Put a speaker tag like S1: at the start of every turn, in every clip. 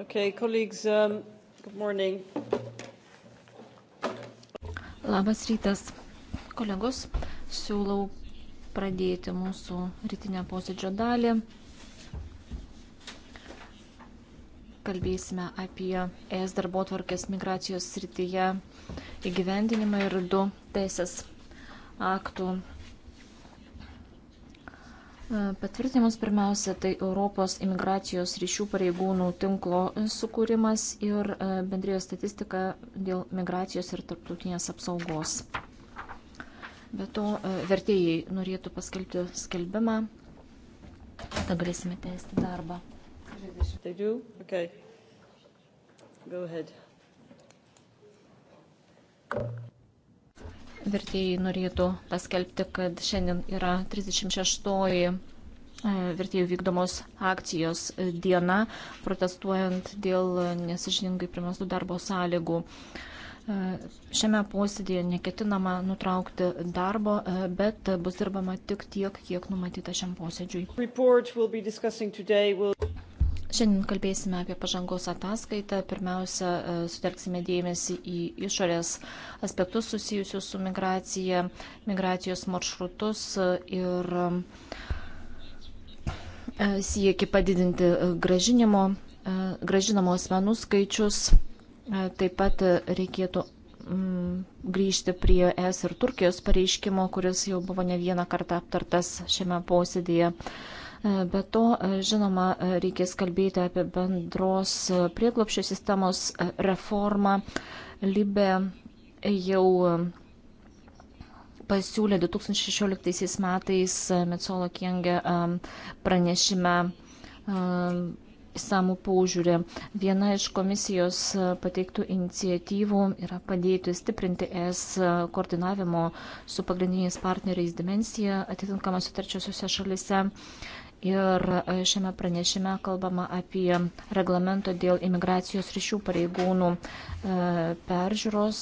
S1: Okay, colleagues, um, good morning. Labas rytas, kolegos. Siūlau pradėti mūsų rytinę posėdžio dalį. Kalbėsime apie ES darbo tvarkės migracijos srityje įgyvendinimą ir du teisės aktų Patvirtinimus pirmiausia, tai Europos imigracijos ryšių pareigūnų tinklo sukūrimas ir e, bendrėjo statistika dėl migracijos ir tarptautinės apsaugos. Be to, e, vertėjai norėtų paskelbti skelbimą, tada galėsime tęsti darbą. Okay. Go ahead vertėjai norėtų paskelbti, kad šiandien yra 36-oji e, vertėjų vykdomos akcijos diena, protestuojant dėl nesižiningai primestų darbo sąlygų. E, šiame posėdėje neketinama nutraukti darbo, e, bet bus dirbama tik tiek, kiek numatyta šiam posėdžiui. Šiandien kalbėsime apie pažangos ataskaitą. Pirmiausia, e, sutelksime dėmesį į išorės aspektus susijusius su migracija, migracijos maršrutus e, ir e, sieki padidinti gražinimo, gražinamo asmenų skaičius. Taip pat reikėtų mm, grįžti prie ES ir Turkijos pareiškimo, kuris jau buvo ne vieną kartą aptartas šiame posėdėje. E, be to, e, žinoma, e, reikės kalbėti apie bendros prieglopščio sistemos reformą. Libė jau pasiūlė 2016 metais Metsola Kienge pranešime samų paužiūrį. Viena iš komisijos pateiktų iniciatyvų yra padėti stiprinti es koordinavimo su pagrindiniais partneriais dimensiją atitinkamą sutarčiosiuose šalise. Ir e, šiame pranešime kalbama apie reglamento dėl imigracijos ryšių pareigūnų e, peržiūros.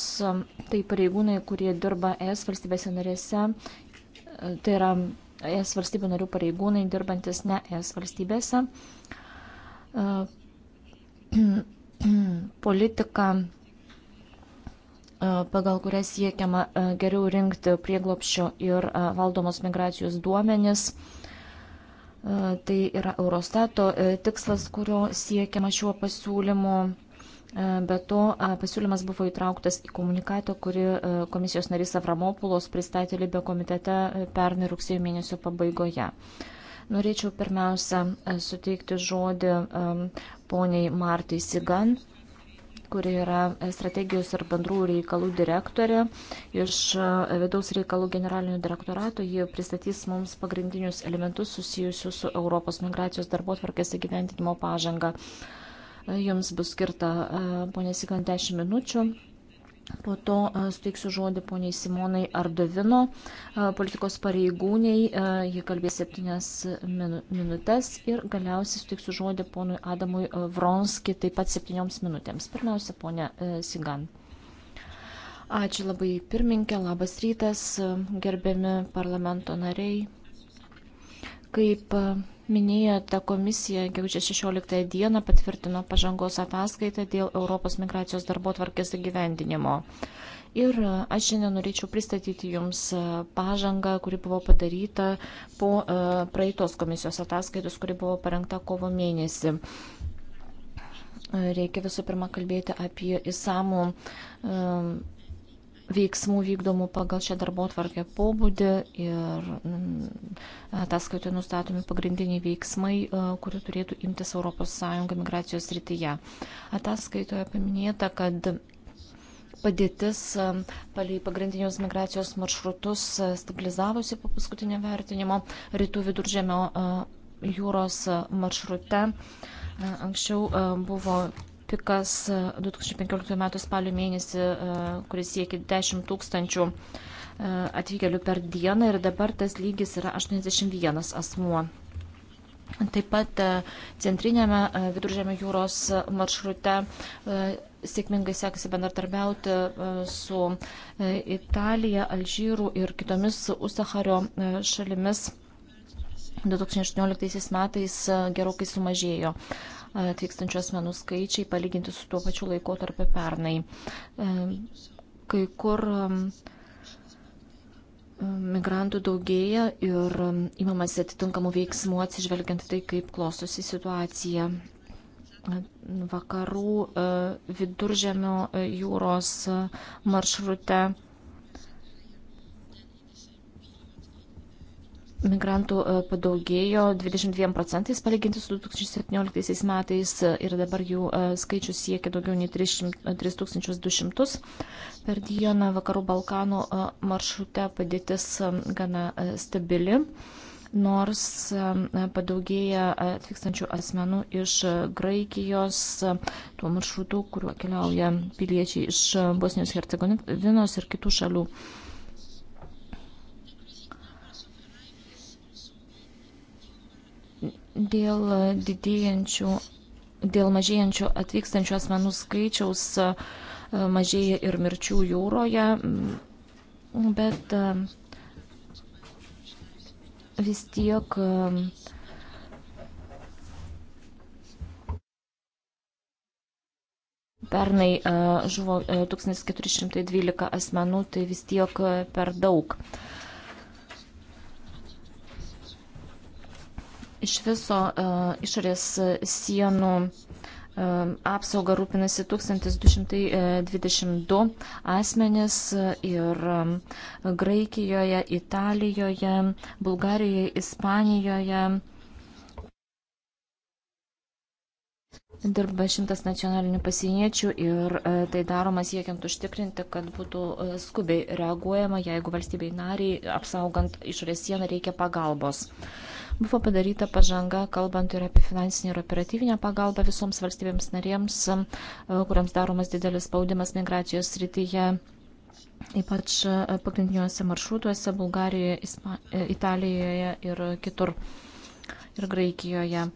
S1: Tai pareigūnai, kurie dirba ES valstybėse narėse, e, tai yra ES valstybių narių pareigūnai dirbantis ne ES valstybėse. Politika pagal kurias siekiama geriau rinkti prieglopščio ir valdomos migracijos duomenis, E, tai yra Eurostato e, tikslas, kurio siekiama šiuo pasiūlymu. E, be to, pasiūlymas buvo įtrauktas į komunikatą, kuri komisijos narys Avramopulos pristatė Libio komitete pernai rugsėjo mėnesio pabaigoje. Norėčiau pirmiausia suteikti žodį poniai Martai Sigan, kuri yra strategijos ir bendrų reikalų direktorė iš e, vidaus reikalų generalinio direktorato. Ji pristatys mums pagrindinius elementus susijusius su Europos migracijos darbo tvarkės įgyventinimo pažanga. E, jums bus skirta, e, ponė Sikant, 10 minučių. Po to e, suteiksiu žodį poniai Simonai Ardovino, e, politikos pareigūniai, e, ji kalbės septynias minutės ir galiausiai suteiksiu žodį ponui Adamui Vronski taip pat septynioms minutėms. Pirmiausia, ponia Sigan. Ačiū labai pirmininkė, labas rytas, gerbiami parlamento nariai. Kaip Minėjote, komisija gegužės 16 dieną patvirtino pažangos ataskaitą dėl Europos migracijos darbo tvarkės įgyvendinimo. Ir aš šiandien norėčiau pristatyti Jums e, pažangą, kuri buvo padaryta po e, praeitos komisijos ataskaitos, kuri buvo parengta kovo mėnesį. E, reikia visų pirma kalbėti apie įsamų veiksmų vykdomų pagal šią darbo tvarkę pobūdį ir mm, ataskaitoje nustatomi pagrindiniai veiksmai, e, kurių turėtų imtis ES migracijos rytyje. Ataskaitoje paminėta, kad padėtis e, palei pagrindinius migracijos maršrutus e, stabilizavosi po paskutinio vertinimo rytų viduržėmio jūros maršrute. Anksčiau buvo pikas 2015 e, m. spalio mėnesį, e, kuris siekia 10 tūkstančių e, atvykėlių per dieną ir dabar tas lygis yra 81 asmuo. Taip pat centrinėme viduržėmio jūros maršrute sėkmingai sekasi bendradarbiauti su Italija, Alžyru ir kitomis Usahario šalimis. 2018 metais gerokai sumažėjo E, atvykstančių asmenų skaičiai palyginti su tuo pačiu laikotarpiu pernai. E, kai kur e, migrantų daugėja ir imamasi atitinkamų veiksmų atsižvelgiant tai, kaip klostosi situacija. Vakarų viduržėmio jūros maršrute Migrantų e, padaugėjo 22 procentais palyginti su 2017 metais ir dabar jų e, skaičius siekia daugiau nei 3200 e, per dieną. Vakarų Balkanų maršrute padėtis gana stabili, nors padaugėja atvykstančių asmenų iš Graikijos, tuo maršrutu, kuriuo keliauja piliečiai iš Bosnijos Hercegovinos ir kitų šalių. Dėl didėjančių, dėl mažėjančių atvykstančių asmenų skaičiaus e, mažėja ir mirčių jūroje, bet e, vis tiek e, Pernai žuvo 1412 asmenų, tai vis tiek per daug. Iš viso e, išorės sienų e, apsaugą rūpinasi 1222 e, asmenys ir Graikijoje, Italijoje, Bulgarijoje, Ispanijoje. Dirba šimtas nacionalinių pasieniečių ir tai daroma siekiant užtikrinti, kad būtų skubiai reaguojama, jeigu valstybei nariai apsaugant išorės sieną reikia pagalbos. Buvo padaryta pažanga, kalbant ir apie finansinį ir operatyvinę pagalbą visoms valstybėms narėms, e, kuriams daromas didelis spaudimas migracijos srityje. Ypač e, pagrindiniuose maršrutuose Bulgarijoje, e, Italijoje ir kitur ir Graikijoje.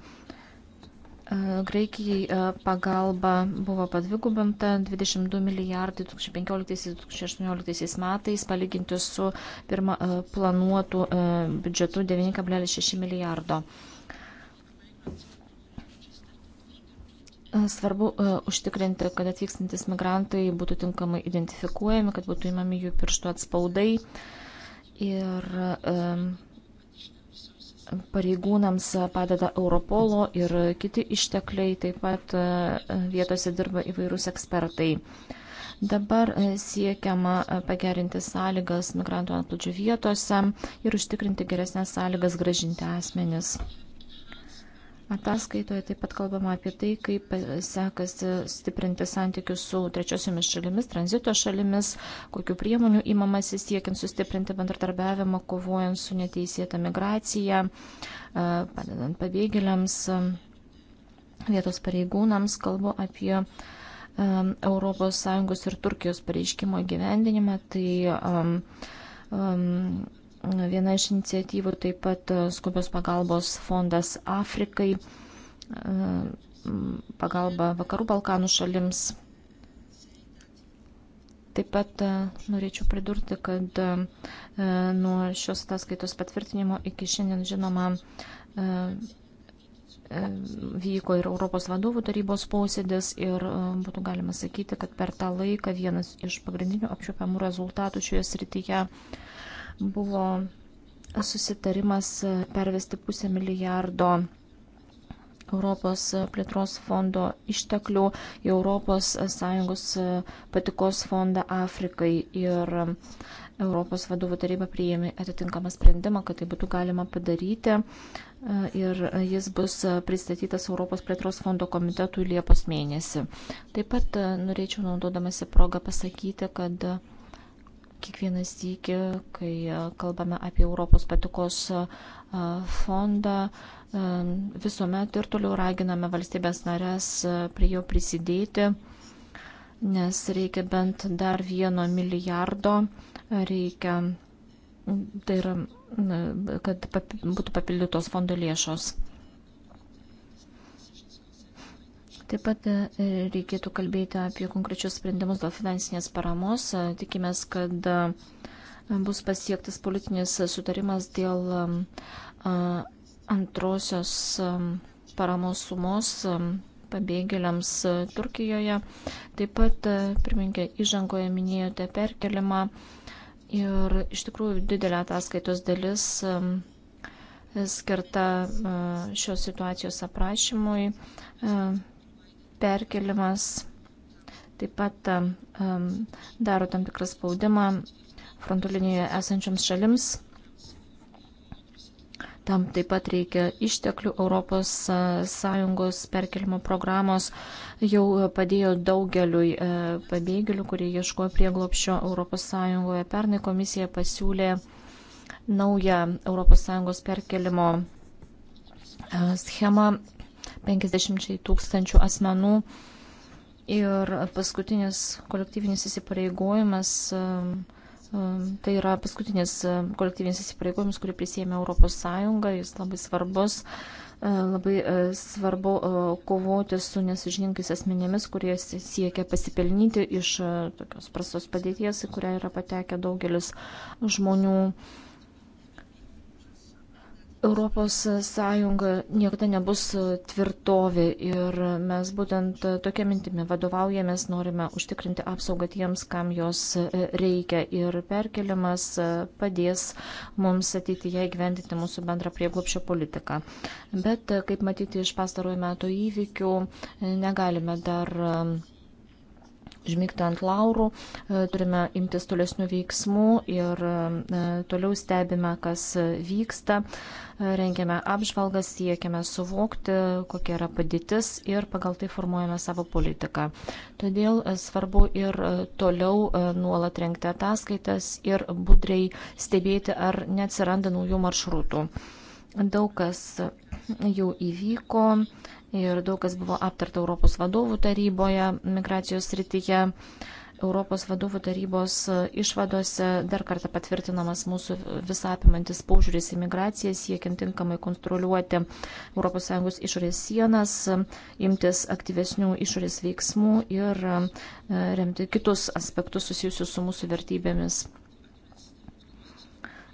S1: Graikijai pagalba buvo padvigubinta 22 milijardai 2015-2018 metais, palyginti su pirma, planuotų biudžetu 9,6 milijardo. Svarbu užtikrinti, kad atvykstantis migrantai būtų tinkamai identifikuojami, kad būtų įmami jų pirštų atspaudai ir pareigūnams padeda Europolo ir kiti ištekliai, taip pat e, vietose dirba įvairūs ekspertai. Dabar e, siekiama e, pagerinti sąlygas migrantų antplūdžių vietose ir užtikrinti geresnės sąlygas gražinti asmenis. Ataskaitoje taip pat kalbama apie tai, kaip sekasi stiprinti santykius su trečiosiomis šalimis, tranzito šalimis, kokiu priemonių įmamasi siekiant sustiprinti bendradarbiavimą, kovojant su neteisėta migracija, padedant pabėgėliams, vietos pareigūnams. Kalbu apie ES ir Turkijos pareiškimo gyvendinimą. Tai, um, um, Viena iš iniciatyvų taip pat e, skubios pagalbos fondas Afrikai, e, pagalba Vakarų Balkanų šalims. Taip pat e, norėčiau pridurti, kad nuo šios ataskaitos patvirtinimo iki šiandien žinoma vyko ir Europos vadovų tarybos posėdis ir būtų galima sakyti, kad per tą laiką vienas iš pagrindinių apčiupiamų rezultatų šioje srityje buvo susitarimas pervesti pusę milijardo Europos plėtros fondo išteklių į ES patikos fondą Afrikai ir Europos vadovų taryba priėmė atitinkamą sprendimą, kad tai būtų galima padaryti ir jis bus pristatytas Europos plėtros fondo komitetui Liepos mėnesį. Taip pat norėčiau naudodamasi progą pasakyti, kad Kiekvienas sykį, kai e, kalbame apie Europos patikos e, fondą, e, visuomet ir toliau raginame valstybės narės prie jo prisidėti, nes reikia bent dar vieno milijardo, reikia, tai yra, kad būtų papildytos fondo lėšos. Taip pat e, reikėtų kalbėti apie konkrečius sprendimus dėl finansinės paramos. E, tikimės, kad e, bus pasiektas politinis sutarimas dėl antrosios paramos sumos pabėgėliams Turkijoje. Taip pat, pirminkė, įžangoje minėjote perkelimą ir iš tikrųjų didelė ataskaitos dalis skirta šios situacijos aprašymui perkelimas taip pat um, um, daro tam tikrą spaudimą fronto linijoje esančioms šalims. Tam taip pat reikia išteklių Europos Sąjungos perkelimo programos jau padėjo daugeliui pabėgėlių, kurie ieškojo prieglopščio Europos Sąjungoje. Pernai komisija pasiūlė naują Europos Sąjungos perkelimo schemą 50 tūkstančių asmenų. Ir paskutinis kolektyvinis įsipareigojimas, e, e, tai yra paskutinis e, kolektyvinis įsipareigojimas, kurį prisėmė Europos Sąjunga, jis labai svarbus, labai svarbu kovoti su nesažininkais asmenėmis, kurie siekia pasipelnyti iš tokios prastos padėties, į kurią yra patekę daugelis žmonių. Europos Sąjunga niekada nebus tvirtovė ir mes būtent tokia mintimi vadovaujamės, norime užtikrinti apsaugą tiems, kam jos reikia ir perkeliamas padės mums ateityje įgyvendinti mūsų bendrą prieglopšio politiką. Bet, kaip matyti iš pastarojo metų įvykių, negalime dar užmygti ant laurų, e, turime imtis tolesnių veiksmų ir e, toliau stebime, kas vyksta, e, rengiame apžvalgas, siekiame suvokti, kokia yra padėtis ir pagal tai formuojame savo politiką. Todėl svarbu ir toliau nuolat rengti ataskaitas ir budriai stebėti, ar neatsiranda naujų maršrutų. Daug kas jau įvyko, ir daug kas buvo aptarta Europos vadovų taryboje migracijos srityje. Europos vadovų tarybos išvadose dar kartą patvirtinamas mūsų visapimantis paužiūris į migraciją, siekiant tinkamai kontroliuoti ES išorės sienas, imtis aktyvesnių išorės veiksmų ir e, remti kitus aspektus susijusius su mūsų vertybėmis.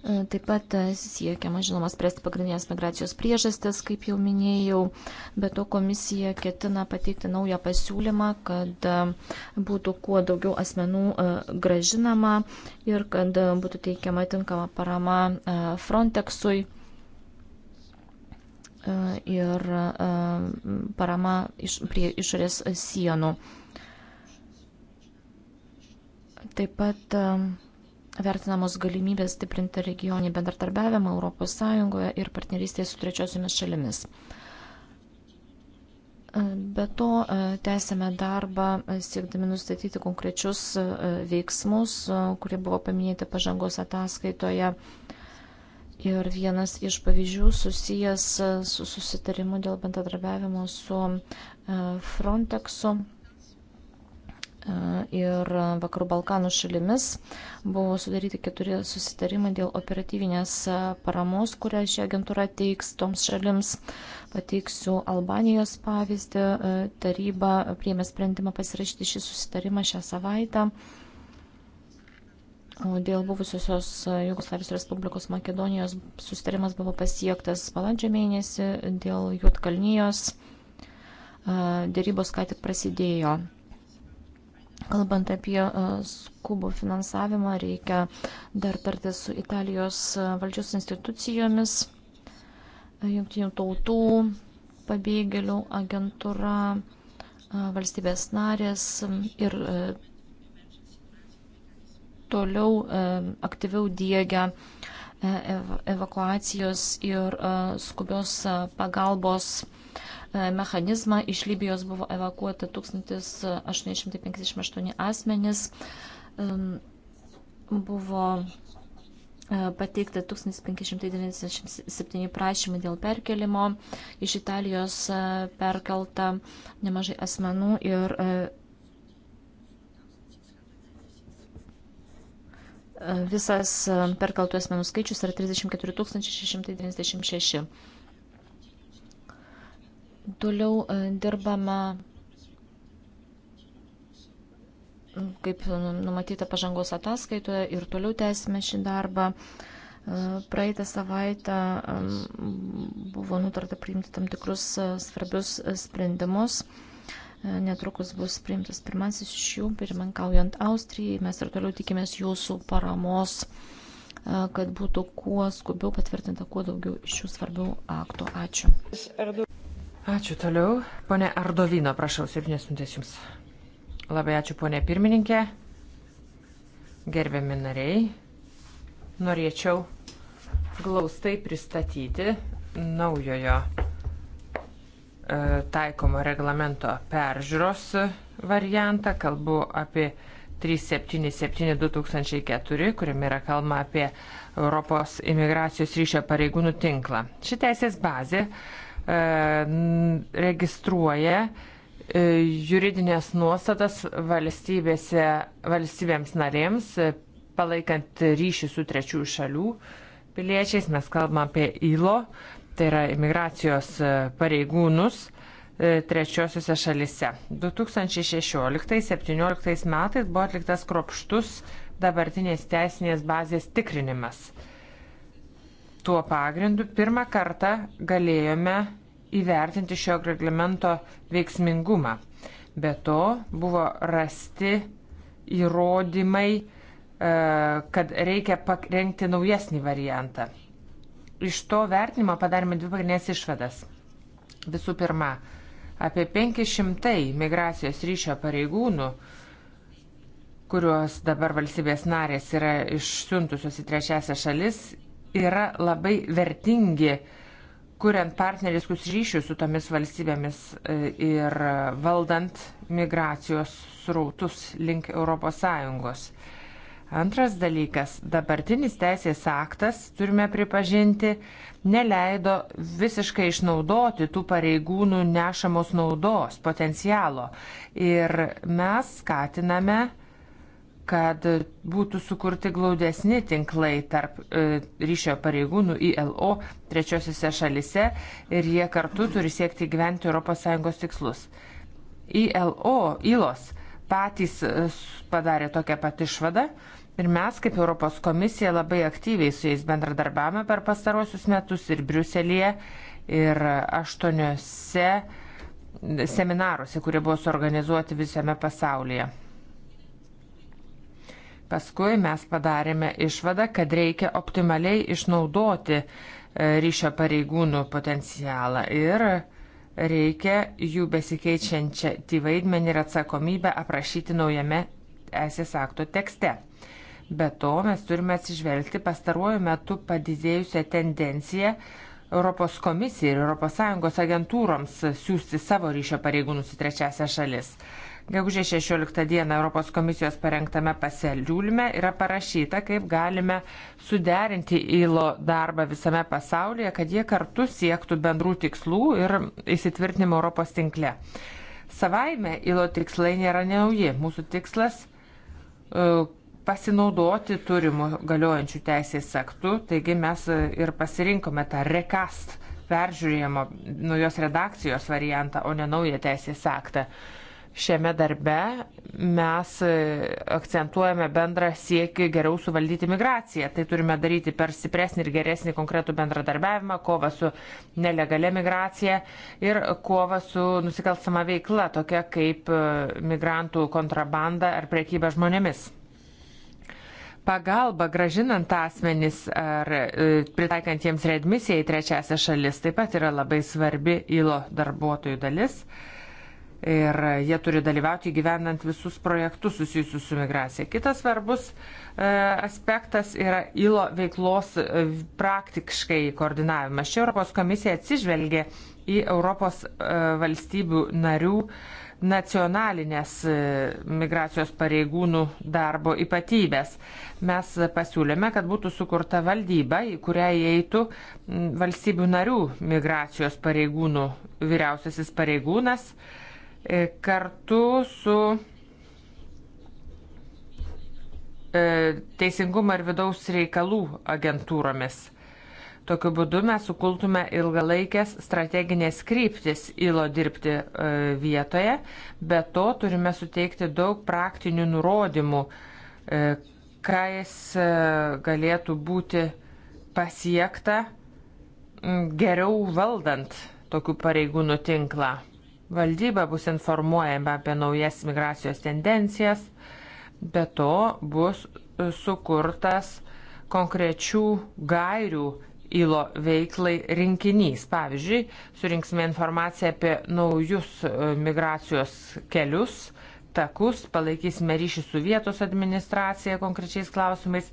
S1: E, taip pat e, siekiama, žinoma, spręsti pagrindinės migracijos priežastis, kaip jau minėjau, bet to komisija ketina pateikti naują pasiūlymą, kad e, būtų kuo daugiau asmenų gražinama ir kad būtų teikiama tinkama parama Frontexui ir parama iš, prie išorės sienų. Taip pat vertinamos galimybės stiprinti regioninį bendradarbiavimą ES ir partnerystėje su trečiosiomis šalimis. E, be to, e, tęsėme darbą e, siekdami nustatyti konkrečius veiksmus, kurie buvo paminėti pažangos ataskaitoje. Ir vienas iš pavyzdžių susijęs su susitarimu dėl bendradarbiavimo su Frontexu ir Vakarų Balkanų šalimis buvo sudaryti keturi susitarimai dėl operatyvinės paramos, kurią ši agentūra teiks toms šalims. Pateiksiu Albanijos pavyzdį. Taryba priėmė sprendimą pasirašyti šį susitarimą šią savaitę. O dėl buvusiosios Jugoslavijos Respublikos Makedonijos susitarimas buvo pasiektas balandžio mėnesį, dėl Juotkalnyjos dėrybos ką tik prasidėjo. Kalbant apie e, skubų finansavimą, reikia dar tarti su Italijos e, valdžios institucijomis, e, jungtinių tautų, pabėgėlių agentūra, valstybės narės ir toliau aktyviau diegia evakuacijos ir skubios pagalbos E, mechanizmą. Iš Libijos buvo evakuota 1858 asmenys. Buvo e, pateikta 1597 prašymai dėl perkelimo. Iš Italijos e, perkelta nemažai asmenų ir visas perkeltų asmenų skaičius yra 34 696. Toliau e, dirbama kaip numatyta pažangos ataskaitoje ir toliau tęsime šį darbą. E, praeitą savaitę e, buvo nutarta priimti tam tikrus svarbius sprendimus. Netrukus bus priimtas pirmasis iš jų, pirmankaujant Austrijai. Mes ir toliau tikimės jūsų paramos, kad būtų kuo skubiau patvirtinta kuo daugiau iš šių svarbių aktų. Ačiū.
S2: Ačiū toliau. Pone Ardovino, prašau, septynės minutės jums. Labai ačiū, ponė pirmininkė. Gerbiami nariai, norėčiau glaustai pristatyti naujojo e, taikomo reglamento peržiūros variantą. Kalbu apie 377-2004, kuriame yra kalba apie Europos imigracijos ryšio pareigūnų tinklą. Ši teisės bazė E, registruoja e, juridinės nuostatas valstybėms narėms, e, palaikant ryšį su trečiųjų šalių piliečiais. Mes kalbam apie ILO, tai yra imigracijos pareigūnus trečiosiuose šalise. 2016-2017 metais buvo atliktas kropštus dabartinės teisinės bazės tikrinimas tuo pagrindu pirmą kartą galėjome įvertinti šio reglamento veiksmingumą. Be to buvo rasti įrodymai, e, kad reikia parengti naujesnį variantą. Iš to vertinimo padarėme dvi pagrindinės išvadas. Visų pirma, apie 500 migracijos ryšio pareigūnų kuriuos dabar valstybės narės yra išsiuntusios į trečiasią šalis, yra labai vertingi, kuriant partneriskus ryšius su tomis valstybėmis e, ir valdant migracijos srautus link ES. Antras dalykas - dabartinis teisės aktas, turime pripažinti, neleido visiškai išnaudoti tų pareigūnų nešamos naudos potencialo. Ir mes skatiname uh, kad būtų sukurti glaudesni tinklai tarp e, ryšio pareigūnų ILO trečiosiose šalise ir jie kartu turi siekti gyventi ES tikslus. ILO, ILOS patys e, padarė tokią pat išvadą ir mes kaip Europos komisija labai aktyviai su jais bendradarbiavome per pastarosius metus ir Briuselėje ir aštuoniuose seminaruose, kurie buvo suorganizuoti visame pasaulyje. Paskui mes padarėme išvadą, kad reikia optimaliai išnaudoti e, ryšio pareigūnų potencialą ir reikia jų besikeičiančią įvaidmenį ir atsakomybę aprašyti naujame esės akto tekste. Be to mes turime atsižvelgti pastaruoju metu padidėjusią tendenciją Europos komisijai ir ES agentūroms siūsti savo ryšio pareigūnus į trečiasią šalis. Gegužė 16 dieną Europos komisijos parengtame pasiūlyme yra parašyta, kaip galime suderinti įlo darbą visame pasaulyje, kad jie kartu siektų bendrų tikslų ir įsitvirtinimo Europos tinkle. Savaime įlo tikslai nėra nauji. Mūsų tikslas e, pasinaudoti turimų galiojančių teisės aktų, taigi mes e, ir pasirinkome tą rekast peržiūrėjimo naujos redakcijos variantą, o ne naują teisės aktą. Šiame darbe mes akcentuojame bendrą siekį geriau suvaldyti migraciją. Tai turime daryti per stipresnį ir geresnį konkretų bendradarbiavimą, kovą su nelegalia migracija ir kovą su nusikalstama veikla, tokia kaip e, migrantų kontrabanda ar priekyba žmonėmis pagalba gražinant asmenis ar e, pritaikant jiems readmisiją į trečiasią šalis taip pat yra labai svarbi ILO darbuotojų dalis. Uh, ir jie turi dalyvauti gyvenant visus projektus susijusius su migracija. Kitas svarbus e, aspektas yra ILO veiklos e, praktiškai koordinavimas. Čia Europos komisija atsižvelgia į Europos e, valstybių narių nacionalinės migracijos pareigūnų darbo ypatybės. Mes pasiūlėme, kad būtų sukurta valdyba, į kurią įeitų valstybių narių migracijos pareigūnų vyriausiasis pareigūnas, uh, E, kartu su e, teisingumo ir vidaus reikalų agentūromis. Tokiu būdu mes sukultume ilgalaikės strateginės kryptis įlo dirbti e, vietoje, bet to turime suteikti daug praktinių nurodymų, kas galėtų būti pasiekta geriau valdant tokių pareigūnų tinklą. Valdyba bus informuojama apie naujas migracijos tendencijas, be to bus e, sukurtas konkrečių gairių įlo veiklai rinkinys. Pavyzdžiui, surinksime informaciją apie naujus e, migracijos kelius, takus, palaikysime ryšį su vietos administracija konkrečiais klausimais,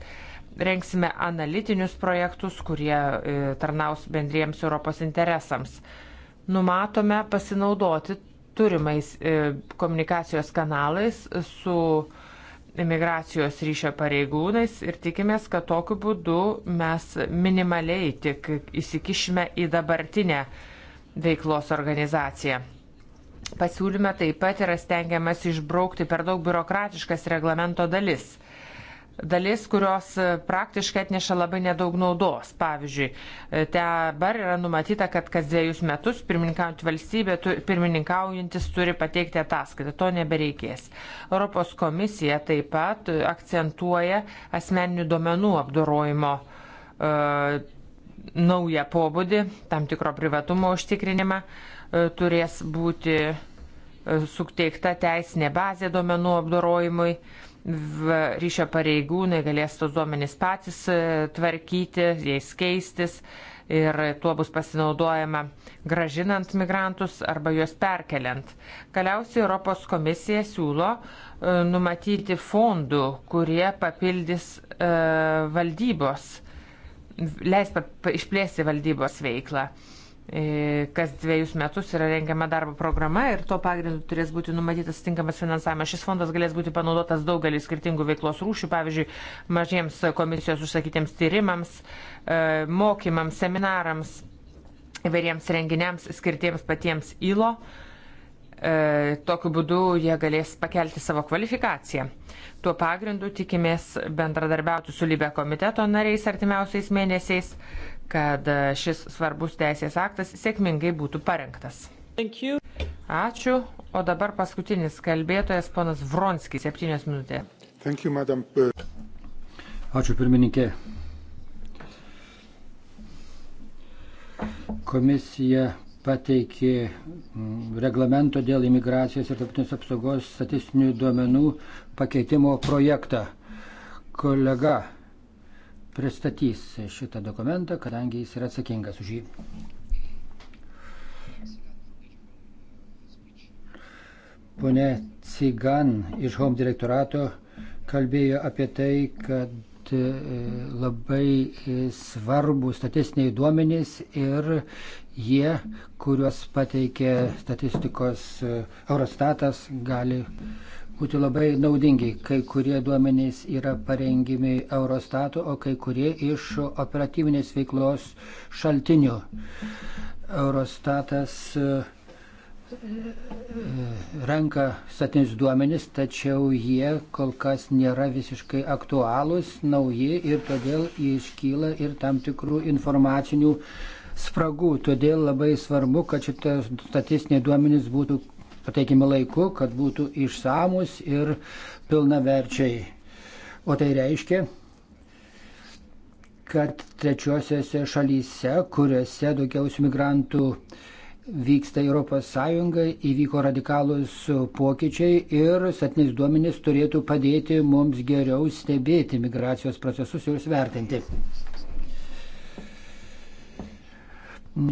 S2: rengsime analitinius projektus, kurie e, tarnaus bendriems Europos interesams numatome pasinaudoti turimais e, komunikacijos kanalais su imigracijos ryšio pareigūnais ir tikimės, kad tokiu būdu mes minimaliai tik įsikišime į dabartinę veiklos organizaciją. Pasiūlyme taip pat yra stengiamas išbraukti per daug biurokratiškas reglamento dalis dalis, kurios praktiškai atneša labai nedaug naudos. Pavyzdžiui, e, dabar yra numatyta, kad kas dviejus metus pirmininkaujant valstybė, tu, pirmininkaujantis turi pateikti ataskaitą. To nebereikės. Europos komisija taip pat akcentuoja asmeninių duomenų apdorojimo e, naują pobūdį, tam tikro privatumo užtikrinimą. E, turės būti e, sukteikta teisinė bazė duomenų apdorojimui. E, ryšio pareigūnai galės tos duomenys patys e, tvarkyti, jais keistis ir tuo bus pasinaudojama gražinant migrantus arba juos perkeliant. Galiausiai Europos komisija siūlo e, numatyti fondų, kurie papildys e, valdybos, leis išplėsti valdybos veiklą. E, kas dviejus metus yra rengiama darbo programa ir to pagrindu turės būti numatytas tinkamas finansavimas. Šis fondas galės būti panaudotas daugelį skirtingų veiklos rūšių, pavyzdžiui, mažiems komisijos užsakytiems tyrimams, e, mokymams, seminarams, įvairiems renginiams skirtiems patiems įlo. E, tokiu būdu jie galės pakelti savo kvalifikaciją. Tuo pagrindu tikimės bendradarbiauti su Libė komiteto nariais artimiausiais mėnesiais kad e, šis svarbus teisės aktas sėkmingai būtų parengtas. Ačiū. O dabar paskutinis kalbėtojas, ponas Vronskis, septynios minutės.
S3: You, madam. Uh, Ačiū pirmininkė. Komisija pateikė mm, reglamento dėl imigracijos ir tarptautinės apsaugos statistinių duomenų pakeitimo projektą. Kolega pristatys šitą dokumentą, kadangi jis yra atsakingas už jį. Pone Cigan iš Home direktorato kalbėjo apie tai, kad e, labai e, svarbu statistiniai duomenys ir jie, kuriuos pateikė statistikos e, Eurostatas, gali uh, būti labai naudingi. Kai kurie duomenys yra parengimi Eurostato, o kai kurie iš operatyvinės veiklos šaltinių. Eurostatas e, e, renka statinius duomenys, tačiau jie kol kas nėra visiškai aktualūs, nauji ir todėl iškyla ir tam tikrų informacinių spragų. Todėl labai svarbu, kad šitas statistiniai duomenys būtų pateikiami laiku, kad būtų išsamus ir pilnaverčiai. O tai reiškia, kad trečiosiose šalyse, kuriuose daugiausiai migrantų vyksta ES, įvyko radikalūs pokyčiai ir satiniais duomenys turėtų padėti mums geriau stebėti migracijos procesus ir juos vertinti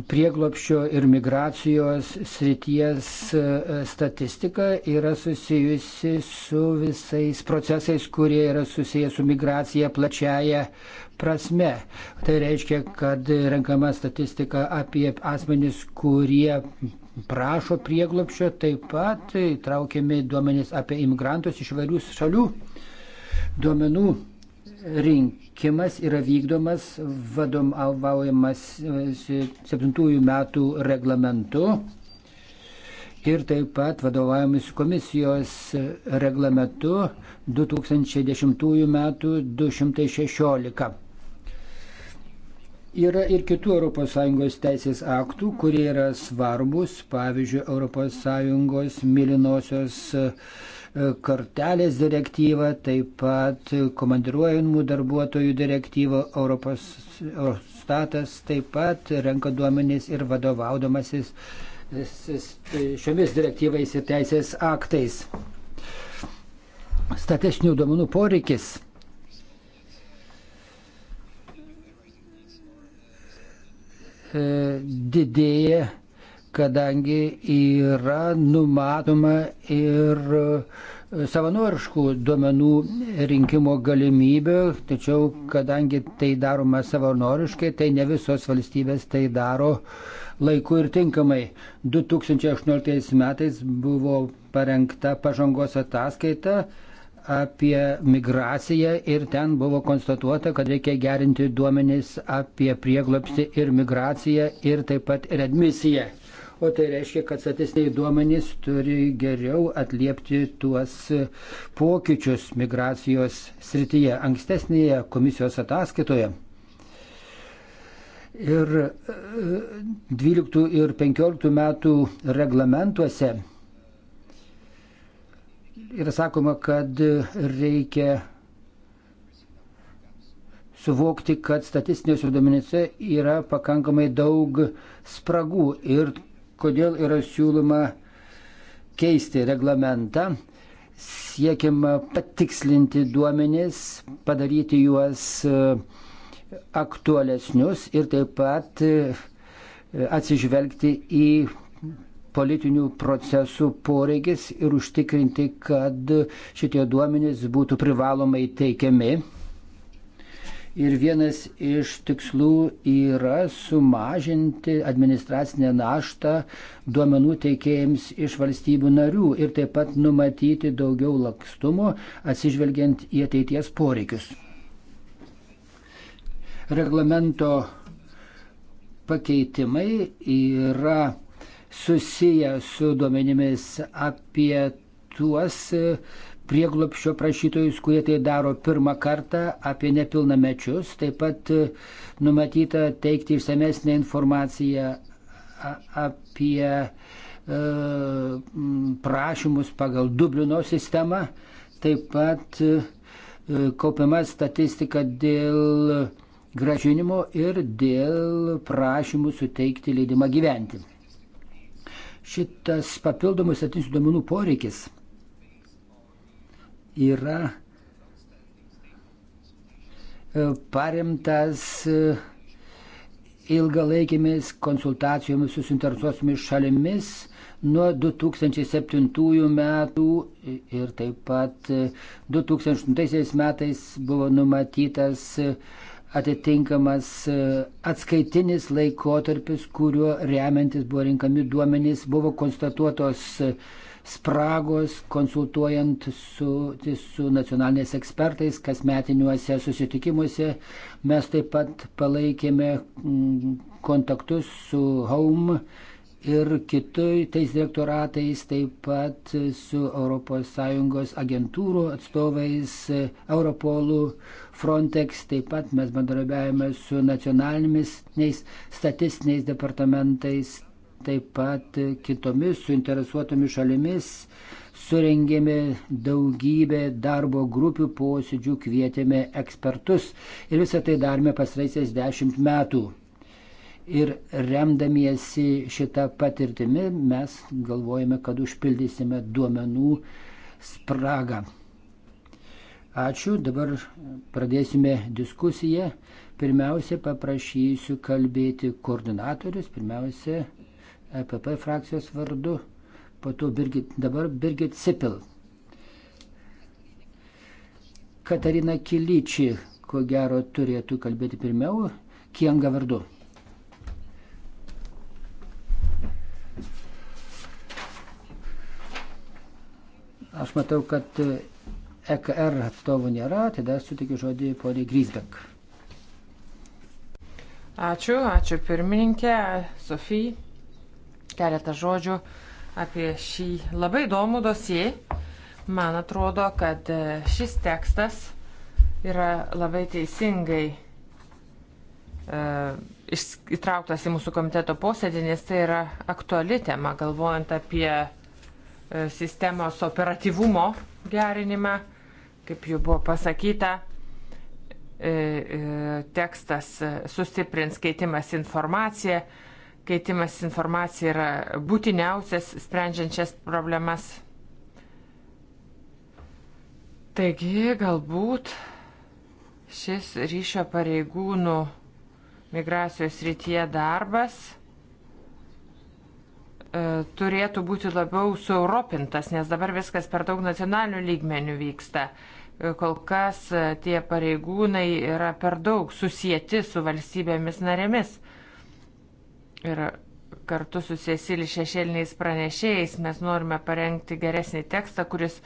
S3: prieglopščio ir migracijos srities e, statistika yra susijusi su visais procesais, kurie yra susiję su migracija plačiaja prasme. Tai reiškia, kad renkama statistika apie asmenys, kurie prašo prieglopščio, taip pat įtraukiami duomenys apie imigrantus iš varių šalių duomenų rink Kimas yra vykdomas vadovaujamas 7 e, metų reglamentu ir taip pat vadovaujamis komisijos reglamentu 2010 metų 216. Yra ir kitų ES teisės aktų, kurie yra svarbus, pavyzdžiui, ES mylinosios kortelės direktyvą, taip pat komandiruojamų darbuotojų direktyvą, Europos statas taip pat renka duomenys ir vadovaudamasis šiomis direktyvais ir teisės aktais. Statesnių duomenų poreikis e, didėja kadangi yra numatoma ir e, savanoriškų duomenų rinkimo galimybė, tačiau kadangi tai daroma savanoriškai, tai ne visos valstybės tai daro laiku ir tinkamai. 2018 metais buvo parengta pažangos ataskaita apie migraciją ir ten buvo konstatuota, kad reikia gerinti duomenys apie prieglopsį ir migraciją ir taip pat ir admisiją o tai reiškia, kad statistiniai duomenys turi geriau atliepti tuos pokyčius migracijos srityje ankstesnėje komisijos ataskaitoje. Ir 12 e, ir 15 metų reglamentuose yra sakoma, kad reikia suvokti, kad statistiniuose duomenyse yra pakankamai daug spragų ir kodėl yra siūloma keisti reglamentą, siekiama patikslinti duomenis, padaryti juos e, aktualesnius ir taip pat e, atsižvelgti į politinių procesų poreikis ir užtikrinti, kad šitie duomenys būtų privalomai teikiami. Ir vienas iš tikslų yra sumažinti administracinę naštą duomenų teikėjams iš valstybių narių ir taip pat numatyti daugiau lakstumo atsižvelgiant į ateities poreikius. Reglamento pakeitimai yra susiję su duomenimis apie tuos prieglopščio prašytojus, kurie tai daro pirmą kartą, apie nepilnamečius. Taip pat e, numatyta teikti išsamesnę informaciją apie e, prašymus pagal Dublino sistemą. Taip pat e, kaupiama statistika dėl gražinimo ir dėl prašymų suteikti leidimą gyventi. Šitas papildomas statistinių duomenų poreikis yra e, paremtas e, ilgalaikėmis konsultacijomis su suinteresuosimis šalimis nuo 2007 metų ir taip pat 2008 e, metais buvo numatytas atitinkamas atskaitinis laikotarpis, kuriuo remiantis buvo rinkami duomenys, buvo konstatuotos spragos, konsultuojant su, su nacionaliniais ekspertais kasmetiniuose susitikimuose. Mes taip pat palaikėme mm, kontaktus su Home ir kitais direktoratais, taip pat su ES agentūrų atstovais, Europolų, Frontex, taip pat mes bendradarbiavame su nacionalinėmis statistiniais departamentais taip pat kitomis suinteresuotomis šalimis surengėme daugybę darbo grupių posėdžių, kvietėme ekspertus ir visą tai darėme pasraisiais dešimt metų. Ir remdamiesi šitą patirtimį mes galvojame, kad užpildysime duomenų spragą. Ačiū, dabar pradėsime diskusiją. Pirmiausia, paprašysiu kalbėti koordinatorius, pirmiausia, EPP frakcijos vardu, po to Birgit, dabar Birgit Sipil. Katarina Kilyčiai, ko gero, turėtų kalbėti pirmiau, Kienga vardu. Aš matau, kad EKR atstovų nėra, tada sutikiu žodį poniai Grisbek.
S2: Ačiū, ačiū pirmininkė, Sofija keletą žodžių apie šį labai įdomų dosiją. Man atrodo, kad e, šis tekstas yra labai teisingai e, įtrauktas į mūsų komiteto posėdį, nes tai yra aktuali tema, galvojant apie e, sistemos operatyvumo gerinimą, kaip jau buvo pasakyta, e, e, tekstas e, sustiprins keitimas informaciją, e, Keitimas informacija yra būtiniausias sprendžiančias problemas. Taigi, galbūt šis ryšio pareigūnų migracijos rytyje darbas e, turėtų būti labiau sueuropintas, nes dabar viskas per daug nacionalinių lygmenių vyksta. E, kol kas e, tie pareigūnai yra per daug susijęti su valstybėmis narėmis. Ir kartu su Cecilį šešėliniais pranešėjais mes norime parengti geresnį tekstą, kuris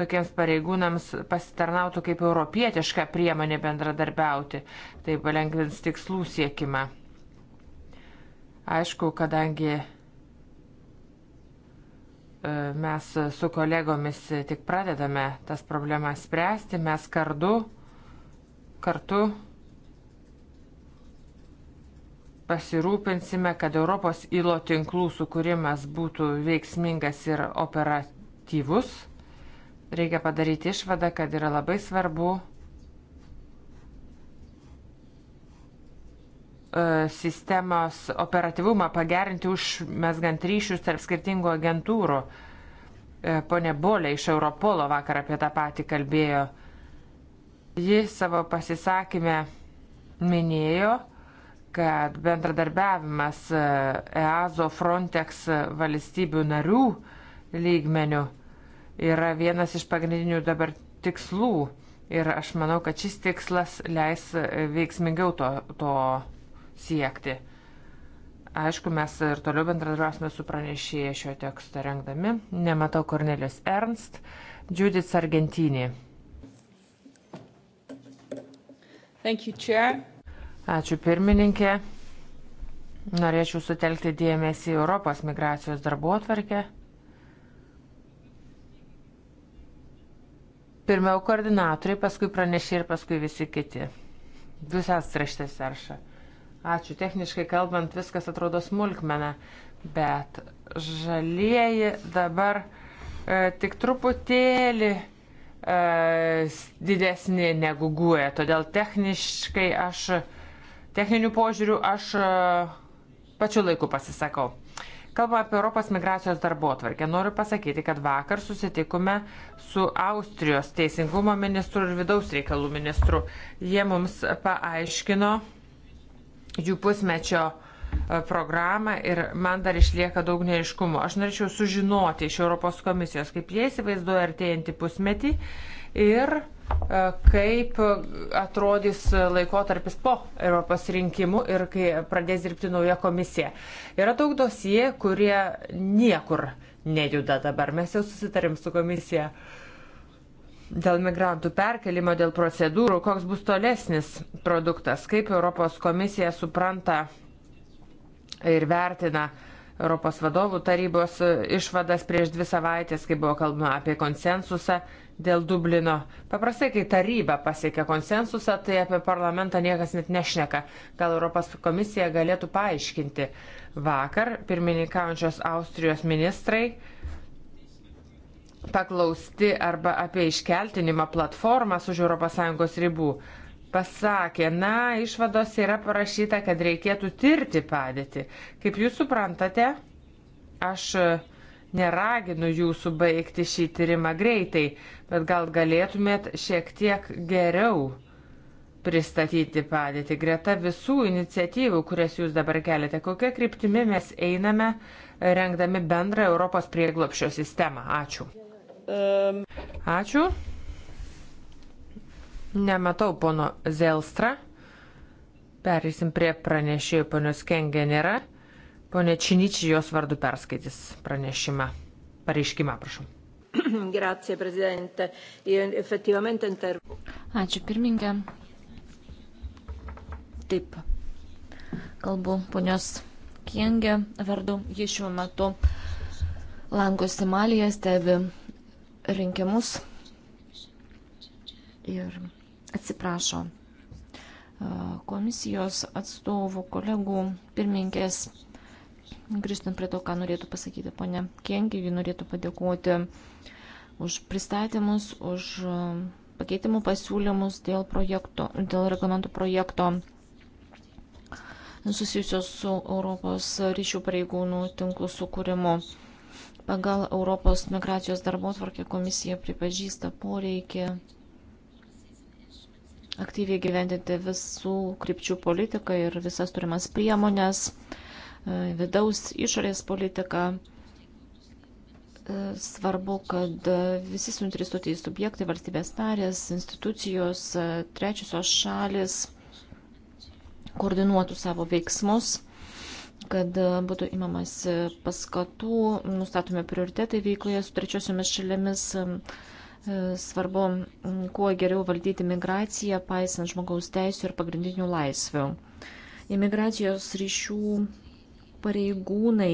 S2: tokiems pareigūnams pasitarnautų kaip europietiška priemonė bendradarbiauti. Tai palengvins tikslų siekimą. Aišku, kadangi e, mes su kolegomis tik pradedame tas problemas spręsti, mes kardu, kartu, kartu pasirūpinsime, kad Europos įlo tinklų sukūrimas būtų veiksmingas ir operatyvus. Reikia padaryti išvadą, kad yra labai svarbu e, sistemos operatyvumą pagerinti užmesgant ryšius tarp skirtingų agentūrų. E, Pone Bolė iš Europolo vakar apie tą patį kalbėjo. Ji savo pasisakymę minėjo, kad bendradarbiavimas e, EASO Frontex valstybių narių lygmenių yra vienas iš pagrindinių dabar tikslų. Ir aš manau, kad šis tikslas leis e, veiksmingiau to, to siekti. Aišku, mes ir toliau bendradarbiausime su pranešėje šio teksto rengdami. Nematau Kornelius Ernst, Judith Argentinį.
S3: Thank you, Chair.
S2: Ačiū pirmininkė. Norėčiau sutelkti dėmesį į Europos migracijos darbuotvarkę. Pirmiau koordinatoriai, paskui pranešė ir paskui visi kiti. Jūs esate raštės arša. Ačiū. Techniškai kalbant, viskas atrodo smulkmena, bet žalieji dabar e, tik truputėlį e, didesni negu guoja. Todėl techniškai aš. E, Techninių požiūrių aš e, pačiu laiku pasisakau. Kalba apie Europos migracijos darbo atvarkę. Noriu pasakyti, kad vakar susitikome su Austrijos teisingumo ministru ir vidaus reikalų ministru. Jie mums paaiškino jų pusmečio uh, E, programą ir man dar išlieka daug neiškumo. Aš norėčiau sužinoti iš Europos komisijos, kaip jie įsivaizduoja artėjantį pusmetį ir e, kaip atrodys laikotarpis po Europos rinkimų ir kai pradės dirbti nauja komisija. Yra daug dosie, kurie niekur nejuda dabar. Mes jau susitarim su komisija dėl migrantų perkelimo, dėl procedūrų, koks bus tolesnis produktas, kaip Europos komisija supranta ir vertina Europos vadovų tarybos išvadas prieš dvi savaitės, kai buvo kalbama apie konsensusą dėl Dublino. Paprastai, kai taryba pasiekia konsensusą, tai apie parlamentą niekas net nešneka. Gal Europos komisija galėtų paaiškinti. Vakar pirmininkaujančios Austrijos ministrai paklausti arba apie iškeltinimą platformas už ES ribų pasakė, na, išvados yra parašyta, kad reikėtų tirti padėtį. Kaip jūs suprantate, aš neraginu jūsų baigti šį tyrimą greitai, bet gal galėtumėt šiek tiek geriau pristatyti padėtį greta visų iniciatyvų, kurias jūs dabar keliate. Kokia kryptimi mes einame, rengdami bendrą Europos prieglopšio sistemą? Ačiū. Um. Ačiū. Nematau pono Zelstra. Pereisim prie pranešėjų, ponios Kengė nėra. Pone Činičiai jos vardu perskaitys pranešimą. Pareiškimą, prašau.
S1: Grazie, prezidente.
S3: Efektyvamente interviu.
S1: Ačiū, pirmininkė. Taip. Kalbu ponios Kengė vardu. Ji šiuo metu lankosi Malija, stebi rinkimus. Ir atsiprašo komisijos atstovų, kolegų, pirmininkės. Grįžtant prie to, ką norėtų pasakyti ponė Kengi, ji norėtų padėkoti už pristatymus, už pakeitimų pasiūlymus dėl, projekto, dėl reglamento projekto susijusios su Europos ryšių pareigūnų tinklų sukūrimu. Pagal Europos migracijos darbo tvarkę komisija pripažįsta poreikį aktyviai gyvendinti visų krypčių politiką ir visas turimas priemonės, e, vidaus išorės politiką. E, svarbu, kad visi suinteresuotieji subjektai, valstybės narės, institucijos, e, trečiosios šalis koordinuotų savo veiksmus kad būtų imamas paskatų, nustatomi prioritetai veikloje su trečiosiomis šalėmis, E, svarbu kuo geriau valdyti migraciją, paisant žmogaus teisų ir pagrindinių laisvių. Imigracijos ryšių pareigūnai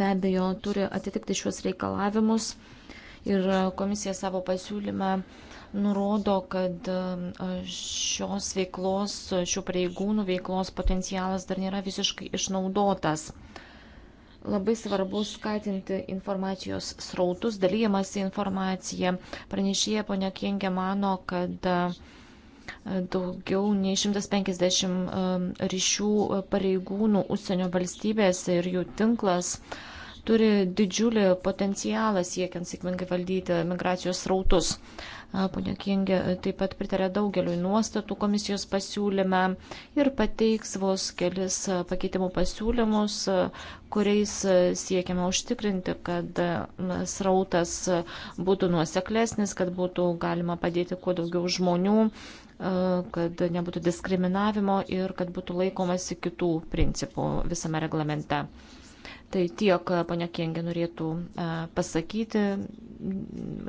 S1: be abejo turi atitikti šiuos reikalavimus ir komisija savo pasiūlymą nurodo, kad e, šios veiklos, šių pareigūnų veiklos potencialas dar nėra visiškai išnaudotas. Labai svarbu skatinti informacijos srautus, dalyjimąsi informaciją. Pranešėja ponia Kengė mano, kad e, daugiau nei 150 e, ryšių pareigūnų užsienio valstybėse ir jų tinklas turi didžiulį potencialą siekiant sėkmingai valdyti migracijos srautus. Pone Kingė taip pat pritarė daugeliu nuostatų komisijos pasiūlyme ir pateiks vos kelis pakeitimų pasiūlymus, kuriais siekiama užtikrinti, kad srautas būtų nuoseklesnis, kad būtų galima padėti kuo daugiau žmonių kad nebūtų diskriminavimo ir kad būtų laikomasi kitų principų visame reglamente. Tai tiek e, ponia Kengė norėtų e, pasakyti.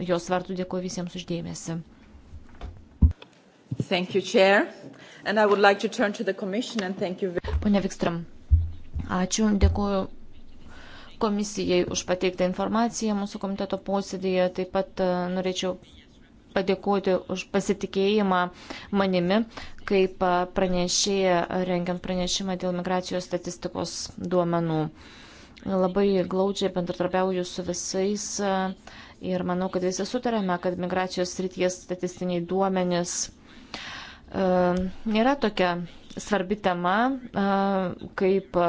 S1: Jos vartų dėkuoju visiems uždėmesi. Thank you, Chair. And I would like to turn to the Commission and thank you. Pone Vikstram, ačiū, dėkuoju komisijai už pateiktą informaciją mūsų komiteto posėdėje. Taip pat e, norėčiau padėkoti už pasitikėjimą manimi, kaip pranešėja rengiant pranešimą dėl migracijos statistikos duomenų. Uh, Labai glaudžiai bendradarbiauju su visais e, ir manau, kad visi sutarėme, kad migracijos srities statistiniai duomenys e, nėra tokia svarbi tema, e, kaip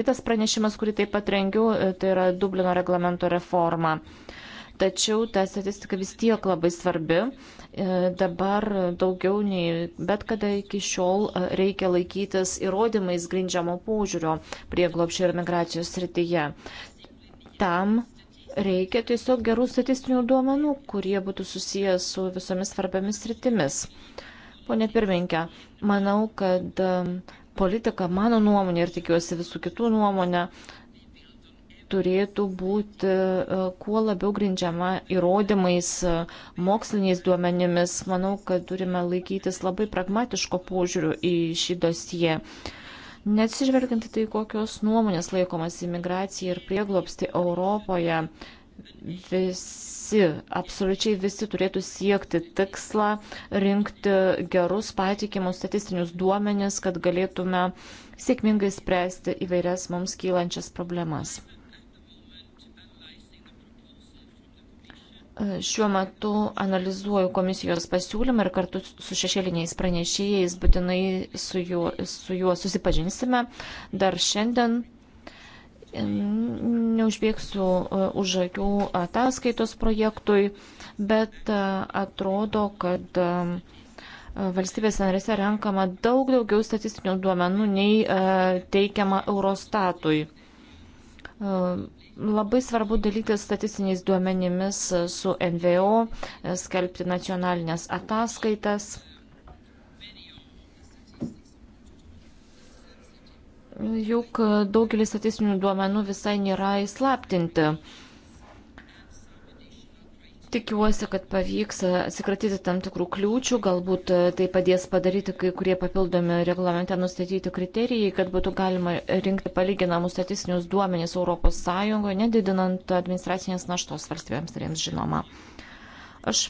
S1: kitas pranešimas, kurį taip pat rengiu, tai yra Dublino reglamento reforma tačiau ta statistika vis tiek labai svarbi. E, dabar daugiau nei bet kada iki šiol e, reikia laikytis įrodymais grindžiamo požiūrio prieglopščio ir migracijos srityje. Tam reikia tiesiog gerų statistinių duomenų, kurie būtų susijęs su visomis svarbiamis sritimis. Pone pirmininkė, manau, kad e, politika, mano nuomonė ir tikiuosi visų kitų nuomonė, uh, turėtų būti e, kuo labiau grindžiama įrodymais, e, moksliniais duomenimis. Manau, kad turime laikytis labai pragmatiško požiūrių į šį dosiją. Neatsižvelgiant į tai, kokios nuomonės laikomas imigracija ir prieglopsti Europoje, visi, absoliučiai visi turėtų siekti tikslą, rinkti gerus patikimus statistinius duomenis, kad galėtume sėkmingai spręsti įvairias mums kylančias problemas. E, šiuo metu analizuoju komisijos pasiūlymą ir kartu su šešėliniais pranešėjais būtinai su juo, su juo susipažinsime. Dar šiandien e, neužbėgsiu e, už akių ataskaitos projektui, bet atrodo, kad valstybės narėse renkama daug daugiau statistinių duomenų nei teikiama Eurostatui. Labai svarbu dalytis statistiniais duomenimis su NVO, skelbti nacionalinės ataskaitas. Juk daugelis statistinių duomenų visai nėra įslaptinti. Tikiuosi, kad pavyks e, atsikratyti tam tikrų kliūčių, galbūt e, tai padės padaryti kai kurie papildomi reglamente nustatyti kriterijai, kad būtų galima rinkti palyginamus statistinius duomenys ES, nedidinant administracinės naštos valstybėms narėms žinoma. Aš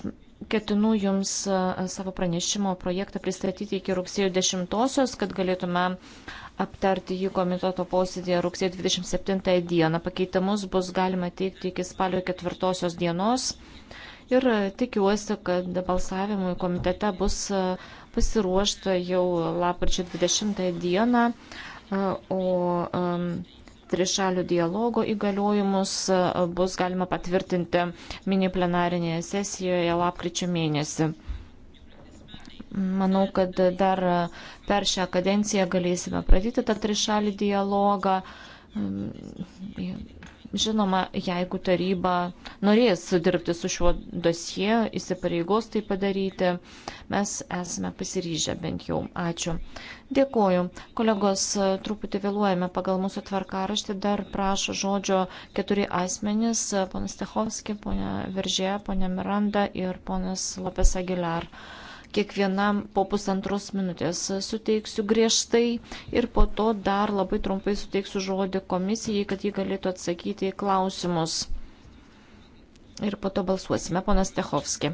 S1: ketinu Jums e, savo pranešimo projektą pristatyti iki rugsėjo 10-osios, kad galėtume uh, aptarti jį komiteto posėdėje rugsėjo 27 dieną. Pakeitimus bus galima teikti iki spalio 4 dienos. Ir e, tikiuosi, kad balsavimui komitete bus e, pasiruošta jau lapkričio 20 dieną, e, o trišalių dialogo įgaliojimus bus galima patvirtinti mini plenarinėje sesijoje lapkričio mėnesį. Manau, kad dar per šią kadenciją galėsime pradėti tą trišalį dialogą. Žinoma, jeigu taryba norės dirbti su šiuo dosie, įsipareigos tai padaryti, mes esame pasiryžę bent jau. Ačiū. Dėkuoju. Kolegos, truputį vėluojame pagal mūsų tvarkaraštį. Dar prašo žodžio keturi asmenys - ponas Techovski, ponia Veržė, ponia Miranda ir ponas Lopes Aguilar. Uh, kiekvienam po pusantros minutės suteiksiu griežtai ir po to dar labai trumpai suteiksiu žodį komisijai, kad ji galėtų atsakyti į klausimus. Ir po to balsuosime, ponas Techovski.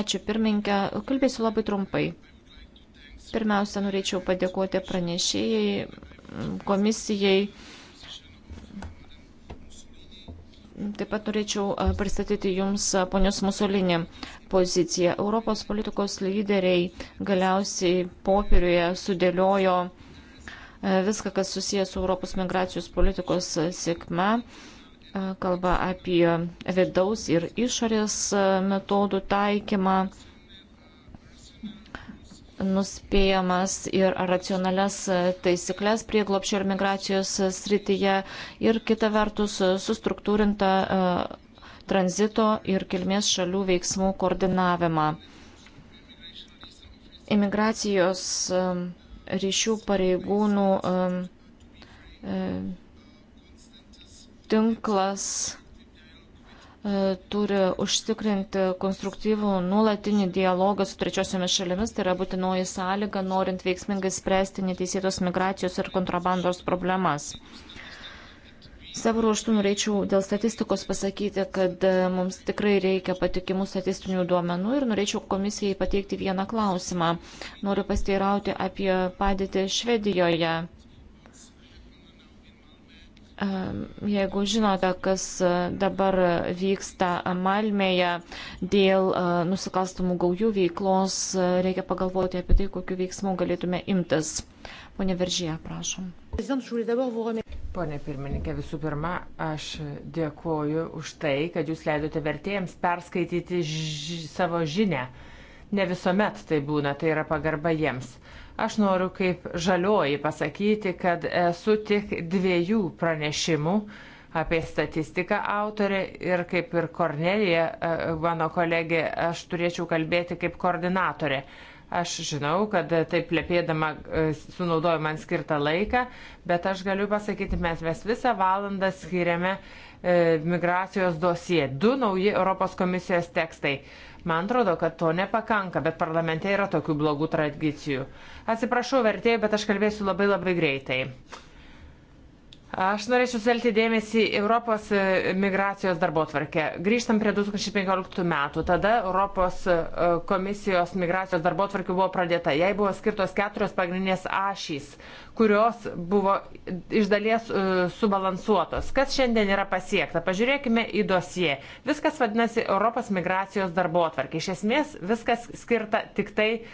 S1: Ačiū, pirmininkė. Kalbėsiu labai trumpai. Pirmiausia, norėčiau padėkoti pranešėjai, komisijai Taip pat norėčiau e, pristatyti Jums e, ponios Musolinį poziciją. Europos politikos lyderiai galiausiai popieriuje sudėliojo e, viską, kas susijęs su Europos migracijos politikos sėkme. Kalba apie vidaus ir išorės metodų taikymą, nuspėjamas ir racionales taisyklės prieglopščio ir migracijos srityje ir kita vertus sustruktūrinta e, tranzito ir kilmės šalių veiksmų koordinavimą. Imigracijos e, ryšių pareigūnų e, tinklas E, turi užtikrinti konstruktyvų nuolatinį dialogą su trečiosiomis šalimis, tai yra būtinoji sąlyga, norint veiksmingai spręsti neteisėtos migracijos ir kontrabandos problemas. Savo ruoštų norėčiau dėl statistikos pasakyti, kad e, mums tikrai reikia patikimų statistinių duomenų ir norėčiau komisijai pateikti vieną klausimą. Noriu pasteirauti apie padėtį Švedijoje. Jeigu žinote, kas e, dabar vyksta Malmėje dėl e, nusikalstamų gaujų veiklos, e, reikia pagalvoti apie tai, kokiu veiksmu galėtume imtis. Pone Veržyje, prašom.
S2: Pone pirmininkė, visų pirma, aš dėkoju už tai, kad jūs leidote vertėjams perskaityti ž... savo žinę. Ne visuomet tai būna, tai yra pagarba jiems. Uh, Aš noriu kaip žalioji pasakyti, kad esu tik dviejų pranešimų apie statistiką autorė ir kaip ir Kornelija, e, mano kolegė, aš turėčiau kalbėti kaip koordinatorė. Aš žinau, kad taip plėpėdama e, sunaudoju man skirtą laiką, bet aš galiu pasakyti, mes, mes visą valandą skiriame e, migracijos dosie. Du nauji Europos komisijos tekstai. Man atrodo, kad to nepakanka, bet parlamente yra tokių blogų tradicijų. Atsiprašau vertėjų, bet aš kalbėsiu labai labai greitai. Aš norėčiau selti dėmesį Europos e, migracijos darbo tvarkę. Grįžtam prie 2015 metų. Tada Europos e, komisijos migracijos darbo tvarkė buvo pradėta. Jai buvo skirtos keturios pagrindinės ašys, kurios buvo iš dalies e, subalansuotos. Kas šiandien yra pasiekta? Pažiūrėkime į dosiją. Viskas vadinasi Europos migracijos darbo tvarkė. Iš esmės viskas skirta tik tai uh,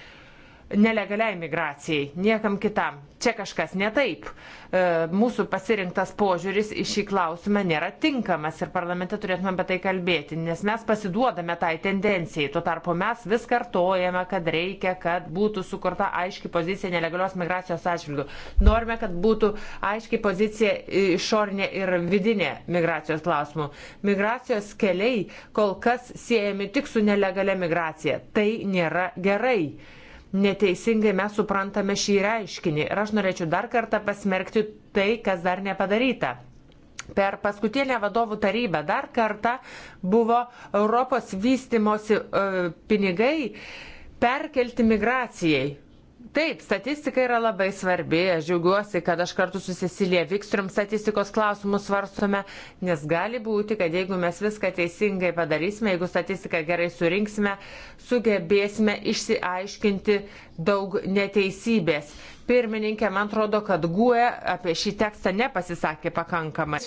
S2: nelegaliai migracijai, niekam kitam. Čia kažkas ne taip. E, mūsų pasirinktas požiūris į šį klausimą nėra tinkamas ir parlamente turėtume apie tai kalbėti, nes mes pasiduodame tai tendencijai. Tuo tarpu mes vis kartojame, kad reikia, kad būtų sukurta aiški pozicija nelegalios migracijos atžvilgių. Norime, kad būtų aiški pozicija išorinė ir vidinė migracijos klausimų. Migracijos keliai kol kas siejami tik su nelegalia migracija. Tai nėra gerai neteisingai mes suprantame šį reiškinį. Ir aš norėčiau dar kartą pasmerkti tai, kas dar nepadaryta. Per paskutinę vadovų tarybą dar kartą buvo Europos vystimosi e, pinigai perkelti migracijai. Taip, statistika yra labai svarbi. Aš džiaugiuosi, kad aš kartu su Cecilija Vikstrum statistikos klausimus svarstome, nes gali būti, kad jeigu mes viską teisingai padarysime, jeigu statistiką gerai surinksime, sugebėsime išsiaiškinti daug neteisybės. Pirmininkė, man atrodo, kad GUE apie šį tekstą nepasisakė pakankamai.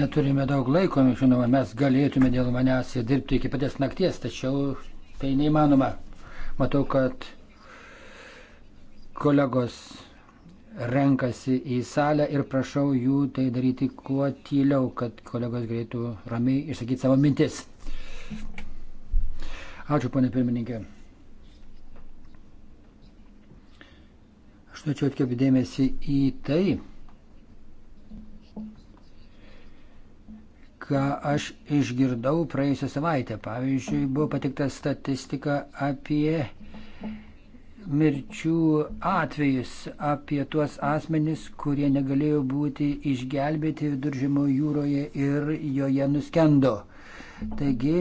S3: Neturime daug laiko, žinoma, mes galėtume dėl manęs dirbti iki paties nakties, tačiau tai neįmanoma. Matau, kad kolegos renkasi į salę ir prašau jų tai daryti kuo tyliau, kad kolegos galėtų ramiai išsakyti savo mintis. Ačiū, ponė pirmininkė. Aš norėčiau atkreipti dėmesį į tai, ką aš išgirdau praėjusią savaitę. Pavyzdžiui, buvo patikta statistika apie mirčių atvejus, apie tuos asmenis, kurie negalėjo būti išgelbėti viduržėmo jūroje ir joje nuskendo. Taigi,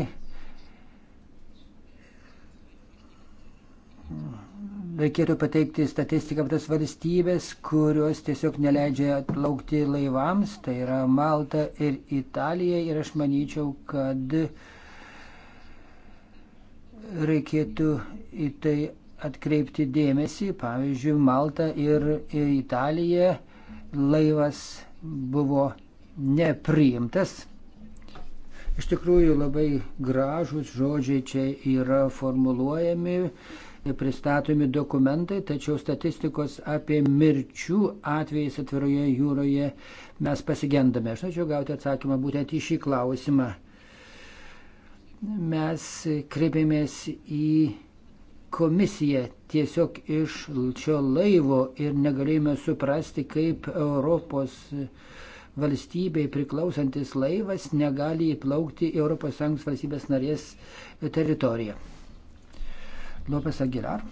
S3: reikėtų pateikti statistiką apie tas valstybės, kurios tiesiog neleidžia atplaukti laivams, tai yra Malta ir Italija ir aš manyčiau, kad reikėtų į tai atkreipti dėmesį, pavyzdžiui, Malta ir, ir Italija laivas buvo nepriimtas. Iš tikrųjų labai gražus žodžiai čia yra formuluojami, pristatomi dokumentai, tačiau statistikos apie mirčių atvejais atviroje jūroje mes pasigendame. Aš norėčiau gauti atsakymą būtent į šį klausimą. Mes kreipėmės į komisija tiesiog iš šio laivo ir negalėjome suprasti, kaip Europos valstybei priklausantis laivas negali įplaukti ES valstybės narės teritoriją. Lopes Aguilar.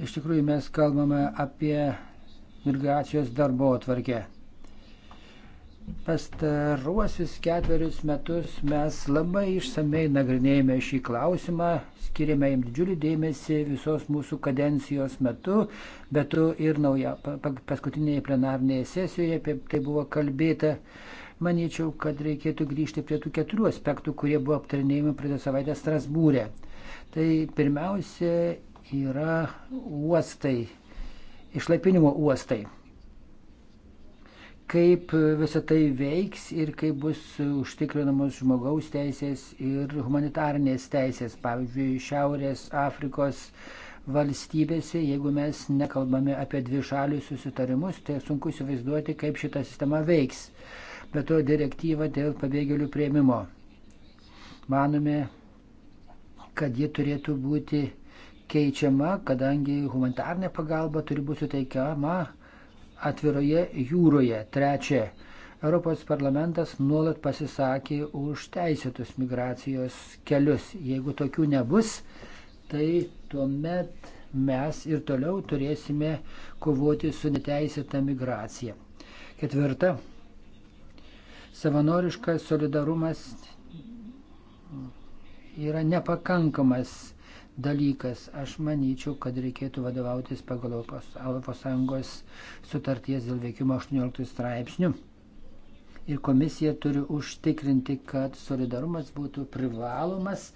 S3: Iš tikrųjų mes kalbame apie migracijos darbo atvarkę. Pastaruosius ketverius metus mes labai išsamei nagrinėjame šį klausimą, skiriame jam didžiulį dėmesį visos mūsų kadencijos metu, bet ir nauja, paskutinėje plenarnėje sesijoje apie tai buvo kalbėta. Manyčiau, kad reikėtų grįžti prie tų keturių aspektų, kurie buvo aptarinėjami praeitą savaitę Strasbūrė. Tai pirmiausia yra uostai, išlaipinimo uostai kaip visą tai veiks ir kaip bus užtikrinamos žmogaus teisės ir humanitarnės teisės. Pavyzdžiui, Šiaurės Afrikos valstybėse, jeigu mes nekalbame apie dvi šalių susitarimus, tai sunku įsivaizduoti, kaip šita sistema veiks. Bet to direktyva dėl pabėgėlių prieimimo. Manome, kad ji turėtų būti keičiama, kadangi humanitarnė pagalba turi būti suteikiama atviroje jūroje. Trečia, Europos parlamentas nuolat pasisakė už teisėtus migracijos kelius. Jeigu tokių nebus, tai tuomet mes ir toliau turėsime kovoti su neteisėta migracija. Ketvirta, savanoriškas solidarumas yra nepakankamas dalykas. Aš manyčiau, kad reikėtų vadovautis pagal ES sutarties dėl veikimo 18 straipsnių. Ir komisija turi užtikrinti, kad solidarumas būtų privalomas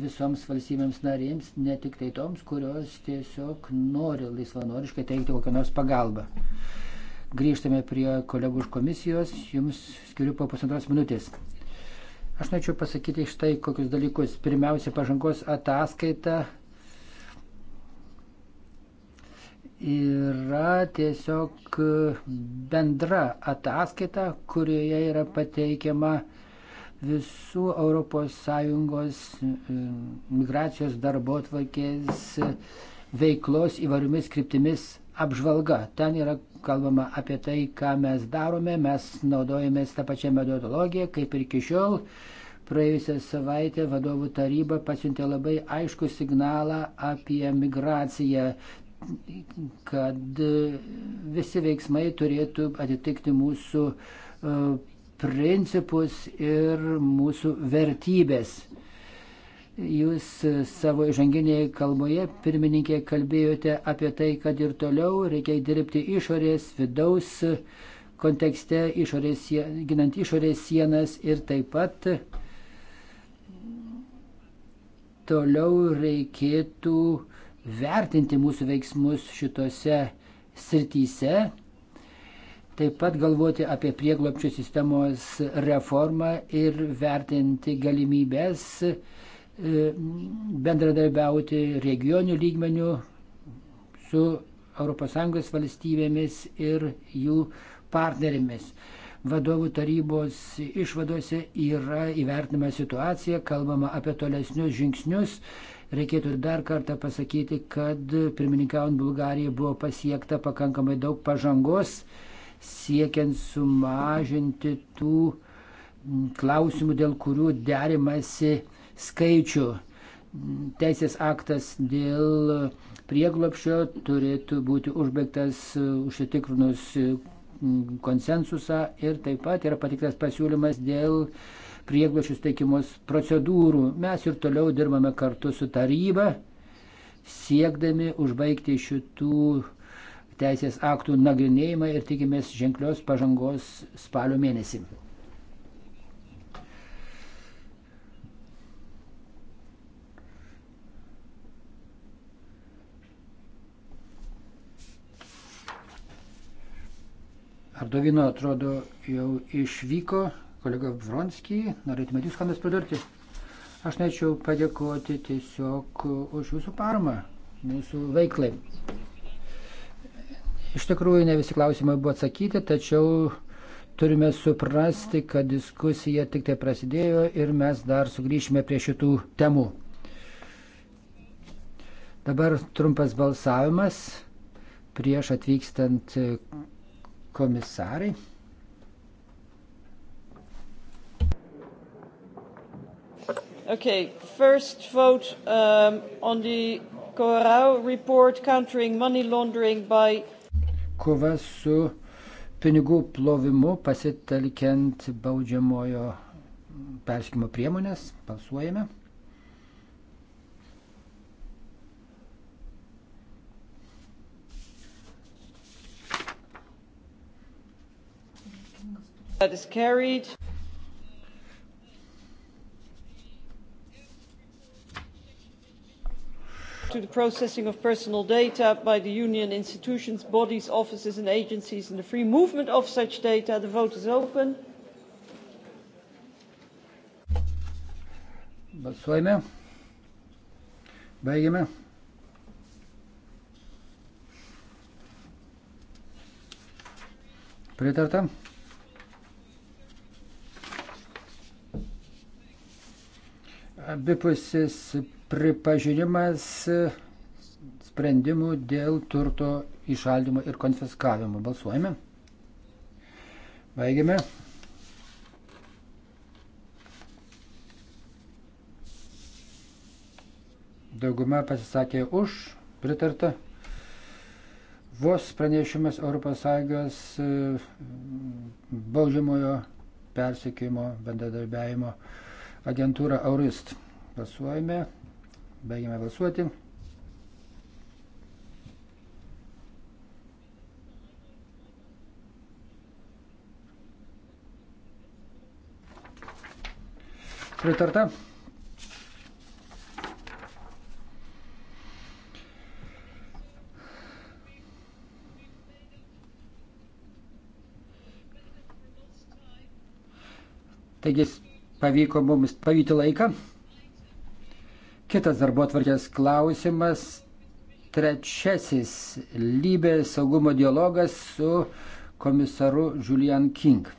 S3: visoms valstybėms narėms, ne tik tai toms, kurios tiesiog nori laisvanoriškai teikti kokią nors pagalbą. Grįžtame prie kolegų iš komisijos. Jums skiriu po pusantros minutės. Aš norėčiau pasakyti štai kokius dalykus. Pirmiausia, pažangos ataskaita yra tiesiog bendra ataskaita, kurioje yra pateikiama visų ES e, migracijos darbo atvarkės veiklos įvairiomis kryptimis apžvalga. Ten yra kalbama apie tai, ką mes darome. Mes naudojamės tą pačią metodologiją, kaip ir iki šiol. Praėjusią savaitę vadovų taryba pasiuntė labai aišku signalą apie migraciją kad visi veiksmai turėtų atitikti mūsų e, principus ir mūsų vertybės. Jūs savo įžanginėje kalboje, pirmininkė, kalbėjote apie tai, kad ir toliau reikia dirbti išorės, vidaus kontekste, išorės, ginant išorės sienas ir taip pat toliau reikėtų vertinti mūsų veiksmus šitose srityse. Taip pat galvoti apie prieglopčių sistemos reformą ir vertinti galimybės E, bendradarbiauti regionių lygmenių su ES valstybėmis ir jų partnerėmis. Vadovų tarybos išvadose yra įvertinama situacija, kalbama apie tolesnius žingsnius. Reikėtų dar kartą pasakyti, kad pirmininkaujant Bulgarijai buvo pasiekta pakankamai daug pažangos, siekiant sumažinti tų klausimų, dėl kurių derimasi uh, skaičių. Teisės aktas dėl prieglopšio turėtų būti užbaigtas e, užsitikrinus e, konsensusą ir taip pat yra patiktas pasiūlymas dėl prieglošių steikimos procedūrų. Mes ir toliau dirbame kartu su taryba, siekdami užbaigti šitų teisės aktų nagrinėjimą ir tikimės ženklios pažangos spalio mėnesį. Ardovino atrodo jau išvyko, kolega Vronskį, norėtumėte jūs ką nors pridurti? Aš norėčiau padėkoti tiesiog už jūsų paramą mūsų veiklai. Iš tikrųjų, ne visi klausimai buvo atsakyti, tačiau turime suprasti, kad diskusija tik tai prasidėjo ir mes dar sugrįšime prie šitų temų. Dabar trumpas balsavimas prieš atvykstant komisarai.
S1: Okay, first vote um, on the Corau report countering money laundering by.
S3: Kova su pinigų plovimu pasitelkiant baudžiamojo perskimo priemonės. Balsuojame.
S2: to
S1: the processing of personal data by the union institutions, bodies, offices and agencies and the free movement of such data. The vote is open.
S3: Balsuojame. Baigiame. Pritarta. abipusis pripažinimas sprendimų dėl turto išaldymo ir konfiskavimo. Balsuojame. Baigiame. Dauguma pasisakė už, pritarta. Vos pranešimas ES e, baudžiamojo persikėjimo bendradarbiajimo agentūrą Aurist. Pasuojame, baigiame balsuoti. Pritarta. Taigi pavyko mums pavyti laiką. Kitas darbo atvarkės klausimas. Trečiasis lybės saugumo dialogas su komisaru Julian King.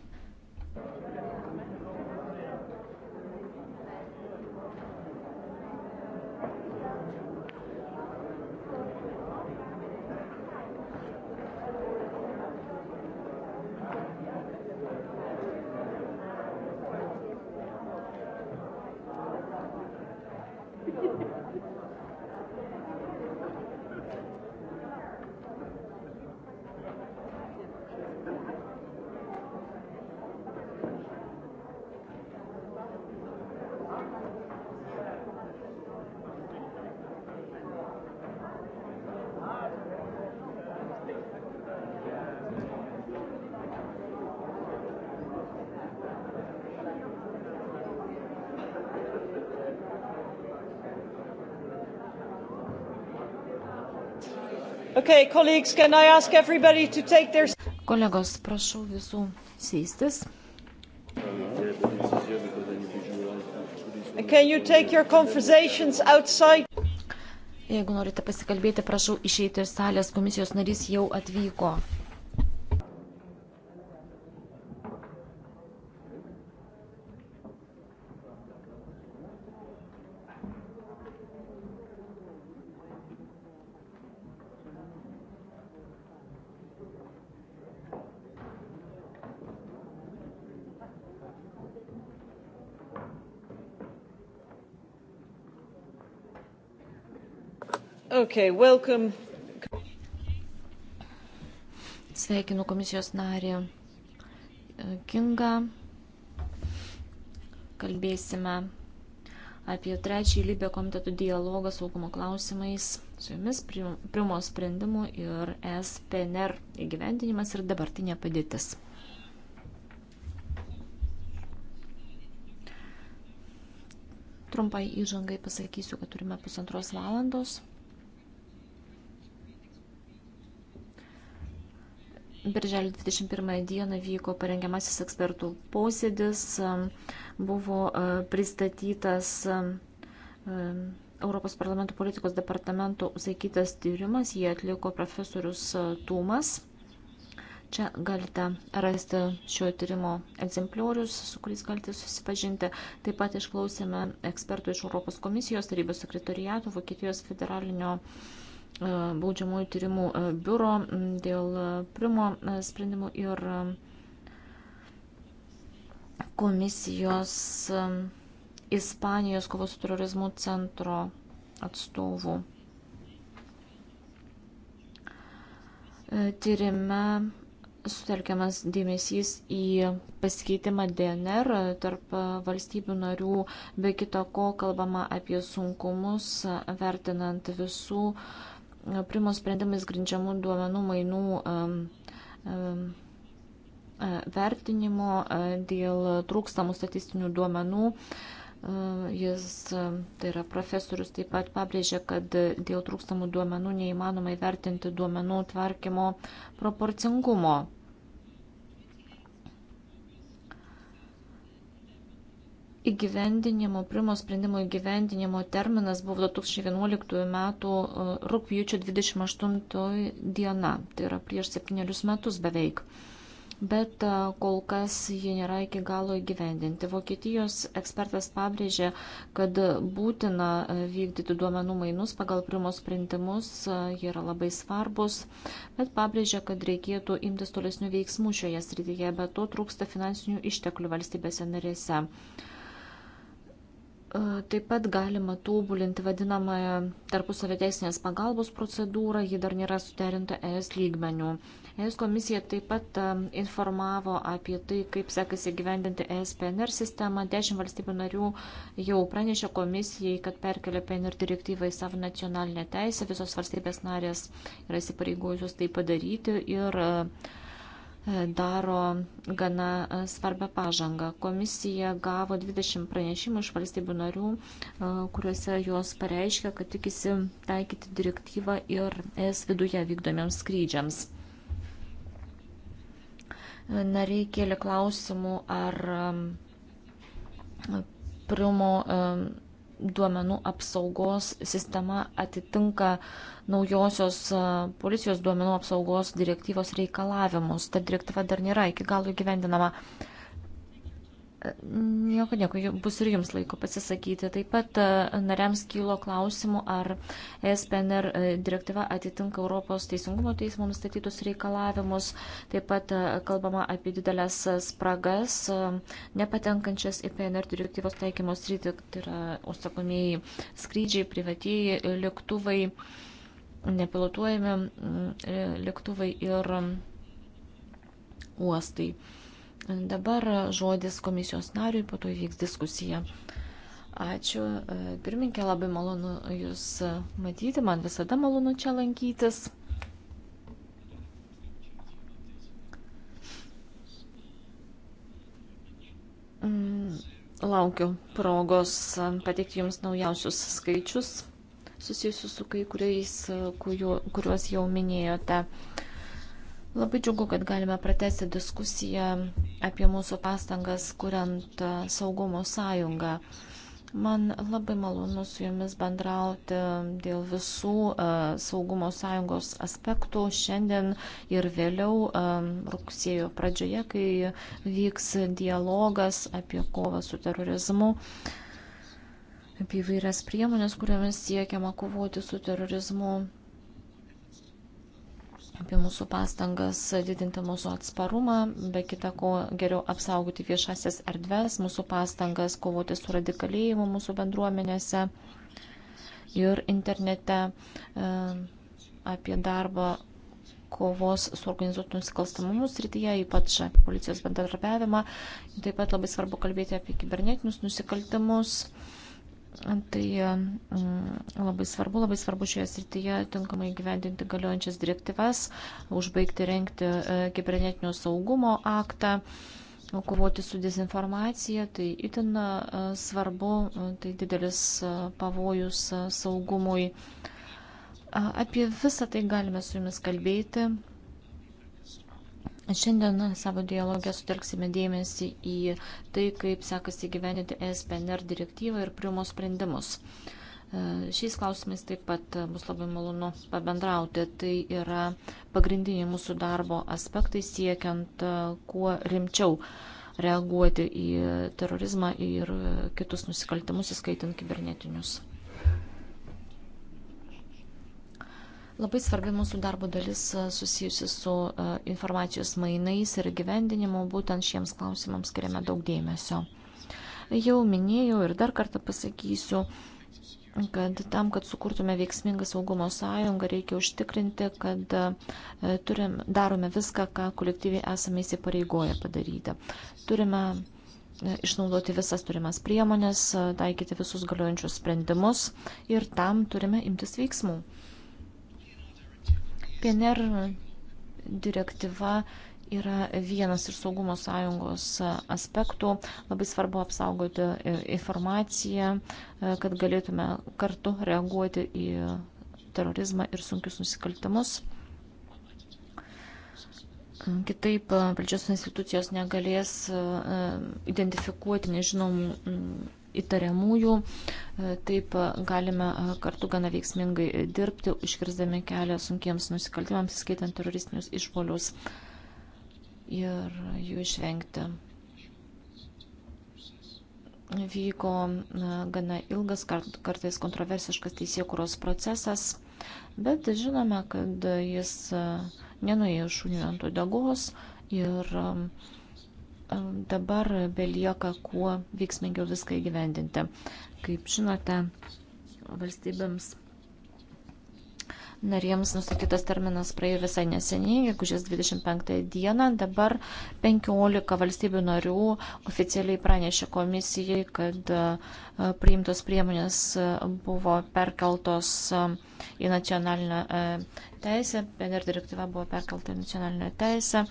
S1: Their... Kolegos, prašau visų sėstis. Jeigu norite pasikalbėti, prašau išeiti iš salės, komisijos narys jau atvyko.
S2: Okay, welcome.
S1: Sveikinu komisijos narį e, Kingą. Kalbėsime apie trečiąjį Libė komitetų dialogą saugumo klausimais su jumis, primo sprendimų ir SPNR įgyvendinimas ir dabartinė padėtis. Trumpai įžangai pasakysiu, kad turime pusantros valandos. Birželio 21 dieną vyko parengiamasis ekspertų posėdis, buvo e, pristatytas Europos parlamento politikos departamento užsakytas tyrimas, jį atliko profesorius e, Tumas. Čia galite rasti šio tyrimo egzempliorius, su kuriais galite susipažinti. Taip pat išklausėme ekspertų iš Europos komisijos, tarybos sekretoriato, Vokietijos federalinio uh, E, baudžiamųjų tyrimų e, biuro dėl e, primo sprendimų ir komisijos Ispanijos kovos su terorizmu centro atstovų. Tyrime sutelkiamas dėmesys į pasikeitimą DNR tarp valstybių narių, be kita ko kalbama apie sunkumus, vertinant visų uh, primo sprendimais grindžiamų duomenų mainų um, um, uh, vertinimo dėl uh, trūkstamų statistinių duomenų. Uh, jis, tai yra profesorius, taip pat pabrėžė, kad dėl trūkstamų duomenų neįmanoma įvertinti duomenų tvarkymo proporcingumo. įgyvendinimo, primo sprendimo įgyvendinimo terminas buvo 2011 metų e, rūpjūčio 28 diena, tai yra prieš septynerius metus beveik. Bet e, kol kas jie nėra iki galo įgyvendinti. Vokietijos ekspertas pabrėžė, kad būtina e, vykdyti duomenų mainus pagal primo sprendimus, jie yra labai svarbus, bet pabrėžė, kad reikėtų imtis tolesnių veiksmų šioje srityje, bet to trūksta finansinių išteklių valstybėse narėse. Taip pat galima tobulinti vadinamąją tarpusavio teisinės pagalbos procedūrą, ji dar nėra suderinta ES lygmenių. ES komisija taip pat informavo apie tai, kaip sekasi gyvendinti ES PNR sistemą. Dešimt valstybių narių jau pranešė komisijai, kad perkelia PNR direktyvą į savo nacionalinę teisę. Visos valstybės narės yra įsipareigojusios tai padaryti ir uh, daro gana e, svarbią pažangą. Komisija gavo 20 pranešimų iš valstybių narių, e, kuriuose jos pareiškia, kad tikisi taikyti direktyvą ir es viduje vykdomiams skrydžiams e, nariai kėlė klausimų, ar Prumo duomenų apsaugos sistema atitinka naujosios policijos duomenų apsaugos direktyvos reikalavimus. Ta direktyva dar nėra iki galo įgyvendinama. Nieko, nieko, bus ir jums laiko pasisakyti. Taip pat e, nariams kylo klausimų, ar SPNR e, direktyva atitinka Europos Teisingumo teismo nustatytus reikalavimus. Taip pat e, kalbama apie didelės spragas, nepatenkančias į PNR direktyvos taikymos rytį, tai yra užsakomieji skrydžiai, privatieji lėktuvai, nepilotuojami mm, lėktuvai ir mm, uostai. Dabar žodis komisijos nariui, po to įvyks diskusija. Ačiū. Pirminkė, labai malonu Jūs matyti, man visada malonu čia lankytis. Mm, laukiu progos pateikti Jums naujausius skaičius susijusius su kai kuriais, kuriuos jau minėjote. Labai džiugu, kad galime pratesti diskusiją apie mūsų pastangas, kuriant e, saugumo sąjungą. Man labai malonu su jumis bendrauti dėl visų e, saugumo sąjungos aspektų šiandien ir vėliau e, rugsėjo pradžioje, kai vyks dialogas apie kovą su terorizmu apie įvairias priemonės, kuriomis siekiama kovoti su terorizmu apie mūsų pastangas didinti mūsų atsparumą, be kita ko geriau apsaugoti viešasias erdves, mūsų pastangas kovoti su radikalėjimu mūsų bendruomenėse ir internete e, apie darbą kovos su organizuotų nusikalstamumu srityje, ypač policijos bendradarbiavimą. Taip pat labai svarbu kalbėti apie kibernetinius nusikaltimus. Tai mm, labai svarbu, labai svarbu šioje srityje tinkamai gyvendinti galiojančias direktyvas, užbaigti renkti e, kibernetinio saugumo aktą, kovoti su dezinformacija. Tai itin e, svarbu, e, tai didelis pavojus saugumui. Apie visą tai galime su jumis kalbėti, Šiandien savo dialogę sutelksime dėmesį į tai, kaip sekasi gyveninti SPNR direktyvą ir priimo sprendimus. E, šiais klausimais taip pat bus labai malonu pabendrauti. Tai yra pagrindiniai mūsų darbo aspektai siekiant e, kuo rimčiau reaguoti į terorizmą ir kitus nusikaltimus, įskaitant kibernetinius. Labai svarbi mūsų darbo dalis susijusi su informacijos mainais ir gyvendinimu, būtent šiems klausimams skiriame daug dėmesio. Jau minėjau ir dar kartą pasakysiu, kad tam, kad sukurtume veiksmingą saugumo sąjungą, reikia užtikrinti, kad turim, darome viską, ką kolektyviai esame įsipareigoję padaryti. Turime išnaudoti visas turimas priemonės, taikyti visus galiojančius sprendimus ir tam turime imtis veiksmų. PNR direktyva yra vienas iš saugumo sąjungos aspektų. Labai svarbu apsaugoti e, informaciją, e, kad galėtume kartu reaguoti į terorizmą ir sunkius nusikaltimus. Kitaip e, valdžios institucijos negalės identifikuoti nežinomų įtariamųjų. E, Taip e, galime e, kartu gana veiksmingai dirbti, iškirzdami kelią sunkiems nusikaltimams, skaitant teroristinius išpolius ir jų išvengti. Vyko gana ilgas, kartais kontroversiškas teisėkuros procesas, bet žinome, kad jis nenuėjo šunių ant odegos ir uh, dabar belieka kuo veiksmingiau viską įgyvendinti. Kaip žinote, valstybėms narėms nustatytas terminas praėjo visai neseniai, gegužės 25 dieną. Dabar 15 valstybių narių oficialiai pranešė komisijai, kad priimtos priemonės buvo perkeltos į nacionalinę teisę, PNR direktyva buvo perkelta į nacionalinę teisę.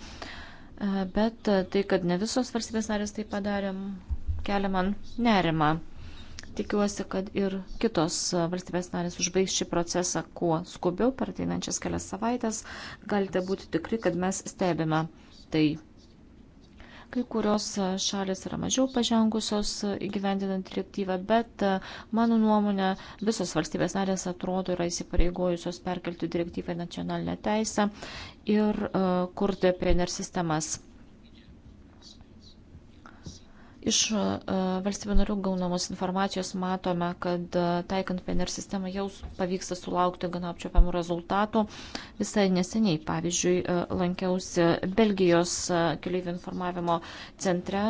S1: E, bet e, tai, kad ne visos valstybės narės tai padarė, kelia man nerimą. Tikiuosi, kad ir kitos e, valstybės narės užbaigs šį procesą kuo skubiau per ateinančias kelias savaitės. Galite būti tikri, kad mes stebime tai Kai kurios šalis yra mažiau pažengusios įgyvendinant direktyvą, bet e, mano nuomonė visos valstybės narės atrodo yra įsipareigojusios perkelti direktyvą į nacionalinę teisę ir e, kurti PNR sistemas. Iš e, valstybių narių gaunamos informacijos matome, kad e, taikant PNR sistemą jau pavyksta sulaukti gana apčiopiamų rezultatų. Visai neseniai, pavyzdžiui, e, lankiausi Belgijos keliaivių informavimo centre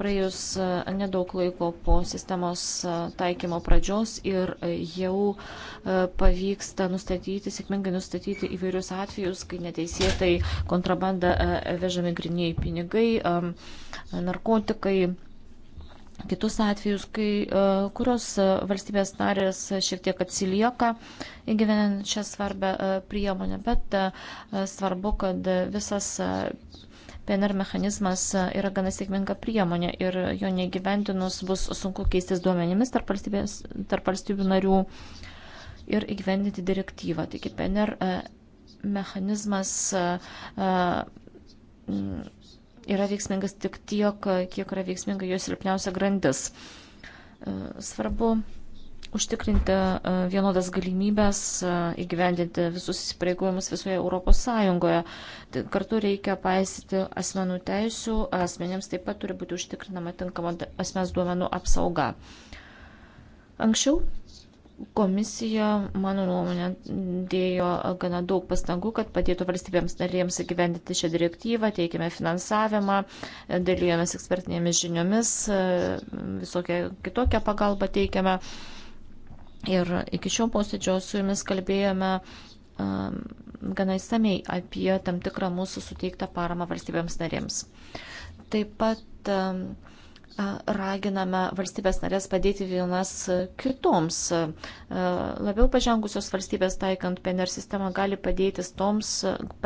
S1: praėjus e, nedaug laiko po sistemos e, taikymo pradžios ir e, jau pavyksta nustatyti, sėkmingai nustatyti įvairius atvejus, kai neteisėtai kontrabanda vežami griniai pinigai, narkotikai. Kitus atvejus, kai kurios valstybės narės šiek tiek atsilieka įgyvenant šią svarbę priemonę, bet svarbu, kad visas PNR mechanizmas e, yra gana sėkminga priemonė ir jo negyvendinus bus sunku keistis duomenimis tarp, tarp valstybių narių ir įgyvendinti direktyvą. Taigi PNR e, mechanizmas e, mm, yra veiksmingas tik tiek, kiek yra veiksminga jo silpniausia grandis. Svarbu užtikrinti e, vienodas galimybės e, įgyvendinti visus įsipareigojimus visoje Europos Sąjungoje. Kartu reikia paisyti asmenų teisių, asmenėms taip pat turi būti užtikrinama tinkama asmens duomenų apsauga. Anksčiau komisija, mano nuomonė, dėjo gana daug pastangų, kad padėtų valstybėms narėms įgyvendinti šią direktyvą, teikėme finansavimą, dalyjomės ekspertinėmis žiniomis, e, visokią kitokią pagalbą teikėme. Ir iki šio posėdžio su jumis kalbėjome um, gana įsamei apie tam tikrą mūsų suteiktą paramą valstybėms narėms. Taip pat um, raginame valstybės narės padėti vienas kitoms. Labiau pažengusios valstybės taikant PNR sistemą gali padėti toms,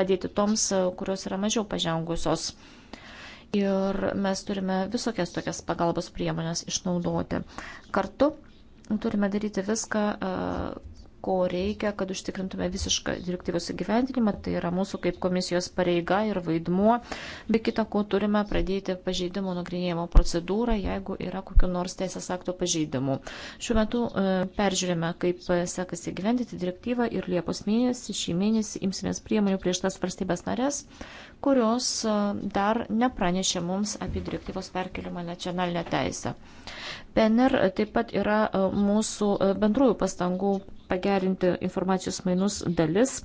S1: padėti toms, kurios yra mažiau pažengusios. Ir mes turime visokias tokias pagalbos priemonės išnaudoti. Kartu Turime daryti viską, e, ko reikia, kad užtikrintume visišką direktyvos įgyvendinimą. Tai yra mūsų kaip komisijos pareiga ir vaidmuo. Be kita ko, turime pradėti pažeidimų nagrinėjimo procedūrą, jeigu yra kokiu nors teisės akto pažeidimų. Šiuo metu e, peržiūrime, kaip sekasi įgyvendinti direktyvą ir Liepos mėnesį, šį mėnesį imsimės priemonių prieš tas valstybės narės, kurios dar nepranešė mums apie direktyvos perkelimą nacionalinę teisę. PNR taip pat yra mūsų bendrųjų pastangų pagerinti informacijos mainus dalis.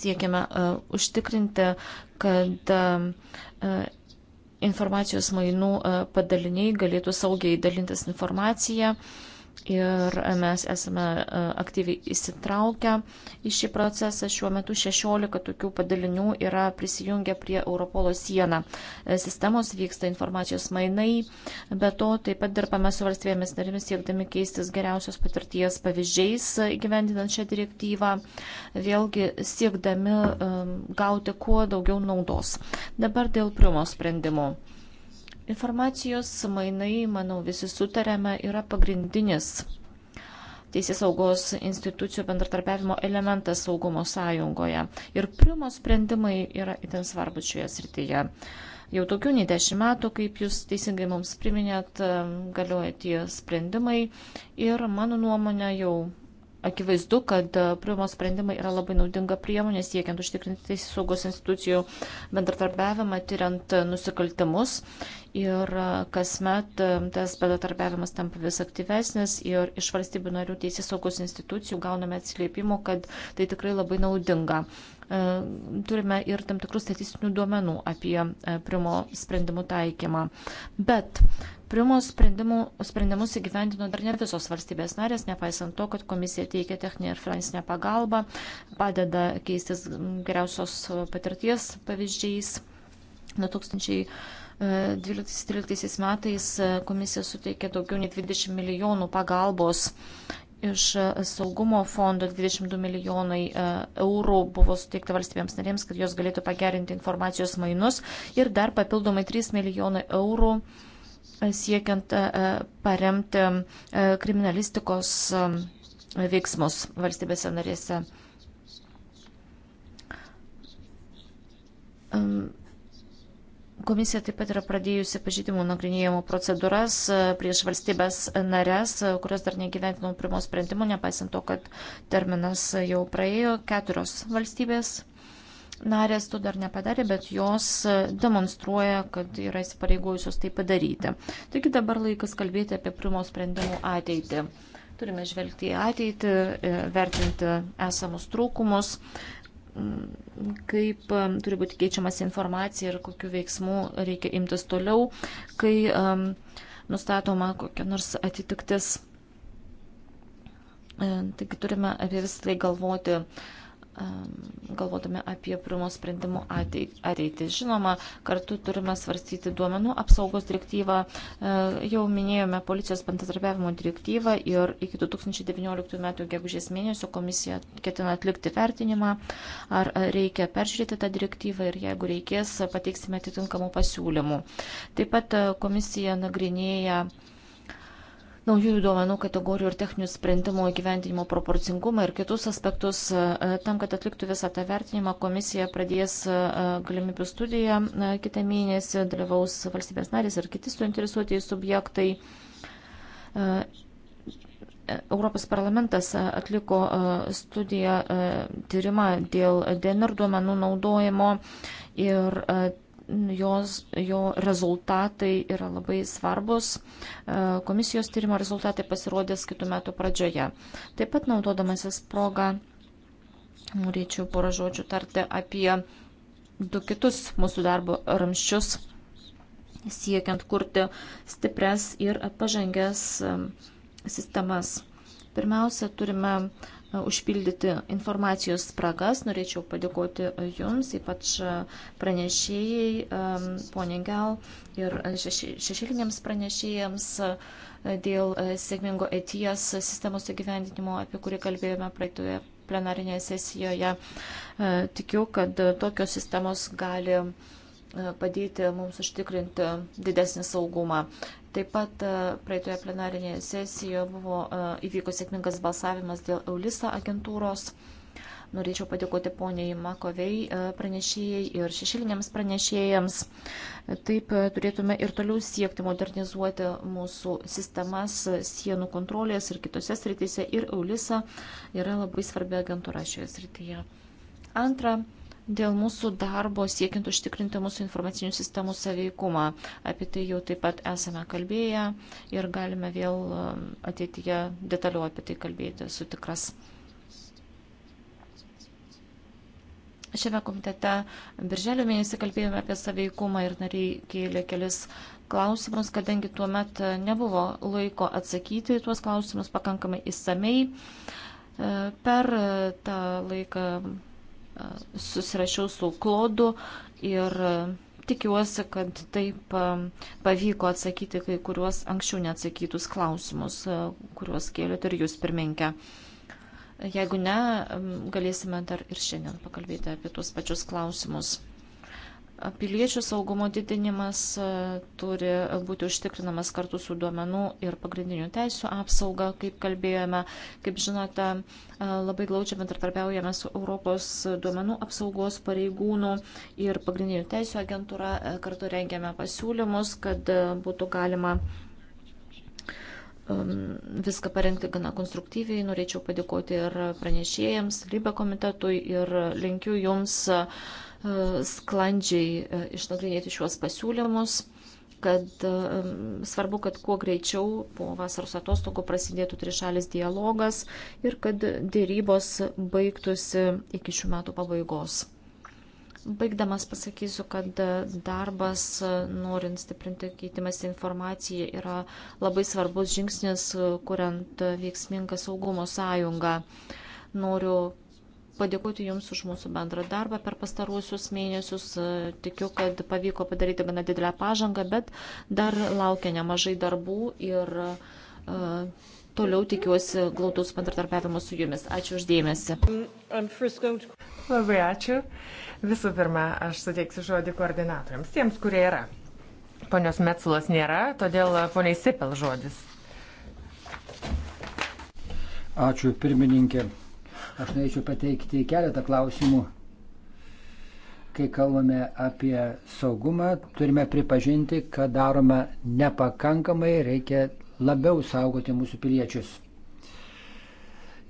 S1: Siekiame uh, užtikrinti, kad uh, informacijos mainų padaliniai galėtų saugiai dalintis informaciją. Uh, ir mes esame e, aktyviai įsitraukę į šį procesą. Šiuo metu 16 tokių padalinių yra prisijungę prie Europolo sieną. E, sistemos vyksta informacijos mainai, be to taip pat dirbame su valstybėmis narėmis siekdami keistis geriausios patirties pavyzdžiais įgyvendinant šią direktyvą, vėlgi siekdami e, gauti kuo daugiau naudos. Dabar dėl priumo sprendimų. Informacijos mainai, manau, visi sutarėme, yra pagrindinis teisės saugos institucijų bendratarpiavimo elementas saugumo sąjungoje. Ir priumo sprendimai yra itin svarbus šioje srityje. Jau daugiau nei dešimt metų, kaip jūs teisingai mums priminėt, galioja tie sprendimai ir mano nuomonė jau Akivaizdu, kad e, priimos sprendimai yra labai naudinga priemonė siekiant užtikrinti teisės saugos institucijų bendratarbiavimą, tyriant e, nusikaltimus. Ir e, kasmet tas bendratarbiavimas tampa vis aktyvesnis ir iš valstybių narių teisės saugos institucijų gauname atsiliepimų, kad tai tikrai labai naudinga. Turime ir tam tikrų statistinių duomenų apie primo sprendimų taikymą. Bet Primos sprendimus įgyvendino dar ne visos valstybės narės, nepaisant to, kad komisija teikia techninę ir finansinę pagalbą, padeda keistis geriausios patirties pavyzdžiais. 2012-2013 e, metais e, komisija suteikė daugiau nei 20 milijonų pagalbos iš e, saugumo fondo 22 milijonai eurų buvo suteikta valstybėms narėms, kad jos galėtų pagerinti informacijos mainus ir dar papildomai 3 milijonai eurų siekiant e, e, paremti e, kriminalistikos veiksmus valstybėse narėse. Komisija taip pat yra pradėjusi pažydimų nagrinėjimo procedūras prieš valstybės narės, kurios dar negyventino pirmo sprendimo, nepaisant to, kad terminas jau praėjo keturios valstybės narės to dar nepadarė, bet jos e, demonstruoja, kad yra įsipareigojusios tai padaryti. Taigi dabar laikas kalbėti apie primo sprendimų ateitį. Turime žvelgti į ateitį, e, vertinti esamus trūkumus, kaip e, turi būti keičiamas informacija ir kokiu veiksmu reikia imtis toliau, kai nustatoma kokia nors atitiktis. Taigi turime apie visą tai galvoti galvodami apie priimų sprendimų ateitį. Žinoma, kartu turime svarstyti duomenų apsaugos direktyvą, e, jau minėjome policijos bendradarbiavimo direktyvą ir iki 2019 metų gegužės mėnesio komisija ketina atlikti vertinimą, ar reikia peržiūrėti tą direktyvą ir jeigu reikės, pateiksime atitinkamų pasiūlymų. Taip pat e, komisija nagrinėja naujųjų duomenų kategorijų ir techninių sprendimų įgyvendinimo proporcingumą ir kitus aspektus. E, e, tam, kad atliktų visą tą vertinimą, komisija pradės e, galimybių studiją kitą mėnesį, dalyvaus valstybės narės ir kiti suinteresuotieji subjektai. Europos parlamentas atliko studiją, tyrimą dėl DNR duomenų naudojimo ir jos, jo rezultatai yra labai svarbus. E, komisijos tyrimo rezultatai pasirodės kitų metų pradžioje. Taip pat naudodamasis progą, norėčiau porą žodžių tarti apie du kitus mūsų darbo ramščius, siekiant kurti stipres ir pažangės e, sistemas. Pirmiausia, turime uh, E, užpildyti informacijos spragas. Norėčiau padėkoti e, Jums, ypač e, pranešėjai, ponė Gel ir šešėliniams pranešėjams dėl sėkmingo ETIAS sistemos įgyvendinimo, apie kurį kalbėjome praeitoje plenarinėje sesijoje. Tikiu, kad tokios sistemos gali padėti mums užtikrinti didesnį saugumą. Taip pat e, praeitoje plenarinėje sesijoje buvo e, įvyko sėkmingas balsavimas dėl Eulisa agentūros. Norėčiau padėkoti poniai Makovei e, pranešėjai ir šešiliniams pranešėjams. Taip turėtume ir toliau siekti modernizuoti mūsų sistemas sienų kontrolės ir kitose sritise. Ir Eulisa yra labai svarbi agentūra šioje srityje. Antra, dėl mūsų darbo siekiant užtikrinti mūsų informacinių sistemų saveikumą. Apie tai jau taip pat esame kalbėję ir galime vėl um, ateityje detaliau apie tai kalbėti, su tikras. Šiame komitete birželio mėnesį kalbėjome apie saveikumą ir nariai kėlė kelis klausimus, kadangi tuo met nebuvo laiko atsakyti į tuos klausimus pakankamai įsamei. E, per tą laiką susirašiau su klodu ir e, tikiuosi, kad taip e, pavyko atsakyti kai kuriuos anksčiau neatsakytus klausimus, e, kuriuos kėlėt ir jūs pirminkę. Jeigu ne, galėsime dar ir šiandien pakalbėti apie tuos pačius klausimus. Piliečių saugumo didinimas turi būti užtikrinamas kartu su duomenų ir pagrindinių teisų apsauga, kaip kalbėjome. Kaip žinote, labai glaučiai bendratarpiaujame su Europos duomenų apsaugos pareigūnų ir pagrindinių teisų agentūra. Kartu rengiame pasiūlymus, kad būtų galima viską parengti gana konstruktyviai. Norėčiau padėkoti ir pranešėjams, Lybe komitetui ir linkiu jums uh, E, sklandžiai e, išnagrinėti šiuos pasiūlymus, kad e, svarbu, kad kuo greičiau po vasaros atostogų prasidėtų trišalis dialogas ir kad dėrybos baigtųsi iki šių metų pabaigos. Baigdamas pasakysiu, kad darbas, norint stiprinti keitimas informaciją, yra labai svarbus žingsnis, kuriant veiksmingą saugumo sąjungą. Noriu padėkoti Jums už mūsų bendrą darbą per pastaruosius mėnesius. Tikiu, kad pavyko padaryti gana didelę pažangą, bet dar laukia nemažai darbų ir uh, toliau tikiuosi
S2: glaudaus bendradarbiavimo su Jumis. Ačiū uždėmesi. Labai ačiū. Visų pirma, aš suteiksiu žodį koordinatoriams, tiems, kurie yra. Ponios Metsulas nėra, todėl poniai Sipel žodis.
S3: Ačiū pirmininkė. Aš norėčiau pateikti keletą klausimų. Kai kalbame apie saugumą, turime pripažinti, kad darome nepakankamai, reikia labiau saugoti mūsų piliečius.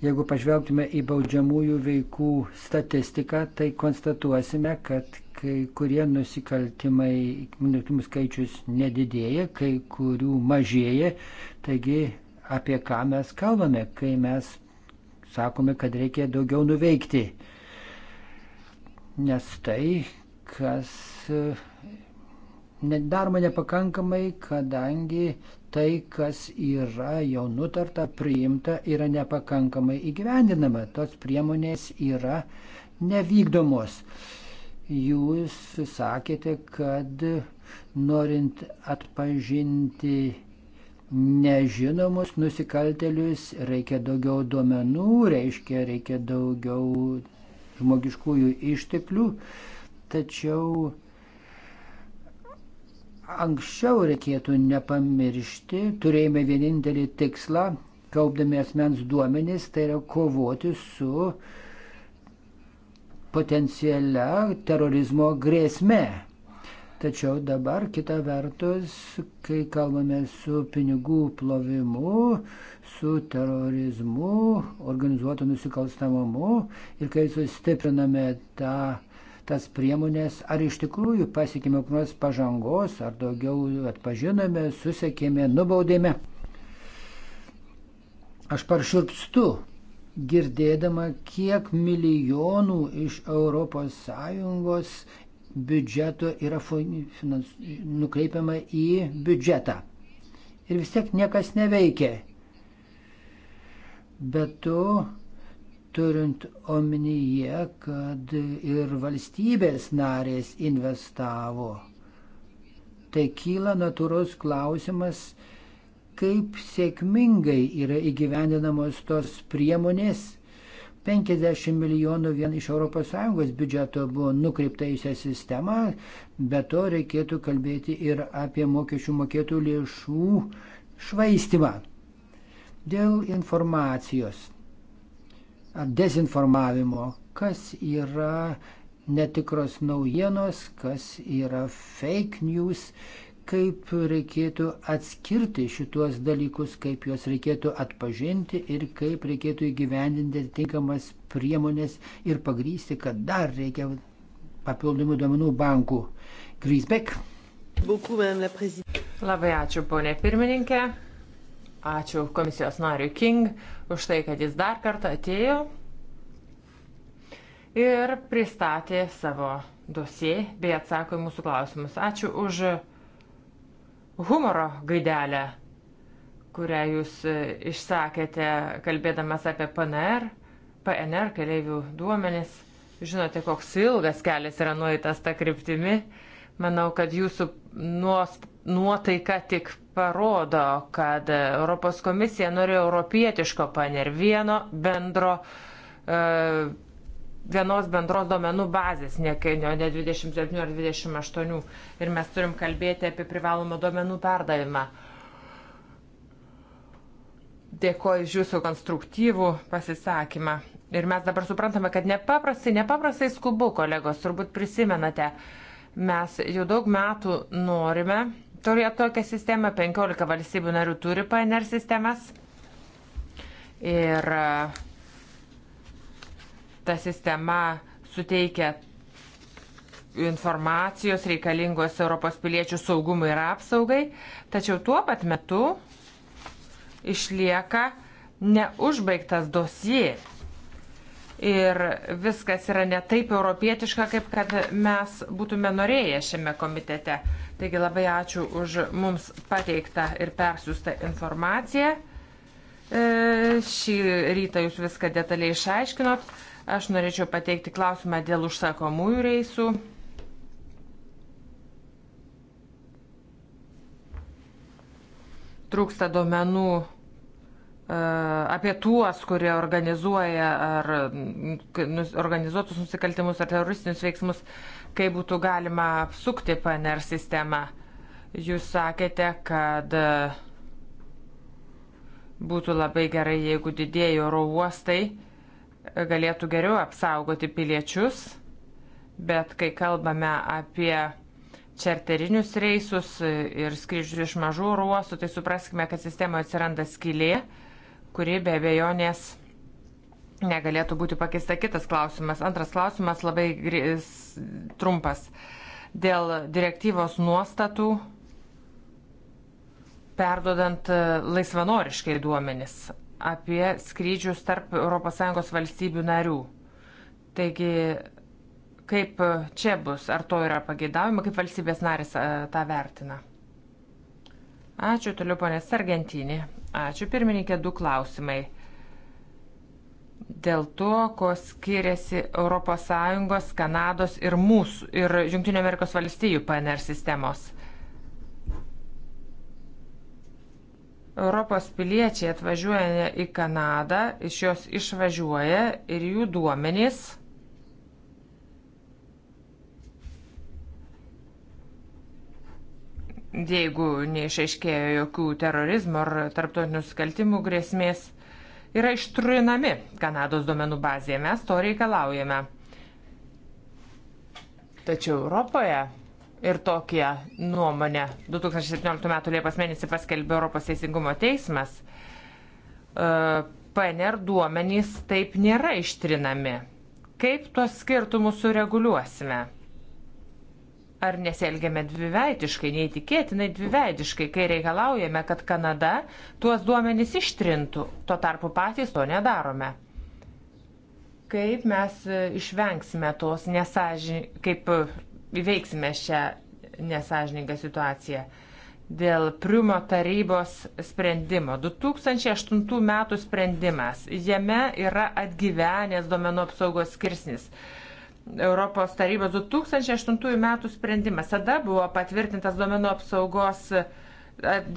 S3: Jeigu pažvelgtume į baudžiamųjų veikų statistiką, tai konstatuosime, kad kai kurie nusikaltimai, nusikaltimų skaičius nedidėja, kai kurių mažėja. Taigi, apie ką mes kalbame, kai mes sakome, kad reikia daugiau nuveikti. Nes tai, kas e, daroma nepakankamai, kadangi tai, kas yra jau nutarta, priimta, yra nepakankamai įgyvendinama. Tos priemonės yra nevykdomos. Jūs sakėte, kad norint atpažinti nežinomus nusikaltelius, reikia daugiau duomenų, reiškia, reikia daugiau žmogiškųjų išteklių, tačiau anksčiau reikėtų nepamiršti, turėjome vienintelį tikslą, kaupdami asmens duomenys, tai yra kovoti su potencialia terorizmo grėsme. Tačiau dabar kita vertus, kai kalbame su pinigų plovimu, su terorizmu, organizuotu nusikalstamumu ir kai sustipriname tą, tas priemonės, ar iš tikrųjų pasiekime kokios pažangos, ar daugiau atpažinome, susekėme, nubaudėme. Aš paršurpstu girdėdama, kiek milijonų iš ES biudžeto yra finans, nukreipiama į biudžetą. Ir vis tiek niekas neveikia. Bet tu, turint omenyje, kad ir valstybės narės investavo, tai kyla natūros klausimas, kaip sėkmingai yra įgyvendinamos tos priemonės, 50 milijonų vien iš ES biudžeto buvo nukreipta į šią sistemą, bet to reikėtų kalbėti ir apie mokesčių mokėtų lėšų švaistimą. Dėl informacijos ar dezinformavimo, kas yra netikros naujienos, kas yra fake news kaip reikėtų atskirti šituos dalykus, kaip juos reikėtų atpažinti ir kaip reikėtų įgyvendinti tinkamas priemonės ir pagrysti, kad dar reikia papildomų duomenų bankų. Grisbek.
S2: Labai ačiū, ponė pirmininkė. Ačiū komisijos nariui King už tai, kad jis dar kartą atėjo ir pristatė savo dosie bei atsako į mūsų klausimus. Ačiū už humoro gaidelę, kurią jūs e, išsakėte, kalbėdamas apie PNR, PNR keliaivių duomenis. Žinote, koks ilgas kelias yra nueitas tą kryptimį. Manau, kad jūsų nuos, nuotaika tik parodo, kad Europos komisija nori europietiško PNR, vieno bendro uh, vienos bendros domenų bazės, ne, ne 27 ar 28. Ir mes turim kalbėti apie privalomą domenų perdavimą. Dėkoju iš jūsų konstruktyvų pasisakymą. Ir mes dabar suprantame, kad nepaprastai, nepaprastai skubu, kolegos, turbūt prisimenate, mes jau daug metų norime turėti tokią sistemą, 15 valstybių narių turi PNR sistemas. Ir uh, ta sistema suteikia informacijos reikalingos Europos piliečių saugumui ir apsaugai, tačiau tuo pat metu išlieka neužbaigtas dosie. Ir viskas yra ne taip europietiška, kaip kad mes būtume norėję šiame komitete. Taigi labai ačiū už mums pateiktą ir persiųstą informaciją. E, šį rytą jūs viską detaliai išaiškinot. Aš norėčiau pateikti klausimą dėl užsakomųjų reisų. Trūksta duomenų e, apie tuos, kurie organizuoja ar organizuotus nusikaltimus ar teroristinius veiksmus, kaip būtų galima apsukti PNR sistemą. Jūs sakėte, kad e, būtų labai gerai, jeigu didėjai oro uostai galėtų geriau apsaugoti piliečius, bet kai kalbame apie čarterinius reisus ir skrydžius iš mažų ruostų, tai supraskime, kad sistemoje atsiranda skylė, kuri be abejonės negalėtų būti pakeista. Kitas klausimas. Antras klausimas labai trumpas. Dėl direktyvos nuostatų perdodant e, laisvanoriškai duomenis apie skrydžius tarp ES valstybių narių. Taigi, kaip čia bus, ar to yra pagėdavimo, kaip valstybės narės tą vertina? Ačiū, toliau ponės Argentinį. Ačiū, pirmininkė, du klausimai. Dėl to, ko skiriasi ES, Kanados ir mūsų ir JAV PNR sistemos. Europos piliečiai atvažiuoja į Kanadą, iš jos išvažiuoja ir jų duomenys jeigu neišaiškėjo jokių terorizmo ar tarptautinių skaltimų grėsmės, yra ištrinami Kanados duomenų bazėje. Mes to reikalaujame. Tačiau Europoje ir tokią nuomonę 2017 m. Liepos mėnesį paskelbė Europos Teisingumo teismas, e, PNR duomenys taip nėra ištrinami. Kaip tuos skirtumus sureguliuosime? Ar nesielgiame dviveidiškai, neįtikėtinai dviveidiškai, kai reikalaujame, kad Kanada tuos duomenys ištrintų, tuo tarpu patys to nedarome? kaip mes išvengsime tos nesažin, kaip įveiksime šią nesažiningą situaciją. Dėl Priumo tarybos sprendimo. 2008 metų sprendimas. Jame yra atgyvenęs domenų apsaugos skirsnis. Europos tarybos 2008 metų sprendimas. Tada buvo patvirtintas domenų apsaugos e,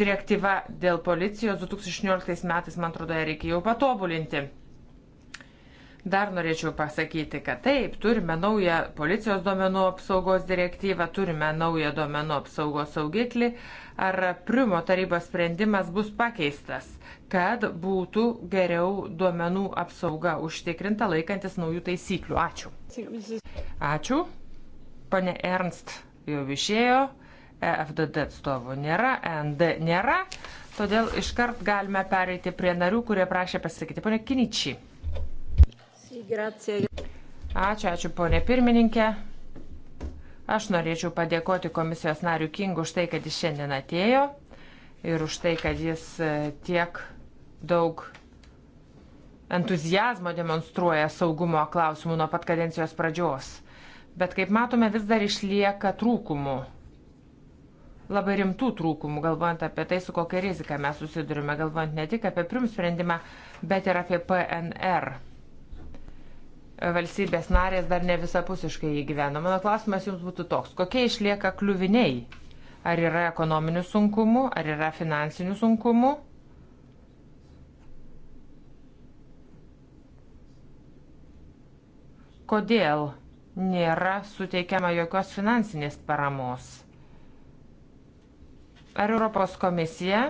S2: direktyva dėl policijos 2018 metais, man atrodo, ją reikia jau patobulinti. Dar norėčiau pasakyti, kad taip, turime naują policijos duomenų apsaugos direktyvą, turime naują duomenų apsaugos saugiklį. Ar Priumo tarybos sprendimas bus pakeistas, kad būtų geriau duomenų apsauga užtikrinta laikantis naujų taisyklių? Ačiū. Ačiū. Pane Ernst jau išėjo, EFDD atstovų nėra, e ND nėra, todėl iškart galime pereiti prie narių, kurie prašė pasakyti. Pane Kiničiai. Ačiū, ačiū ponė pirmininkė. Aš norėčiau padėkoti komisijos nariu Kingu už tai, kad jis šiandien atėjo ir už tai, kad jis e, tiek daug entuzijazmo demonstruoja saugumo klausimų nuo pat kadencijos pradžios. Bet kaip matome, vis dar išlieka trūkumų. Labai rimtų trūkumų, galvojant apie tai, su kokia rizika mes susidurime, galvojant ne tik apie prims sprendimą, bet ir apie PNR valstybės narės dar ne visapusiškai įgyvena. Mano klausimas jums būtų toks, kokie išlieka kliuviniai? Ar yra ekonominių sunkumų, ar yra finansinių sunkumų? Kodėl nėra suteikiama jokios finansinės paramos? Ar Europos komisija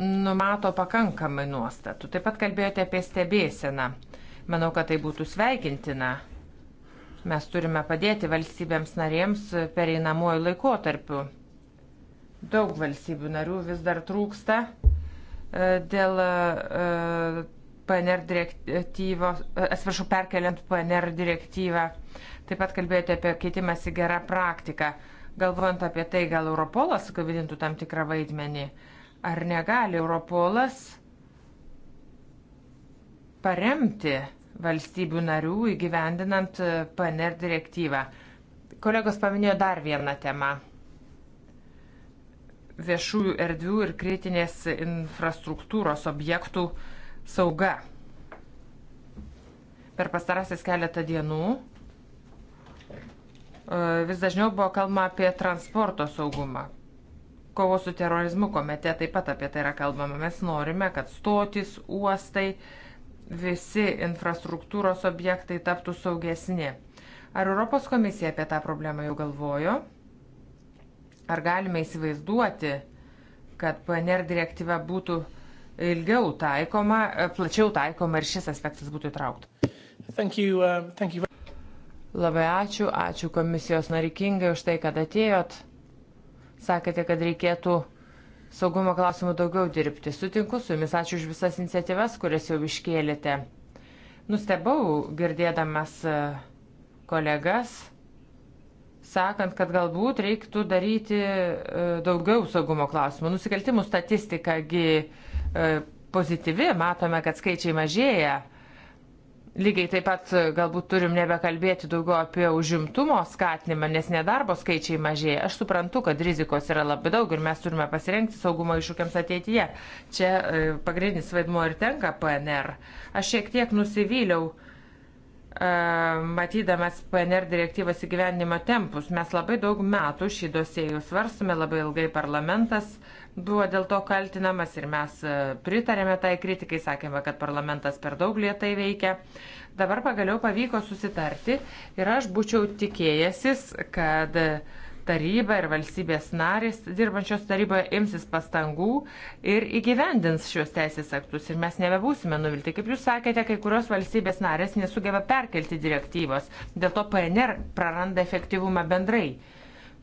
S2: numato pakankamai nuostatų. Taip pat kalbėjote apie stebėseną. Manau, kad tai būtų sveikintina. Mes turime padėti valstybėms narėms pereinamuoju laikotarpiu. Daug valstybių narių vis dar trūksta e, dėl e, PNR direktyvos, e, atsiprašau, perkeliant PNR direktyvą. Taip pat kalbėjote apie keitimąsi gerą praktiką. Galvojant apie tai, gal Europolas sukavidintų tam tikrą vaidmenį. Uh, Ar negali Europolas paremti valstybių narių įgyvendinant PNR direktyvą? Kolegos paminėjo dar vieną temą - viešųjų erdvių ir kritinės infrastruktūros objektų sauga. Per pastarasis keletą dienų e, vis dažniau buvo kalbama apie transporto saugumą kovos su terorizmu komite taip pat apie tai yra kalbama. Mes norime, kad stotis, uostai, visi infrastruktūros objektai taptų saugesni. Ar Europos komisija apie tą problemą jau galvojo? Ar galime įsivaizduoti, kad PNR direktyva būtų ilgiau taikoma, plačiau taikoma ir šis aspektas būtų įtrauktas? Thank you, uh, thank you. Labai ačiū, ačiū komisijos narikingai už tai, kad atėjot. Sakėte, kad reikėtų saugumo klausimų daugiau dirbti. Sutinku su jumis, ačiū už visas iniciatyvas, kurias jau iškėlėte. Nustebau girdėdamas e, kolegas, sakant, kad galbūt reiktų daryti e, daugiau saugumo klausimų. Nusikaltimų statistikagi e, pozityvi, matome, kad skaičiai mažėja Lygiai taip pat e, galbūt turim nebekalbėti daugiau apie užimtumo skatinimą, nes nedarbo skaičiai mažėja. Aš suprantu, kad rizikos yra labai daug ir mes turime pasirengti saugumo iššūkiams ateityje. Čia e, pagrindinis vaidmuo ir tenka PNR. Aš šiek tiek nusivyliau e, matydamas PNR direktyvos įgyvendimo tempus. Mes labai daug metų šį dosėjų svarstume, labai ilgai parlamentas uh, buvo dėl to kaltinamas ir mes e, pritarėme tai kritikai, sakėme, kad parlamentas per daug lietai veikia. Dabar pagaliau pavyko susitarti ir aš būčiau tikėjęsis, kad taryba ir valstybės narės dirbančios taryboje imsis pastangų ir įgyvendins šios teisės aktus ir mes nebebūsime nuvilti. Kaip jūs sakėte, kai kurios valstybės narės nesugeba perkelti direktyvos, dėl to PNR praranda efektyvumą bendrai.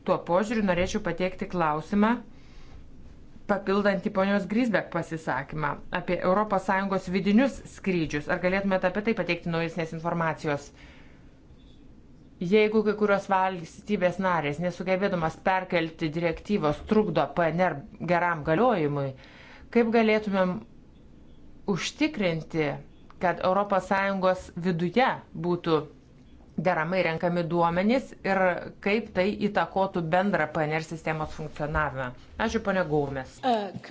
S2: Tuo požiūriu norėčiau pateikti klausimą papildantį ponios Grisbek pasisakymą apie ES vidinius skrydžius. Ar galėtumėte apie tai pateikti naujesnės informacijos? Jeigu kai kurios valstybės narės nesugebėdamas perkelti direktyvos trukdo PNR geram galiojimui, kaip galėtumėm užtikrinti, kad ES viduje būtų deramai renkami duomenys ir kaip tai įtakotų bendrą PNR sistemos funkcionavimą. Ačiū, ponia Gaumės. Uh, uh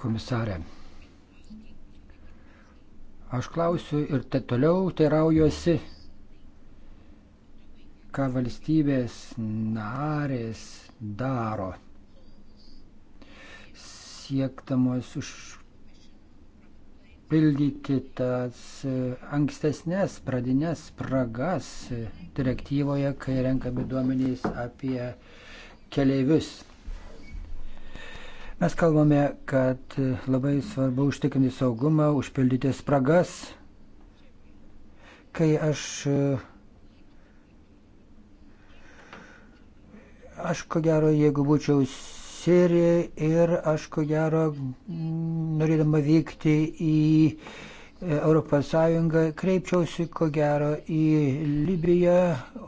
S3: Komisarė. Aš klausiu ir te toliau teiraujuosi, ką valstybės narės daro, siektamos už pildyti tas e, ankstesnės pradinės spragas direktyvoje, kai renkami duomenys apie keleivius. Mes kalbame, kad labai svarbu užtikrinti saugumą, užpildyti spragas. Kai aš e, aš ko gero, jeigu būčiau Siriją ir aš ko gero, norėdama vykti į ES, kreipčiausi ko gero į Libiją,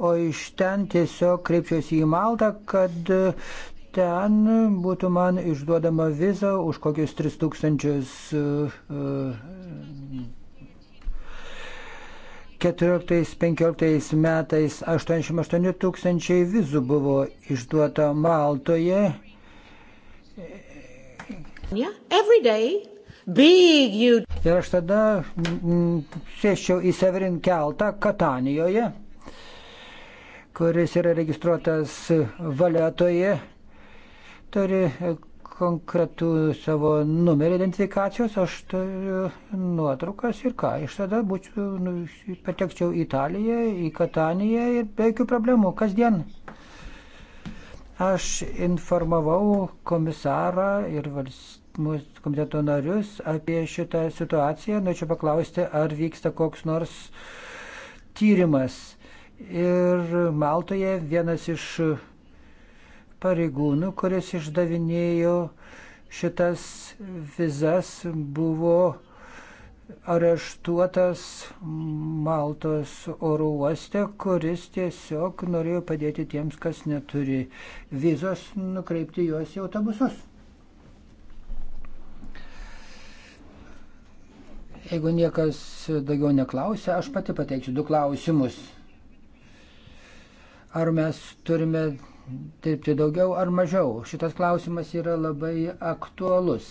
S3: o iš ten tiesiog kreipčiausi į Maltą, kad e, ten būtų man išduodama viza už kokius 3000 14-15 e, e, metais 88 tūkstančiai vizų buvo išduota Maltoje Yeah, every day. Big you. Ir aš tada mm, mm, sėščiau į Severin keltą Katanijoje, kuris yra registruotas valetoje, turi e, konkretų savo numerį identifikacijos, aš turiu nuotraukas ir ką, iš tada būčiau, nu, patekčiau į Italiją, į Kataniją ir be jokių problemų, kasdien. Aš informavau komisarą ir mūsų komiteto narius apie šitą situaciją. Norėčiau nu, paklausti, ar vyksta koks nors tyrimas. Ir Maltoje vienas iš pareigūnų, kuris išdavinėjo šitas vizas, buvo areštuotas Maltos oro uoste, kuris tiesiog norėjo padėti tiems, kas neturi vizos, nukreipti juos į autobusus. Jeigu niekas daugiau neklausia, aš pati pateiksiu du klausimus. Ar mes turime dirbti daugiau ar mažiau? Šitas klausimas yra labai aktualus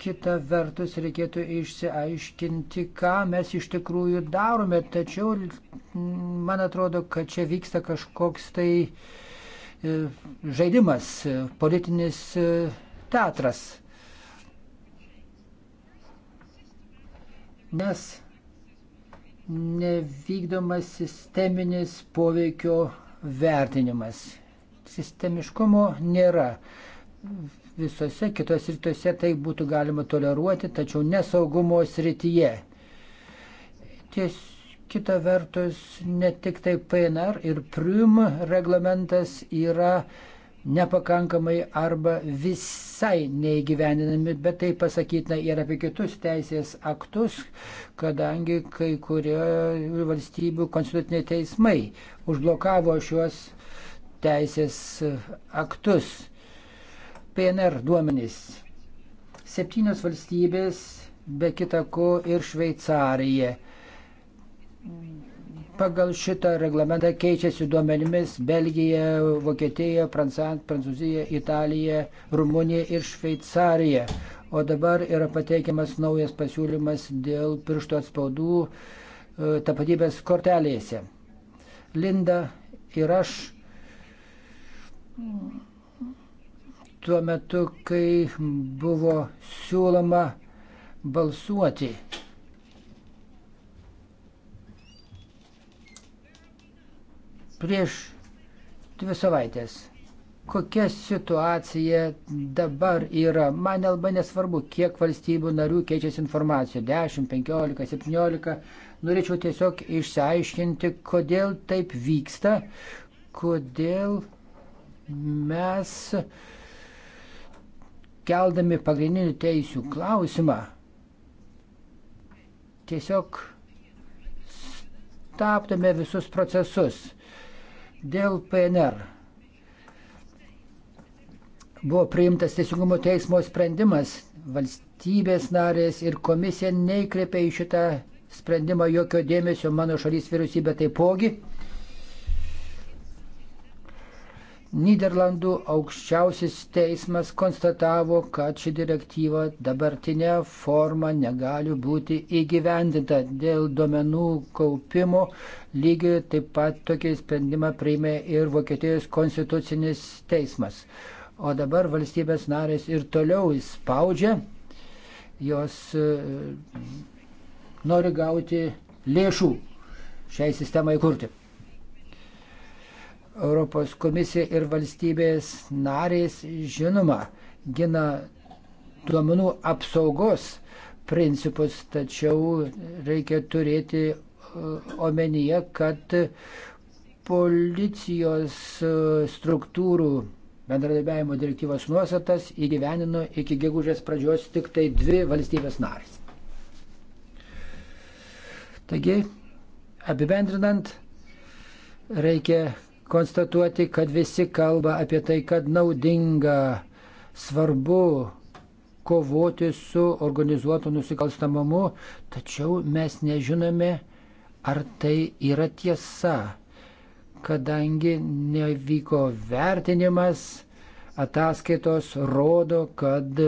S3: Kita vertus reikėtų išsiaiškinti, ką mes iš tikrųjų darome, tačiau mm, man atrodo, kad čia vyksta kažkoks tai e, žaidimas, e, politinis e, teatras. Nes nevykdomas sisteminis poveikio vertinimas. Sistemiškumo nėra visose kitose rytuose tai būtų galima toleruoti, tačiau nesaugumo srityje. Ties kita vertus, ne tik tai PNR ir PRIM reglamentas yra nepakankamai arba visai neįgyveninami, bet tai pasakytina ir apie kitus teisės aktus, kadangi kai kurie valstybių konstituciniai teismai užblokavo šiuos teisės aktus. PNR duomenys. Septynios valstybės, be kita ko ir Šveicarija. Pagal šitą reglamentą keičiasi duomenimis Belgija, Vokietija, Prancūzija, Italija, Rumunija ir Šveicarija. O dabar yra pateikiamas naujas pasiūlymas dėl piršto atspaudų e, tapatybės kortelėse. Linda ir aš tuo metu, kai buvo siūloma balsuoti. Prieš dvi savaitės. Kokia situacija dabar yra? Man labai nesvarbu, kiek valstybių narių keičiasi informacija. 10, 15, 17. Norėčiau tiesiog išsiaiškinti, kodėl taip vyksta, kodėl mes uh, keldami pagrindinių teisių klausimą, tiesiog stabdome visus procesus. Dėl PNR buvo priimtas Teisingumo teismo sprendimas, valstybės narės ir komisija neikreipia į šitą sprendimą jokio dėmesio, mano šalies vyriausybė taipogi. Niderlandų aukščiausias teismas konstatavo, kad ši direktyva dabartinė forma negali būti įgyvendinta dėl duomenų kaupimo. Lygiai taip pat tokį sprendimą priėmė ir Vokietijos konstitucinis teismas. O dabar valstybės narės ir toliau įspaudžia, jos e, nori gauti lėšų šiai sistemai kurti. Europos komisija ir valstybės narės žinoma gina duomenų apsaugos principus, tačiau reikia turėti e, omenyje, kad policijos e, struktūrų bendradarbiavimo direktyvos nuostatas įgyvenino iki gegužės pradžios tik tai dvi valstybės narės. Taigi, apibendrinant, reikia konstatuoti, kad visi kalba apie tai, kad naudinga, svarbu kovoti su organizuotu nusikalstamumu, tačiau mes nežinome, ar tai yra tiesa, kadangi nevyko vertinimas, ataskaitos rodo, kad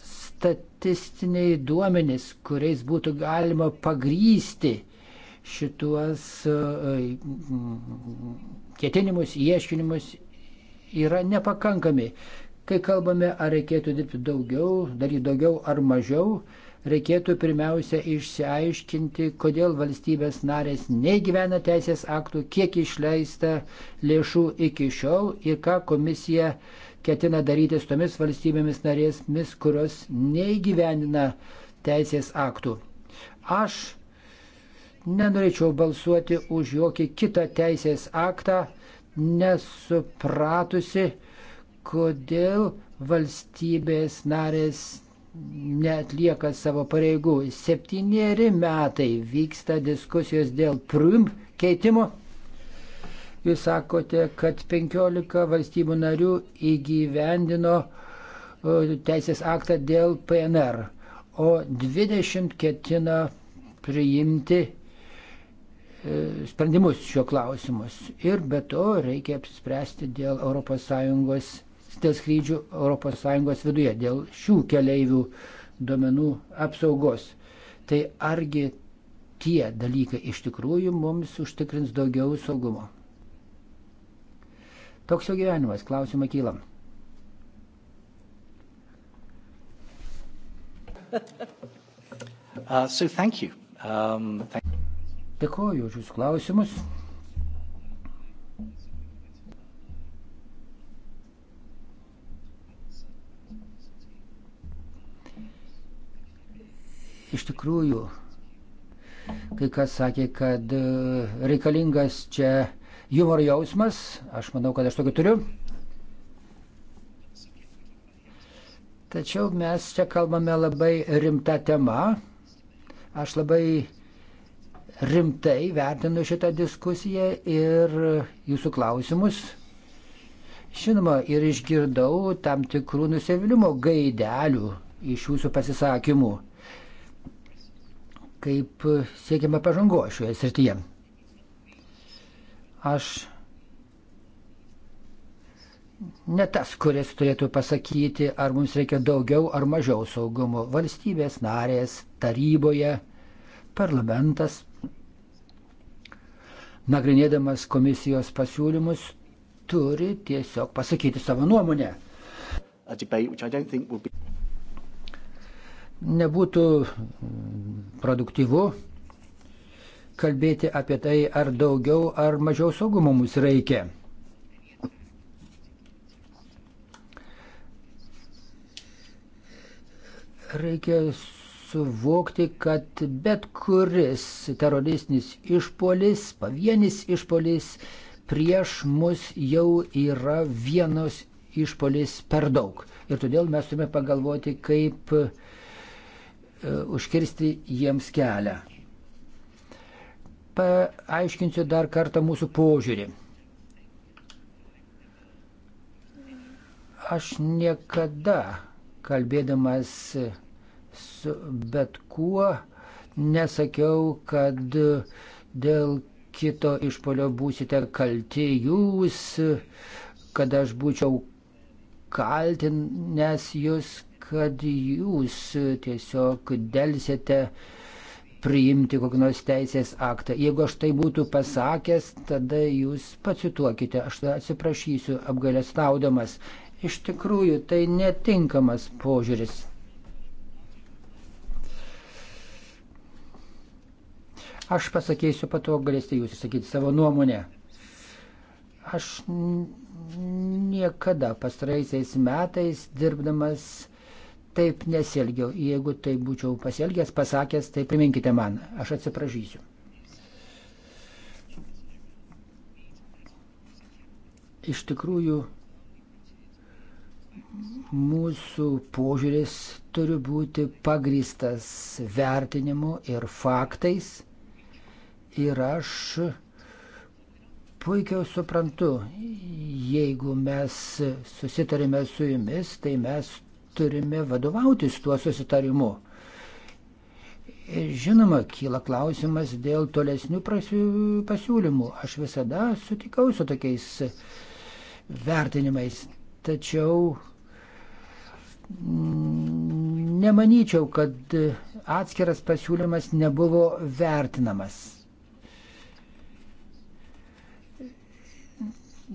S3: statistiniai duomenys, kuriais būtų galima pagrysti šituos e, ketinimus, ieškinimus yra nepakankami. Kai kalbame, ar reikėtų dirbti daugiau, daryti daugiau ar mažiau, reikėtų pirmiausia išsiaiškinti, kodėl valstybės narės neįgyvena teisės aktų, kiek išleista lėšų iki šiol ir ką komisija ketina daryti su tomis valstybėmis narėmis, kurios neįgyvenina teisės aktų. Aš Nenorėčiau balsuoti už jokį kitą teisės aktą, nesupratusi, kodėl valstybės narės netlieka savo pareigų. Septyneri metai vyksta diskusijos dėl prim keitimo. Jūs sakote, kad 15 valstybių narių įgyvendino teisės aktą dėl PNR, o 20 ketina priimti E, sprendimus šio klausimus. Ir be to reikia apsispręsti dėl ES, dėl skrydžių ES viduje, dėl šių keleivių duomenų apsaugos. Tai argi tie dalykai iš tikrųjų mums užtikrins daugiau saugumo? Toks jo gyvenimas, klausimą kylam. Uh, so thank you. Um, thank you. Dėkoju už Jūsų klausimus. Iš tikrųjų, kai kas sakė, kad e, reikalingas čia humoro jausmas, aš manau, kad aš tokį turiu. Tačiau mes čia kalbame labai rimta tema. Aš labai rimtai vertinu šitą diskusiją ir jūsų klausimus. Žinoma, ir išgirdau tam tikrų nusivylimų gaidelių iš jūsų pasisakymų, kaip siekiama pažango šioje srityje. Aš ne tas, kuris turėtų pasakyti, ar mums reikia daugiau ar mažiau saugumo. Valstybės narės, taryboje, parlamentas nagrinėdamas komisijos pasiūlymus, turi tiesiog pasakyti savo nuomonę. Nebūtų mm, produktyvu kalbėti apie tai, ar daugiau ar mažiau saugumo mums reikia. Reikia suvokti, kad bet kuris teroristinis išpolis, pavienis išpolis prieš mus jau yra vienos išpolis per daug. Ir todėl mes turime pagalvoti, kaip e, užkirsti jiems kelią. Paaiškinsiu dar kartą mūsų požiūrį. Aš niekada, kalbėdamas su bet kuo. Nesakiau, kad dėl kito išpolio būsite kalti jūs, kad aš būčiau kaltinęs jūs, kad jūs tiesiog dėlsite priimti kokį nors teisės aktą. Jeigu aš tai būtų pasakęs, tada jūs pacituokite, aš atsiprašysiu apgalėstaudamas. Iš tikrųjų, tai netinkamas požiūris. Aš pasakysiu, pato galėsite jūs išsakyti savo nuomonę. Aš niekada pastaraisiais metais dirbdamas taip nesielgiau. Jeigu tai būčiau pasielgęs, pasakęs, tai priminkite man, aš atsiprašysiu. Iš tikrųjų, mūsų požiūris turi būti pagristas vertinimu ir faktais Ir aš puikiai suprantu, jeigu mes susitarime su jumis, tai mes turime vadovautis tuo susitarimu. Ir žinoma, kyla klausimas dėl tolesnių pasiūlymų. Aš visada sutikau su tokiais vertinimais, tačiau mm, nemanyčiau, kad atskiras pasiūlymas nebuvo vertinamas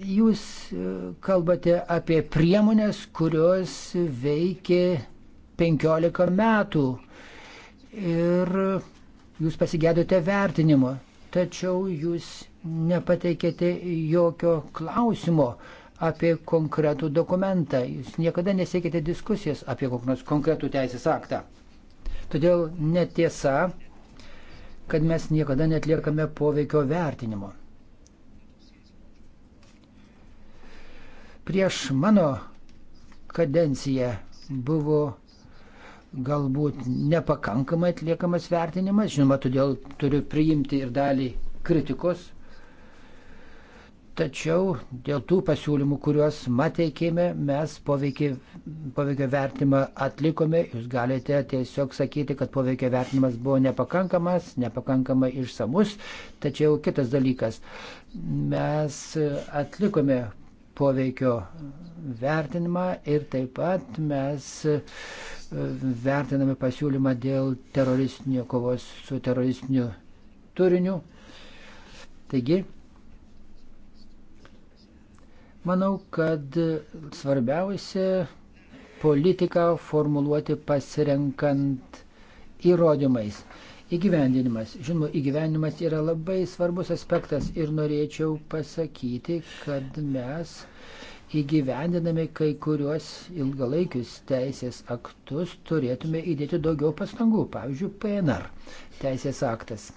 S3: Jūs e, kalbate apie priemonės, kurios veikė 15 metų ir jūs pasigėdote vertinimo, tačiau jūs nepateikėte jokio klausimo apie konkretų dokumentą. Jūs niekada nesiekite diskusijas apie kokį konkretų teisės aktą. Todėl netiesa, kad mes niekada netliekame poveikio vertinimo. Prieš mano kadenciją buvo galbūt nepakankamai atliekamas vertinimas, žinoma, todėl turiu priimti ir dalį kritikos. Tačiau dėl tų pasiūlymų, kuriuos mateikėme, mes poveikį, poveikio vertimą atlikome. Jūs galite tiesiog sakyti, kad poveikio vertinimas buvo nepakankamas, nepakankamai išsamus. Tačiau kitas dalykas, mes atlikome poveikio vertinimą ir taip pat mes e, vertiname pasiūlymą dėl teroristinio kovos su teroristiniu turiniu. Taigi, manau, kad svarbiausia politiką formuluoti pasirenkant įrodymais. Įgyvendinimas. Žinoma, įgyvendinimas yra labai svarbus aspektas ir norėčiau pasakyti, kad mes įgyvendinami kai kuriuos ilgalaikius teisės aktus turėtume įdėti daugiau pastangų. Pavyzdžiui, PNR teisės aktas,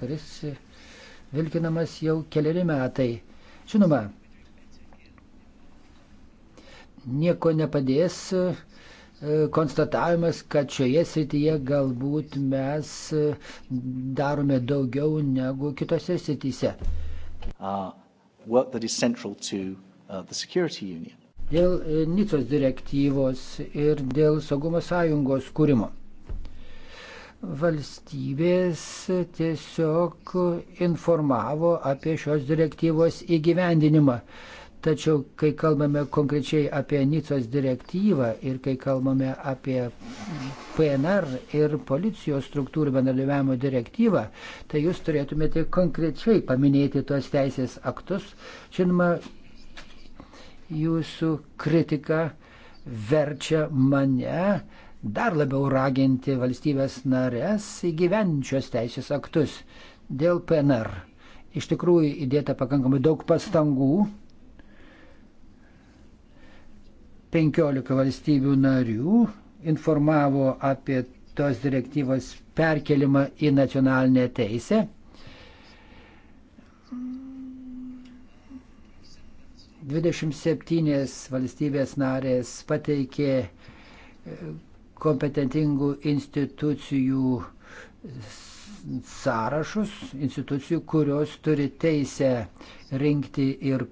S3: kuris vilkinamas jau keliari metai. Žinoma, nieko nepadės konstatavimas, kad šioje srityje galbūt mes e, darome daugiau negu kitose srityse.
S1: Uh, uh,
S3: dėl e, Nicos direktyvos ir dėl saugumo sąjungos kūrimo. Valstybės tiesiog informavo apie šios direktyvos įgyvendinimą. Uh, Tačiau, kai kalbame konkrečiai apie Nicos direktyvą ir kai kalbame apie PNR ir policijos struktūrų bendradarbiavimo direktyvą, tai jūs turėtumėte konkrečiai paminėti tuos teisės aktus. Žinoma, jūsų kritika verčia mane dar labiau raginti valstybės narės įgyvenčios teisės aktus dėl PNR. Iš tikrųjų įdėta pakankamai daug pastangų 15 valstybių narių informavo apie tos direktyvos perkelimą į nacionalinę teisę. Dvidešimt septynės valstybės narės pateikė e, kompetentingų institucijų sąrašus, institucijų, kurios turi teisę rinkti ir,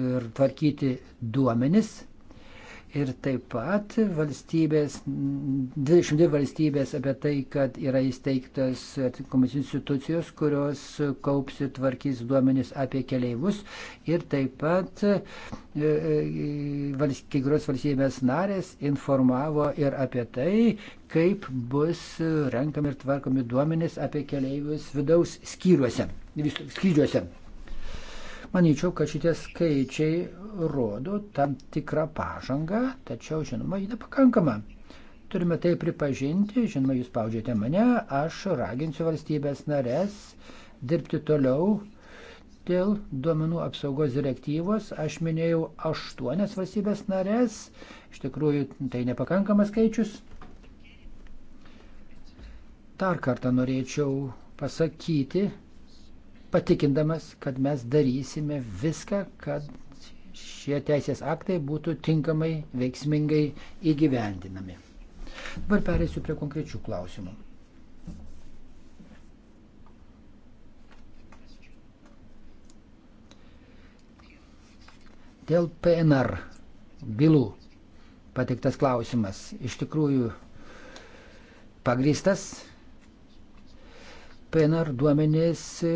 S3: ir tvarkyti duomenis Ir taip pat valstybės, 22 valstybės apie tai, kad yra įsteigtos atitinkamos institucijos, kurios kaups ir tvarkys duomenis apie keliaivus. Ir taip pat e, e, kai kurios valstybės narės informavo ir apie tai, kaip bus renkami ir tvarkomi duomenis apie keliaivius vidaus skyriuose, skrydžiuose. Manyčiau, kad šitie skaičiai rodo tam tikrą pažangą, tačiau, žinoma, ji nepakankama. Turime tai pripažinti, žinoma, jūs paudžiate mane, aš raginsiu valstybės narės dirbti toliau dėl duomenų apsaugos direktyvos. Aš minėjau aštuonias valstybės narės, iš tikrųjų tai nepakankamas skaičius. Dar kartą norėčiau pasakyti, patikindamas, kad mes darysime viską, kad šie teisės aktai būtų tinkamai, veiksmingai įgyvendinami. Dabar pereisiu prie konkrečių klausimų. Dėl PNR bylų pateiktas klausimas iš tikrųjų pagristas PNR duomenys e,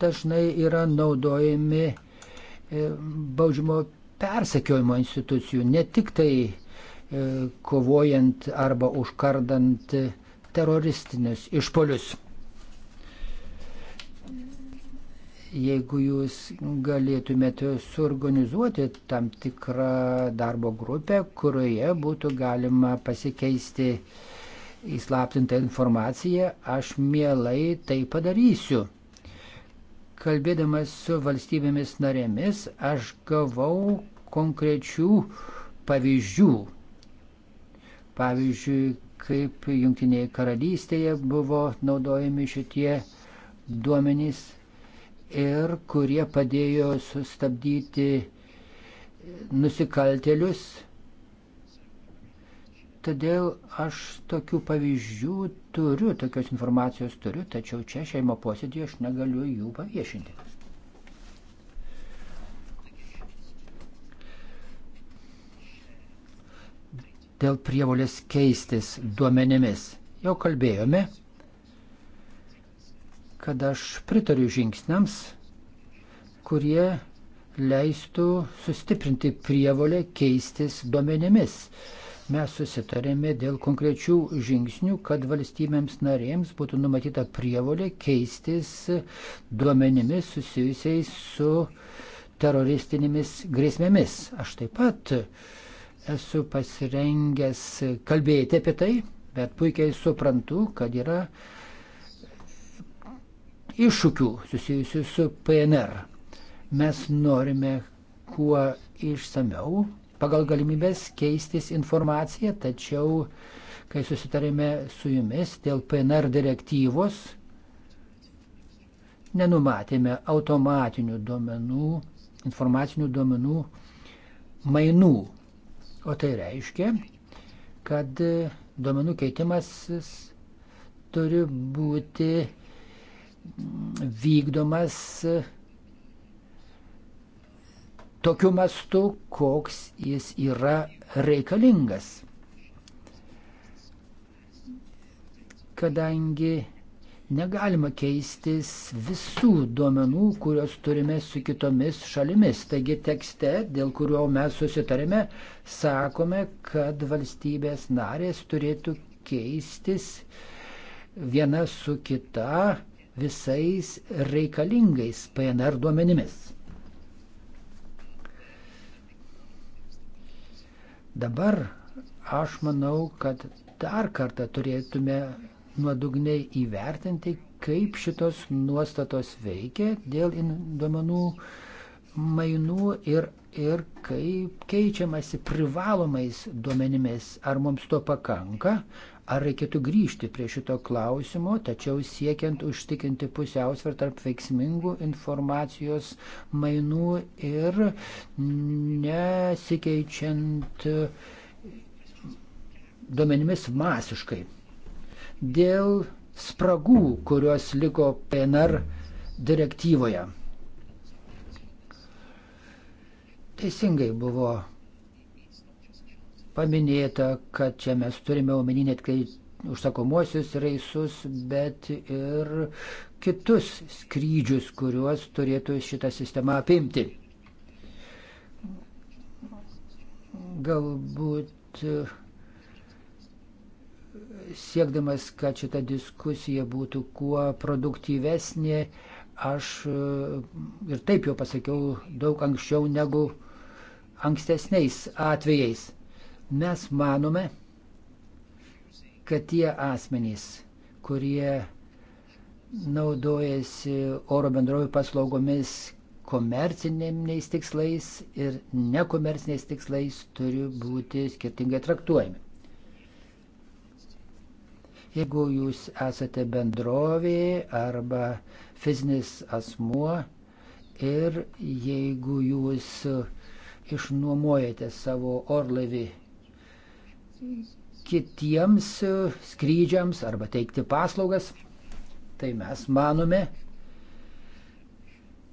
S3: dažnai yra naudojami e, baudžiamo persekiojimo institucijų, ne tik tai e, kovojant arba užkardant teroristinius išpolius. Jeigu jūs galėtumėte suorganizuoti tam tikrą darbo grupę, kurioje būtų galima pasikeisti uh, įslaptintą informaciją, aš mielai tai padarysiu. Kalbėdamas su valstybėmis narėmis, aš gavau konkrečių pavyzdžių. Pavyzdžiui, kaip Junktinėje karalystėje buvo naudojami šitie duomenys ir kurie padėjo sustabdyti nusikaltelius Todėl aš tokių pavyzdžių turiu, tokios informacijos turiu, tačiau čia šeimo posėdėje aš negaliu jų paviešinti. Dėl prievolės keistis duomenėmis jau kalbėjome, kad aš pritariu žingsniams, kurie leistų sustiprinti prievolę keistis duomenėmis mes susitarėme dėl konkrečių žingsnių, kad valstybėms narėms būtų numatyta prievolė keistis duomenimis susijusiais su teroristinėmis grėsmėmis. Aš taip pat esu pasirengęs kalbėti apie tai, bet puikiai suprantu, kad yra iššūkių susijusių su PNR. Mes norime kuo išsameu pagal galimybės keistis informaciją, tačiau kai susitarėme su jumis dėl PNR direktyvos, nenumatėme automatinių duomenų, informacinių duomenų mainų. O tai reiškia, kad duomenų keitimasis turi būti vykdomas tokiu mastu, koks jis yra reikalingas. Kadangi negalima keistis visų duomenų, kuriuos turime su kitomis šalimis. Taigi tekste, dėl kurio mes susitarėme, sakome, kad valstybės narės turėtų keistis viena su kita visais reikalingais PNR duomenimis. Dabar aš manau, kad dar kartą turėtume nuodugniai įvertinti, kaip šitos nuostatos veikia dėl duomenų mainų ir, ir kaip keičiamasi privalomais duomenimis. Ar mums to pakanka, Ar reikėtų grįžti prie šito klausimo, tačiau siekiant užtikrinti pusiausvę tarp veiksmingų informacijos mainų ir nesikeičiant duomenimis masiškai. Dėl spragų, kurios liko PNR direktyvoje. Teisingai buvo paminėta, kad čia mes turime omeny net kai užsakomuosius reisus, bet ir kitus skrydžius, kuriuos turėtų šitą sistemą apimti. Galbūt siekdamas, kad šita diskusija būtų kuo produktyvesnė, aš ir taip jau pasakiau daug anksčiau negu ankstesniais atvejais. Mes manome, kad tie asmenys, kurie naudojasi oro bendrovių paslaugomis komerciniais tikslais ir nekomerciniais tikslais, turi būti skirtingai traktuojami. Jeigu jūs esate bendrovė arba fizinis asmuo ir jeigu jūs išnuomojate savo orlaivį kitiems e, skrydžiams arba teikti paslaugas, tai mes manome,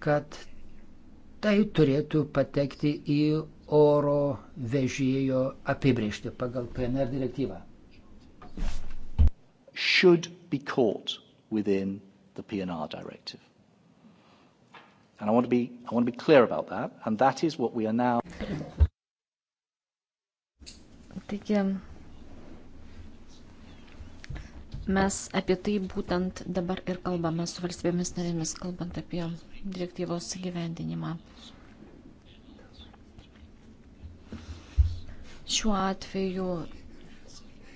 S3: kad tai turėtų patekti į oro vežėjo apibriežti pagal PNR direktyvą. Should be caught within the PNR directive. And I want to be, I
S1: want to be clear about that, and that is what we are now. Taigi mes apie tai būtent dabar ir kalbame su valstybėmis narėmis, kalbant apie direktyvos gyvendinimą. Šiuo atveju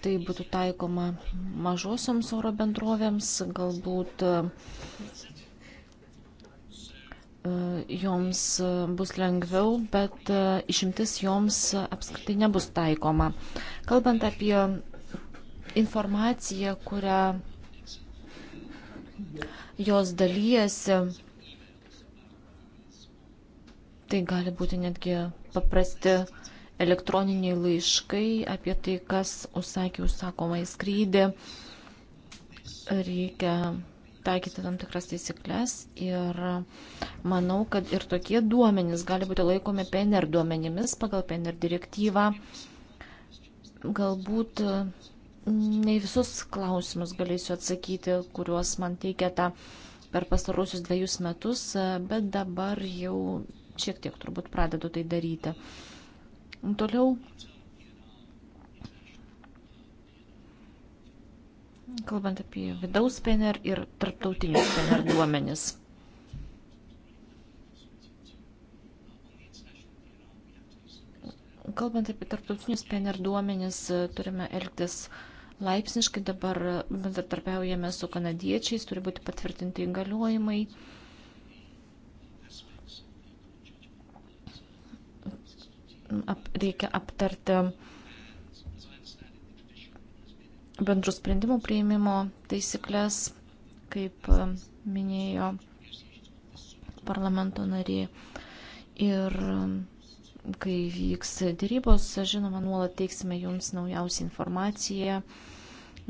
S1: tai būtų taikoma mažosioms oro bendrovėms, galbūt E, joms bus lengviau, bet e, išimtis joms apskritai nebus taikoma. Kalbant apie informaciją, kurią jos dalyjasi, tai gali būti netgi paprasti elektroniniai laiškai apie tai, kas užsakė užsakomą įskrydį. Reikia taikyti tam tikras taisyklės ir manau, kad ir tokie duomenys gali būti laikomi PNR duomenimis pagal PNR direktyvą. Galbūt mm, ne visus klausimus galėsiu atsakyti, kuriuos man teikėte per pastarusius dviejus metus, bet dabar jau šiek tiek turbūt pradedu tai daryti. Toliau kalbant apie vidaus PNR ir tarptautinius PNR duomenis. Kalbant apie tarptautinius PNR duomenis, turime elgtis laipsniškai, dabar bendratarpiaujame su kanadiečiais, turi būti patvirtinti įgaliojimai. Ap, reikia aptarti bendrų sprendimų prieimimo taisyklės, kaip e, minėjo parlamento nariai. Ir e, kai vyks dėrybos, žinoma, nuolat teiksime jums naujausią informaciją,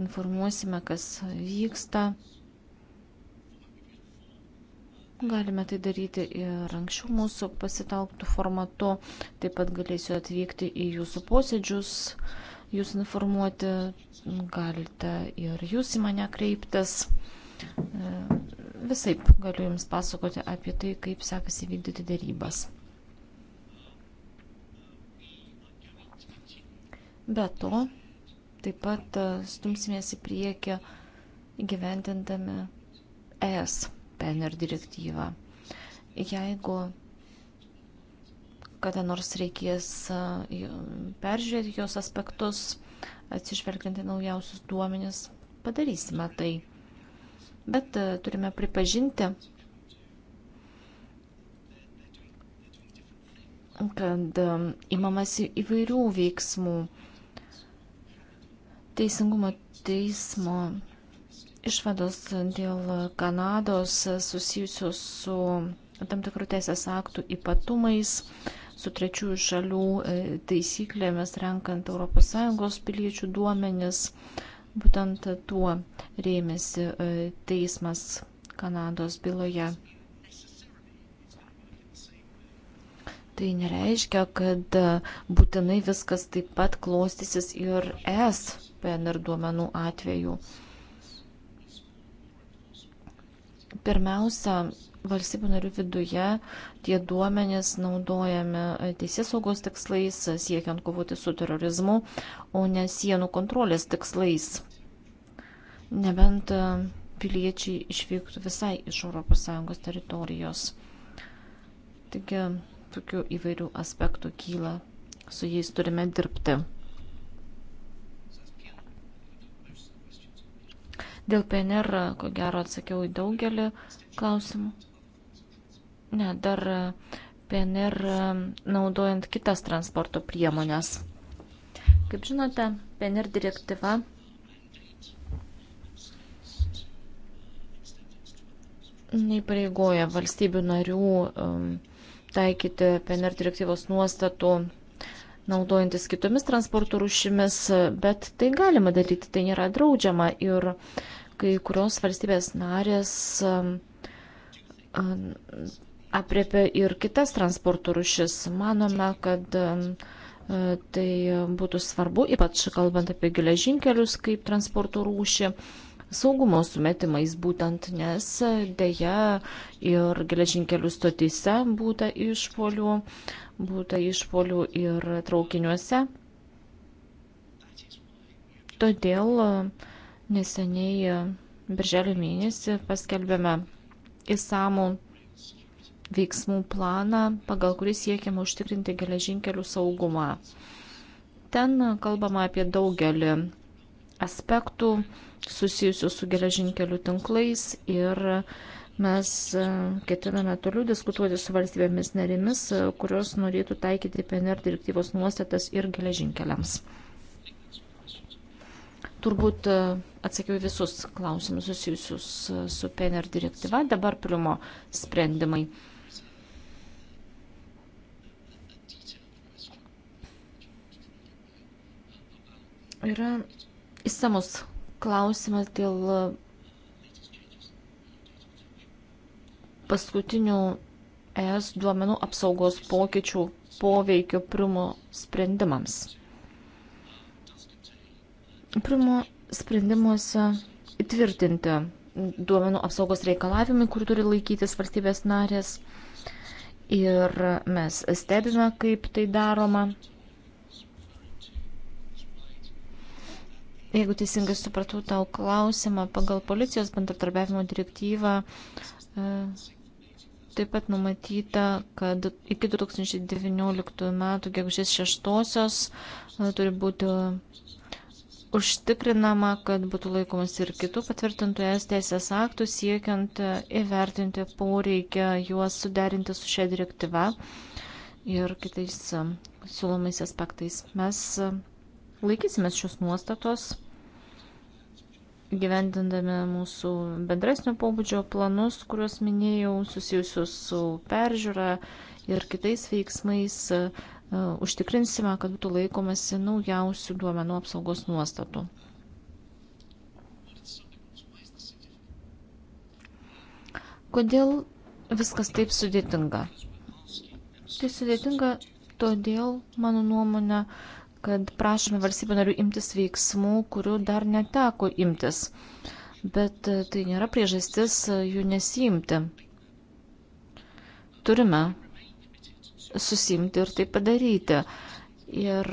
S1: informuosime, kas vyksta. Galime tai daryti ir anksčiau mūsų pasitauktų formatu. Taip pat galėsiu atvykti į jūsų posėdžius jūs informuoti, galite ir jūs į mane kreiptis. E, Visai galiu jums pasakoti apie tai, kaip sekasi vykdyti dėrybas. Be to, taip pat e, stumsimės į priekį įgyvendindami ES PNR direktyvą. Jeigu kada nors reikės peržiūrėti jos aspektus, atsižvelgiant į naujausius duomenis, padarysime tai. Bet turime pripažinti, kad imamasi įvairių veiksmų. Teisingumo teismo išvados dėl Kanados susijusios su tam tikrų teisės aktų ypatumais su trečiųjų šalių e, taisyklėmis renkant ES piliečių duomenis. Būtent tuo rėmėsi e, teismas Kanados byloje. Tai nereiškia, kad e, būtinai viskas taip pat klostysis ir S PNR duomenų atveju. Pirmiausia, Valstybių narių viduje tie duomenys naudojami e, teisės saugos tikslais, e, siekiant kovoti su terorizmu, o ne sienų kontrolės tikslais. Nebent e, piliečiai išvyktų visai iš ES teritorijos. Taigi, tokių įvairių aspektų kyla, su jais turime dirbti. Dėl PNR, ko gero, atsakiau į daugelį klausimų. Ne, dar e, PNR e, naudojant kitas transporto priemonės. Kaip žinote, PNR direktyva neįpareigoja valstybių narių e, taikyti PNR direktyvos nuostatų naudojantis kitomis transporto rušimis, bet tai galima daryti, tai nėra draudžiama ir kai kurios valstybės narės apriepia ir kitas transporto rušis. Manome, kad e, tai būtų svarbu, ypač kalbant apie geležinkelius kaip transporto rūšį saugumo sumetimais būtent, nes dėja ir geležinkelių stotise būta išpolių, būta išpolių ir traukiniuose. Todėl e, neseniai e, birželio mėnesį paskelbėme įsamų veiksmų planą, pagal kurį siekiama užtikrinti geležinkelių saugumą. Ten kalbama apie daugelį aspektų susijusių su geležinkelių tinklais ir mes e, ketiname toliau diskutuoti su valstybėmis narimis, e, kurios norėtų taikyti PNR direktyvos nuostatas ir geležinkeliams. Turbūt e, atsakiau visus klausimus susijusius su PNR direktyva, dabar priumo sprendimai. Yra įsamus klausimas dėl paskutinių ES duomenų apsaugos pokyčių poveikio primo sprendimams. Primo sprendimuose įtvirtinti duomenų apsaugos reikalavimai, kur turi laikytis valstybės narės. Ir mes stebime, kaip tai daroma. Jeigu teisingai supratau tau klausimą, pagal policijos bendradarbiavimo direktyvą e, taip pat numatyta, kad iki 2019 metų gegužės šeštosios e, turi būti užtikrinama, kad būtų laikomas ir kitų patvirtintų es teisės aktų, siekiant e, įvertinti poreikį juos suderinti su šia direktyva ir kitais siūlomais aspektais. Mes laikysimės šios nuostatos gyvendindami mūsų bendresnio pobūdžio planus, kuriuos minėjau, susijusius su peržiūra ir kitais veiksmais, e, užtikrinsime, kad būtų laikomasi naujausių duomenų apsaugos nuostatų. Kodėl viskas taip sudėtinga? Tai sudėtinga todėl, mano nuomonė, kad prašome valstybių narių imtis veiksmų, kurių dar neteko imtis. Bet e, tai nėra priežastis e, jų nesijimti. Turime susimti ir tai padaryti. Ir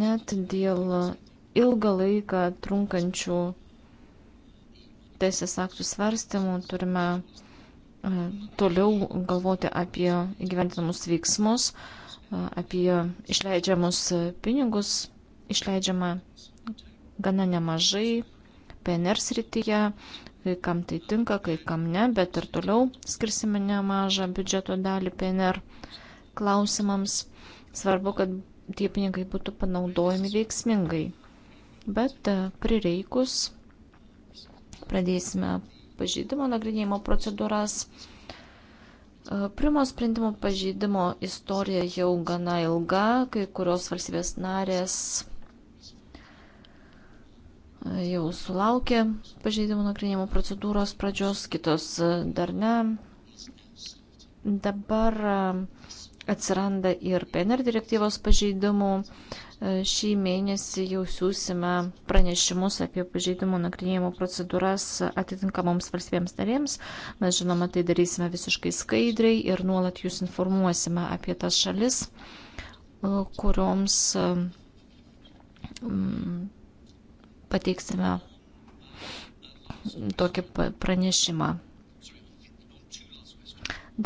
S1: net dėl ilgą laiką trunkančių teisės aktų svarstymų turime E, toliau galvoti apie įgyventinamus veiksmus, e, apie išleidžiamus pinigus, išleidžiama gana nemažai PNR srityje, kai kam tai tinka, kai kam ne, bet ir toliau skirsime nemažą biudžeto dalį PNR klausimams. Svarbu, kad tie pinigai būtų panaudojami veiksmingai. Bet e, prireikus pradėsime pažeidimo nagrinėjimo procedūras. E, Primo sprendimo pažeidimo istorija jau gana ilga, kai kurios valstybės narės e, jau sulaukė pažeidimų nagrinėjimo procedūros pradžios, kitos e, dar ne. Dabar atsiranda ir PNR direktyvos pažeidimų. E, šį mėnesį jau siūsime pranešimus apie pažeidimų nagrinėjimo procedūras atitinkamoms valstybėms narėms. Mes žinoma, tai darysime visiškai skaidriai ir nuolat jūs informuosime apie tas šalis, e, kurioms e, pateiksime tokį pranešimą.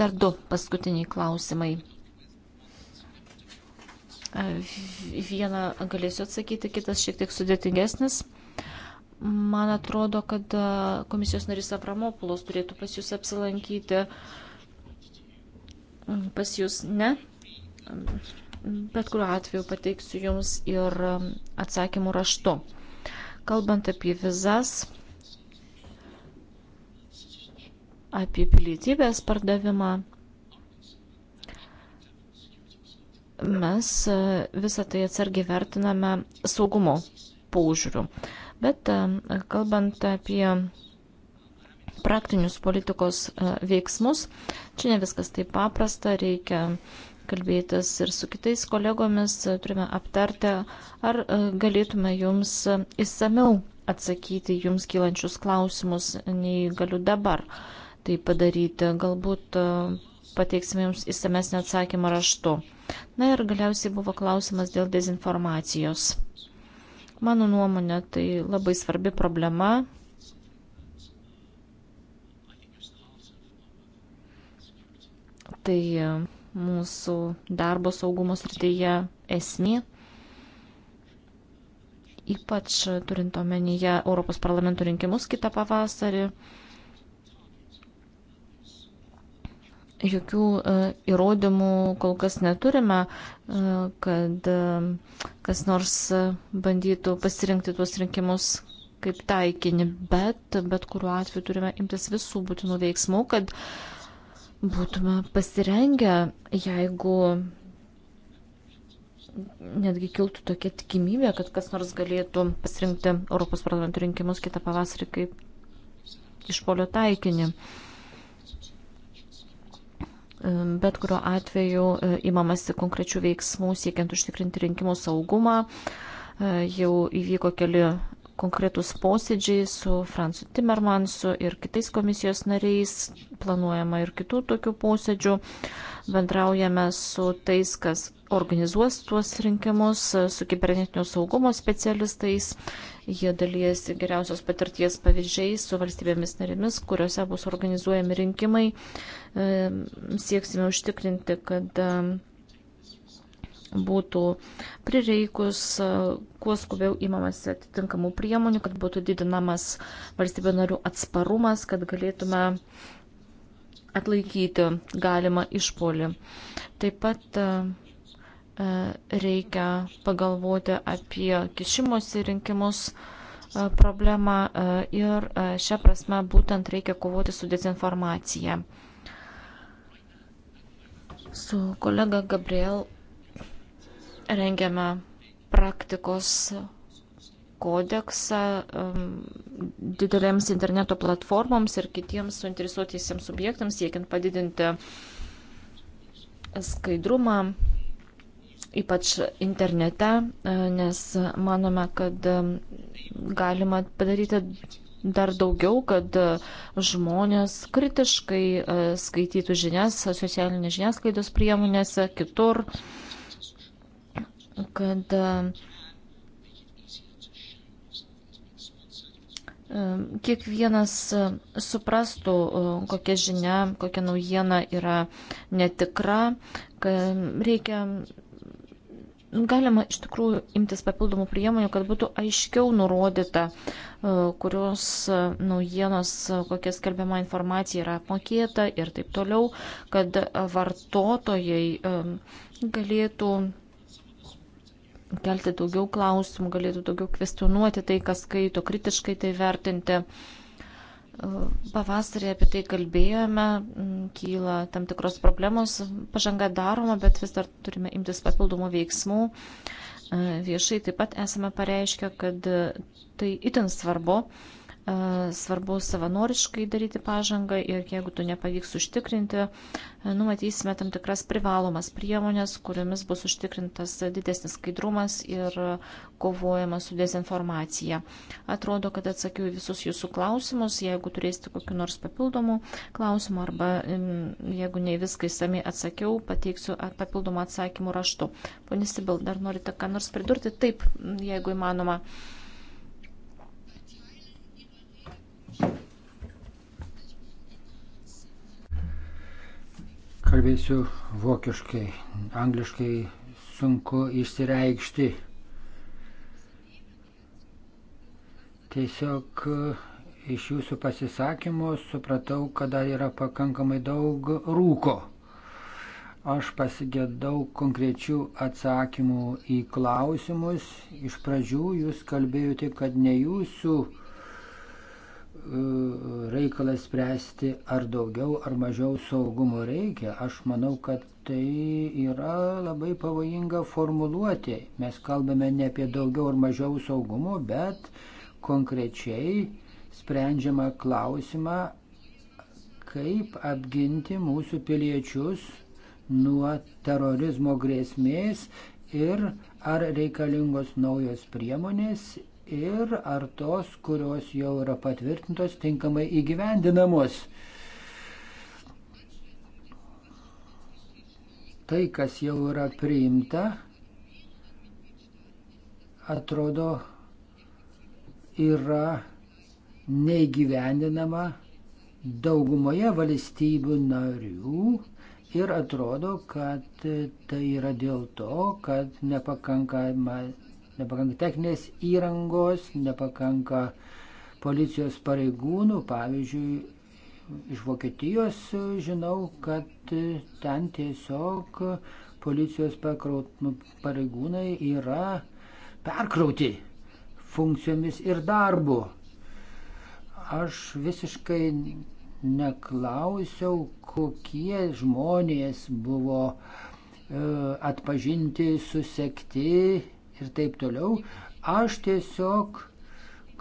S1: Dar du paskutiniai klausimai. Vieną galėsiu atsakyti, kitas šiek tiek sudėtingesnis. Man atrodo, kad komisijos narys Apramopulos turėtų pas jūs apsilankyti. Mm, pas jūs ne. Mm, bet kuriuo atveju pateiksiu jums ir atsakymų raštu. Kalbant apie vizas, apie pilietybės pardavimą, mes e, visą tai atsargiai vertiname saugumo paužiūriu. Bet e, kalbant apie praktinius politikos e, veiksmus, čia ne viskas taip paprasta, reikia kalbėtis ir su kitais kolegomis, turime aptarti, ar galėtume jums įsameu atsakyti jums kylančius klausimus, nei galiu dabar tai padaryti. Galbūt pateiksime jums įsamesnį atsakymą raštu. Na ir galiausiai buvo klausimas dėl dezinformacijos. Mano nuomonė, tai labai svarbi problema. Tai e, mūsų darbo saugumo srityje esmė, ypač turint omenyje Europos parlamento rinkimus kitą pavasarį. jokių e, įrodymų kol kas neturime, e, kad e, kas nors bandytų pasirinkti tuos rinkimus kaip taikinį, bet bet kuriuo atveju turime imtis visų būtinų veiksmų, kad būtume pasirengę, jeigu netgi kiltų tokia tikimybė, kad kas nors galėtų pasirinkti Europos parlamento rinkimus kitą pavasarį kaip išpolio taikinį. Uh, Bet kuriuo atveju įmamasi e, konkrečių veiksmų siekiant užtikrinti rinkimų saugumą. E, jau įvyko keli konkretus posėdžiai su Francu Timmermansu ir kitais komisijos nariais, planuojama ir kitų tokių posėdžių. Bendraujame su tais, kas organizuos tuos rinkimus, su kibernetinio saugumo specialistais. Jie dalyjasi geriausios patirties pavyzdžiais su valstybėmis narėmis, kuriuose bus organizuojami rinkimai. Sieksime užtikrinti, kad būtų prireikus, kuo skubiau įmamasi atitinkamų priemonių, kad būtų didinamas valstybių narių atsparumas, kad galėtume atlaikyti galimą išpolį. Taip pat reikia pagalvoti apie kišimosi rinkimus problemą ir šią prasme būtent reikia kovoti su dezinformacija. Su kolega Gabriel rengiame praktikos kodeksą um, didelėms interneto platformoms ir kitiems suinteresuotiesiems subjektams, siekiant padidinti skaidrumą, ypač internete, e, nes manome, kad um, galima padaryti dar daugiau, kad e, žmonės kritiškai e, skaitytų žinias socialinės žiniasklaidos priemonėse, kitur kad e, e, kiekvienas e, suprastų, kokia žinia, kokia naujiena yra netikra, kad reikia, galima iš tikrųjų imtis papildomų priemonių, kad būtų aiškiau nurodyta, kurios naujienos, kokia skelbiama informacija yra apmokėta ir taip toliau, kad vartotojai galėtų kelti daugiau klausimų, galėtų daugiau kvestionuoti tai, kas skaito, kritiškai tai vertinti. Pavasarį apie tai kalbėjome, kyla tam tikros problemos, pažanga daroma, bet vis dar turime imtis papildomų veiksmų. Viešai taip pat esame pareiškę, kad tai itin svarbu. E, svarbu savanoriškai daryti pažangą ir jeigu to nepavyks užtikrinti, e, numatysime tam tikras privalomas priemonės, kuriomis bus užtikrintas didesnis skaidrumas ir kovojama su dezinformacija. Atrodo, kad atsakiau visus jūsų klausimus. Jeigu turėsite kokiu nors papildomu klausimu arba jeigu ne viską įsami atsakiau, pateiksiu papildomą atsakymų raštu. Pane Sibil, dar norite ką nors pridurti? Taip, jeigu įmanoma. Thank you.
S3: Kalbėsiu vokiškai, angliškai sunku išsireikšti. Tiesiog e, iš jūsų pasisakymų supratau, kad dar yra pakankamai daug rūko. Aš pasigėdau konkrečių atsakymų į klausimus. Iš pradžių jūs kalbėjote, kad ne jūsų uh, reikalas spręsti, ar daugiau ar mažiau saugumo reikia. Aš manau, kad tai yra labai pavojinga formuluoti. Mes kalbame ne apie daugiau ar mažiau saugumo, bet konkrečiai sprendžiama klausimą, kaip apginti mūsų piliečius nuo terorizmo grėsmės ir ar reikalingos naujos priemonės ir ar tos, kurios jau yra patvirtintos, tinkamai įgyvendinamos. Tai, kas jau yra priimta, atrodo yra neįgyvendinama daugumoje valstybių narių ir atrodo, kad tai yra dėl to, kad nepakankama nepakanka techninės įrangos, nepakanka policijos pareigūnų. Pavyzdžiui, iš Vokietijos žinau, kad ten tiesiog policijos pareigūnai yra perkrauti funkcijomis ir darbu. Aš visiškai neklausiau, kokie žmonės buvo e, atpažinti, susekti ir taip toliau. Aš tiesiog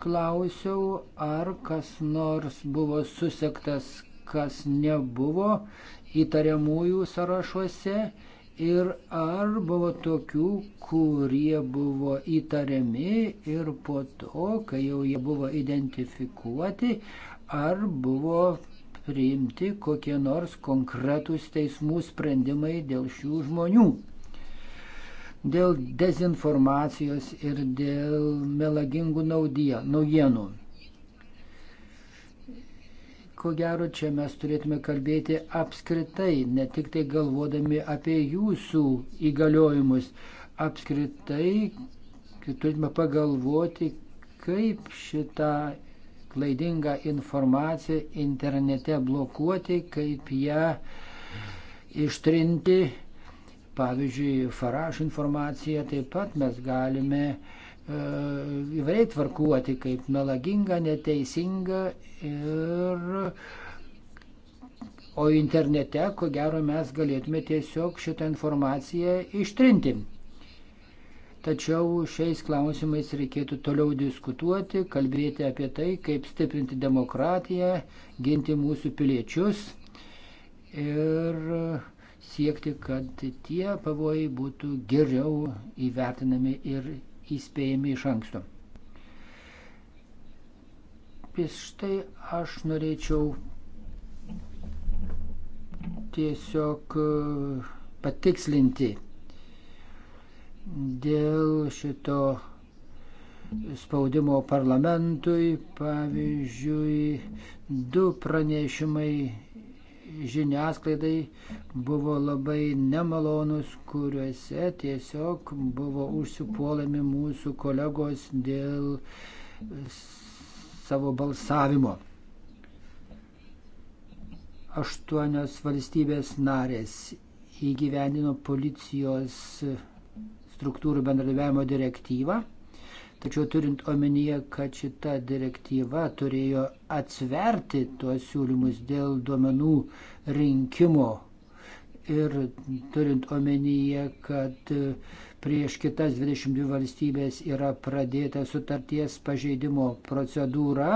S3: klausiau, ar kas nors buvo susektas, kas nebuvo įtariamųjų sąrašuose ir ar buvo tokių, kurie buvo įtariami ir po to, kai jau jie buvo identifikuoti, ar buvo priimti kokie nors konkretūs teismų sprendimai dėl šių žmonių dėl dezinformacijos ir dėl melagingų naujienų. Ko gero, čia mes turėtume kalbėti apskritai, ne tik tai galvodami apie jūsų įgaliojimus. Apskritai, turėtume pagalvoti, kaip šitą klaidingą informaciją internete blokuoti, kaip ją ištrinti Pavyzdžiui, Faraš informaciją taip pat mes galime e, įvairiai tvarkuoti kaip melaginga, neteisinga ir o internete, ko gero, mes galėtume tiesiog šitą informaciją ištrinti. Tačiau šiais klausimais reikėtų toliau diskutuoti, kalbėti apie tai, kaip stiprinti demokratiją, ginti mūsų piliečius ir siekti, kad tie pavojai būtų geriau įvertinami ir įspėjami iš anksto. Prieš tai aš norėčiau tiesiog e, patikslinti dėl šito spaudimo parlamentui, pavyzdžiui, du pranešimai žiniasklaidai buvo labai nemalonus, kuriuose tiesiog buvo užsipuolami mūsų kolegos dėl savo balsavimo. Aštuonios valstybės narės įgyvendino policijos struktūrų bendradarbiavimo direktyvą Tačiau turint omenyje, kad šita direktyva turėjo atsverti tuos siūlymus dėl duomenų rinkimo ir turint omenyje, kad prieš kitas 22 valstybės yra pradėta sutarties pažeidimo procedūra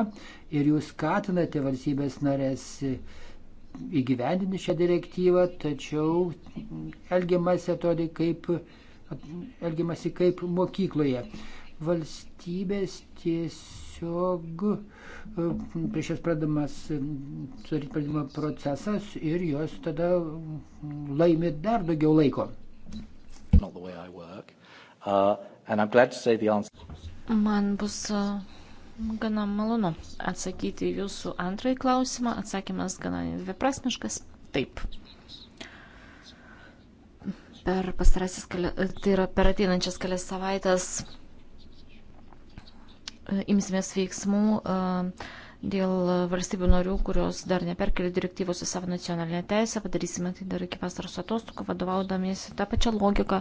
S3: ir jūs skatinate valstybės narės įgyvendinti šią direktyvą, tačiau elgiamasi atrodo kaip, elgiamasi kaip mokykloje valstybės tiesiog e, prieš jas pradamas mm, sudaryti pradimo procesas ir jos tada mm, laimi dar daugiau laiko.
S1: Uh, Man bus e, gana malonu atsakyti jūsų antrąjį klausimą. Atsakymas gana dviprasmiškas. Taip. Per pastarasis, tai yra per ateinančias kelias savaitės E, imsimės veiksmų e, dėl valstybių narių, kurios dar neperkelė direktyvos į savo nacionalinę teisę, padarysime tai dar iki vasaros atostogų, vadovaudamiesi tą pačią logiką,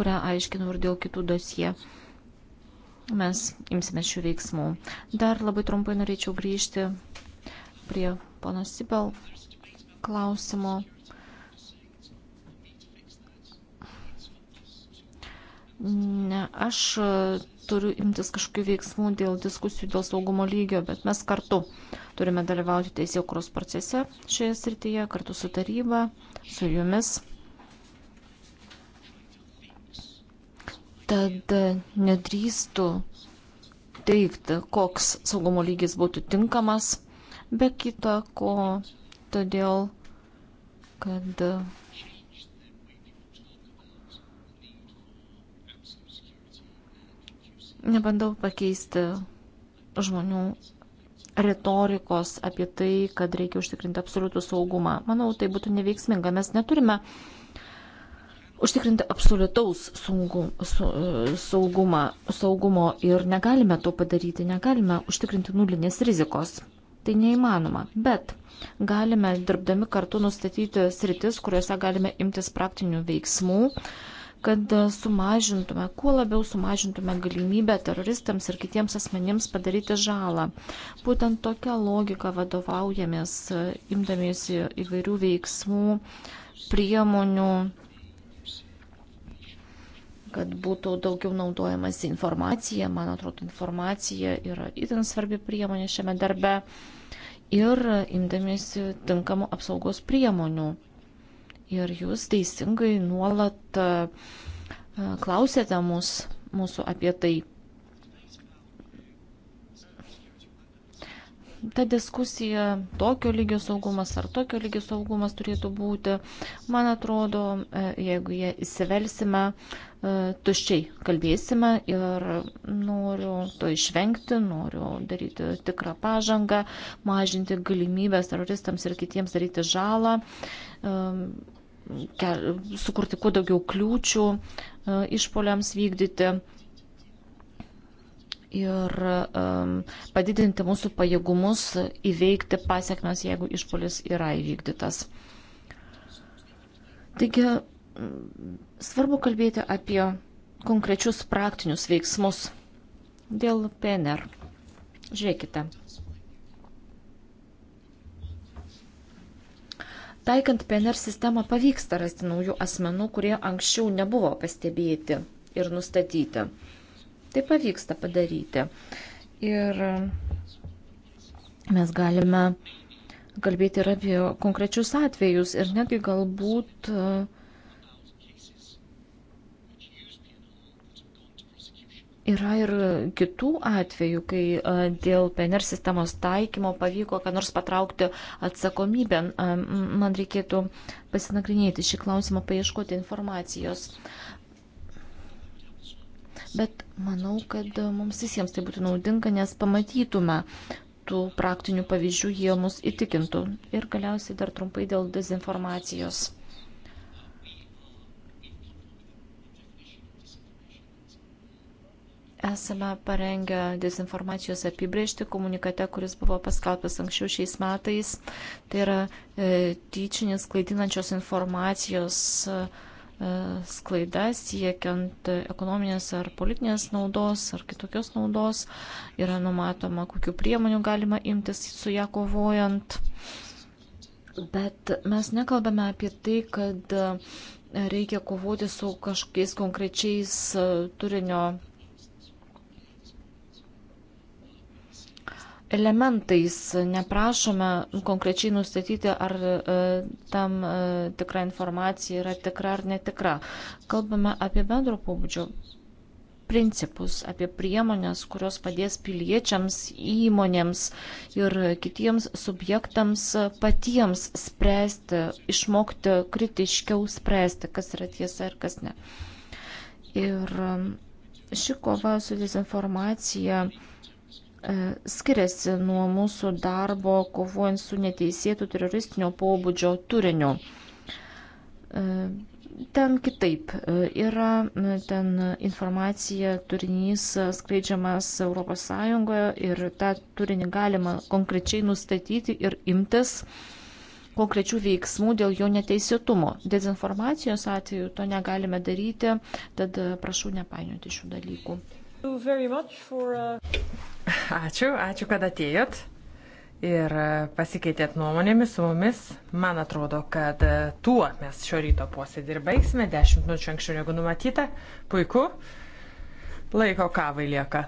S1: kurią aiškinau ir dėl kitų dosie. Mes imsime šių veiksmų. Dar labai trumpai norėčiau grįžti prie pono Sibel klausimo. Ne, aš e, turiu imtis kažkokių veiksmų dėl diskusijų dėl saugumo lygio, bet mes kartu turime dalyvauti teisėkuros procese šioje srityje, kartu su taryba, su jumis. Tad e, nedrįstu teikti, koks saugumo lygis būtų tinkamas, be kita ko, todėl, kad Nebandau pakeisti žmonių retorikos apie tai, kad reikia užtikrinti absoliutų saugumą. Manau, tai būtų neveiksminga. Mes neturime užtikrinti absoliutaus sungu, su, saugumą, saugumo ir negalime to padaryti, negalime užtikrinti nulinės rizikos. Tai neįmanoma. Bet galime dirbdami kartu nustatyti sritis, kuriuose galime imtis praktinių veiksmų, kad e, sumažintume, kuo labiau sumažintume galimybę teroristams ir kitiems asmenims padaryti žalą. Būtent tokia logika vadovaujamės, e, imdamiesi įvairių veiksmų, priemonių kad būtų daugiau naudojamas informacija. Man atrodo, informacija yra itin svarbi priemonė šiame darbe ir e, imdamiesi tinkamų apsaugos priemonių. Ir jūs teisingai nuolat e, klausėte mus, mūsų apie tai. Ta diskusija, tokio lygio saugumas ar tokio lygio saugumas turėtų būti, man atrodo, e, jeigu jie įsivelsime, e, tuščiai kalbėsime ir noriu to išvengti, noriu daryti tikrą pažangą, mažinti galimybės teroristams ir kitiems daryti žalą sukurti kuo daugiau kliūčių e, išpoliams vykdyti ir e, padidinti mūsų pajėgumus įveikti pasiekmes, jeigu išpolis yra įvykdytas. Taigi svarbu kalbėti apie konkrečius praktinius veiksmus dėl PNR. Žiūrėkite, Taikant PNR sistemą pavyksta rasti naujų asmenų, kurie anksčiau nebuvo pastebėti ir nustatyti. Tai pavyksta padaryti. Ir mes galime kalbėti ir apie konkrečius atvejus ir netgi galbūt uh, Yra ir kitų atvejų, kai dėl PNR sistemos taikymo pavyko, kad nors patraukti atsakomybę. Man reikėtų pasinagrinėti šį klausimą, paieškoti informacijos. Bet manau, kad mums visiems tai būtų naudinga, nes pamatytume tų praktinių pavyzdžių, jie mus įtikintų. Ir galiausiai dar trumpai dėl dezinformacijos. Esame parengę dezinformacijos apibrėžti komunikate, kuris buvo paskelbtas anksčiau šiais metais. Tai yra e, tyčinis klaidinančios informacijos e, sklaida siekiant ekonominės ar politinės naudos ar kitokios naudos. Yra numatoma, kokiu priemonių galima imtis su ją kovojant. Bet mes nekalbame apie tai, kad e, reikia kovoti su kažkokiais konkrečiais e, turinio elementais, neprašome konkrečiai nustatyti, ar e, tam e, tikra informacija yra tikra ar netikra. Kalbame apie bendro pobūdžio principus, apie priemonės, kurios padės piliečiams, įmonėms ir kitiems subjektams patiems spręsti, išmokti kritiškiau spręsti, kas yra tiesa ir kas ne. Ir e, ši kova su dezinformacija E, skiriasi nuo mūsų darbo kovojant su neteisėtų teroristinio pobūdžio turiniu. E, ten kitaip e, yra, ten informacija, turinys skleidžiamas ES ir tą turinį galima konkrečiai nustatyti ir imtis konkrečių veiksmų dėl jo neteisėtumo. Dezinformacijos atveju to negalime daryti, tad prašau
S2: nepainioti šių dalykų. For, uh... Ačiū, ačiū, kad atėjot ir uh, pasikeitėt nuomonėmis su mumis. Man atrodo, kad uh, tuo mes šio ryto posėdį ir baigsime, 10 minučių anksčiau negu numatyta. Puiku, laiko kavai lieka.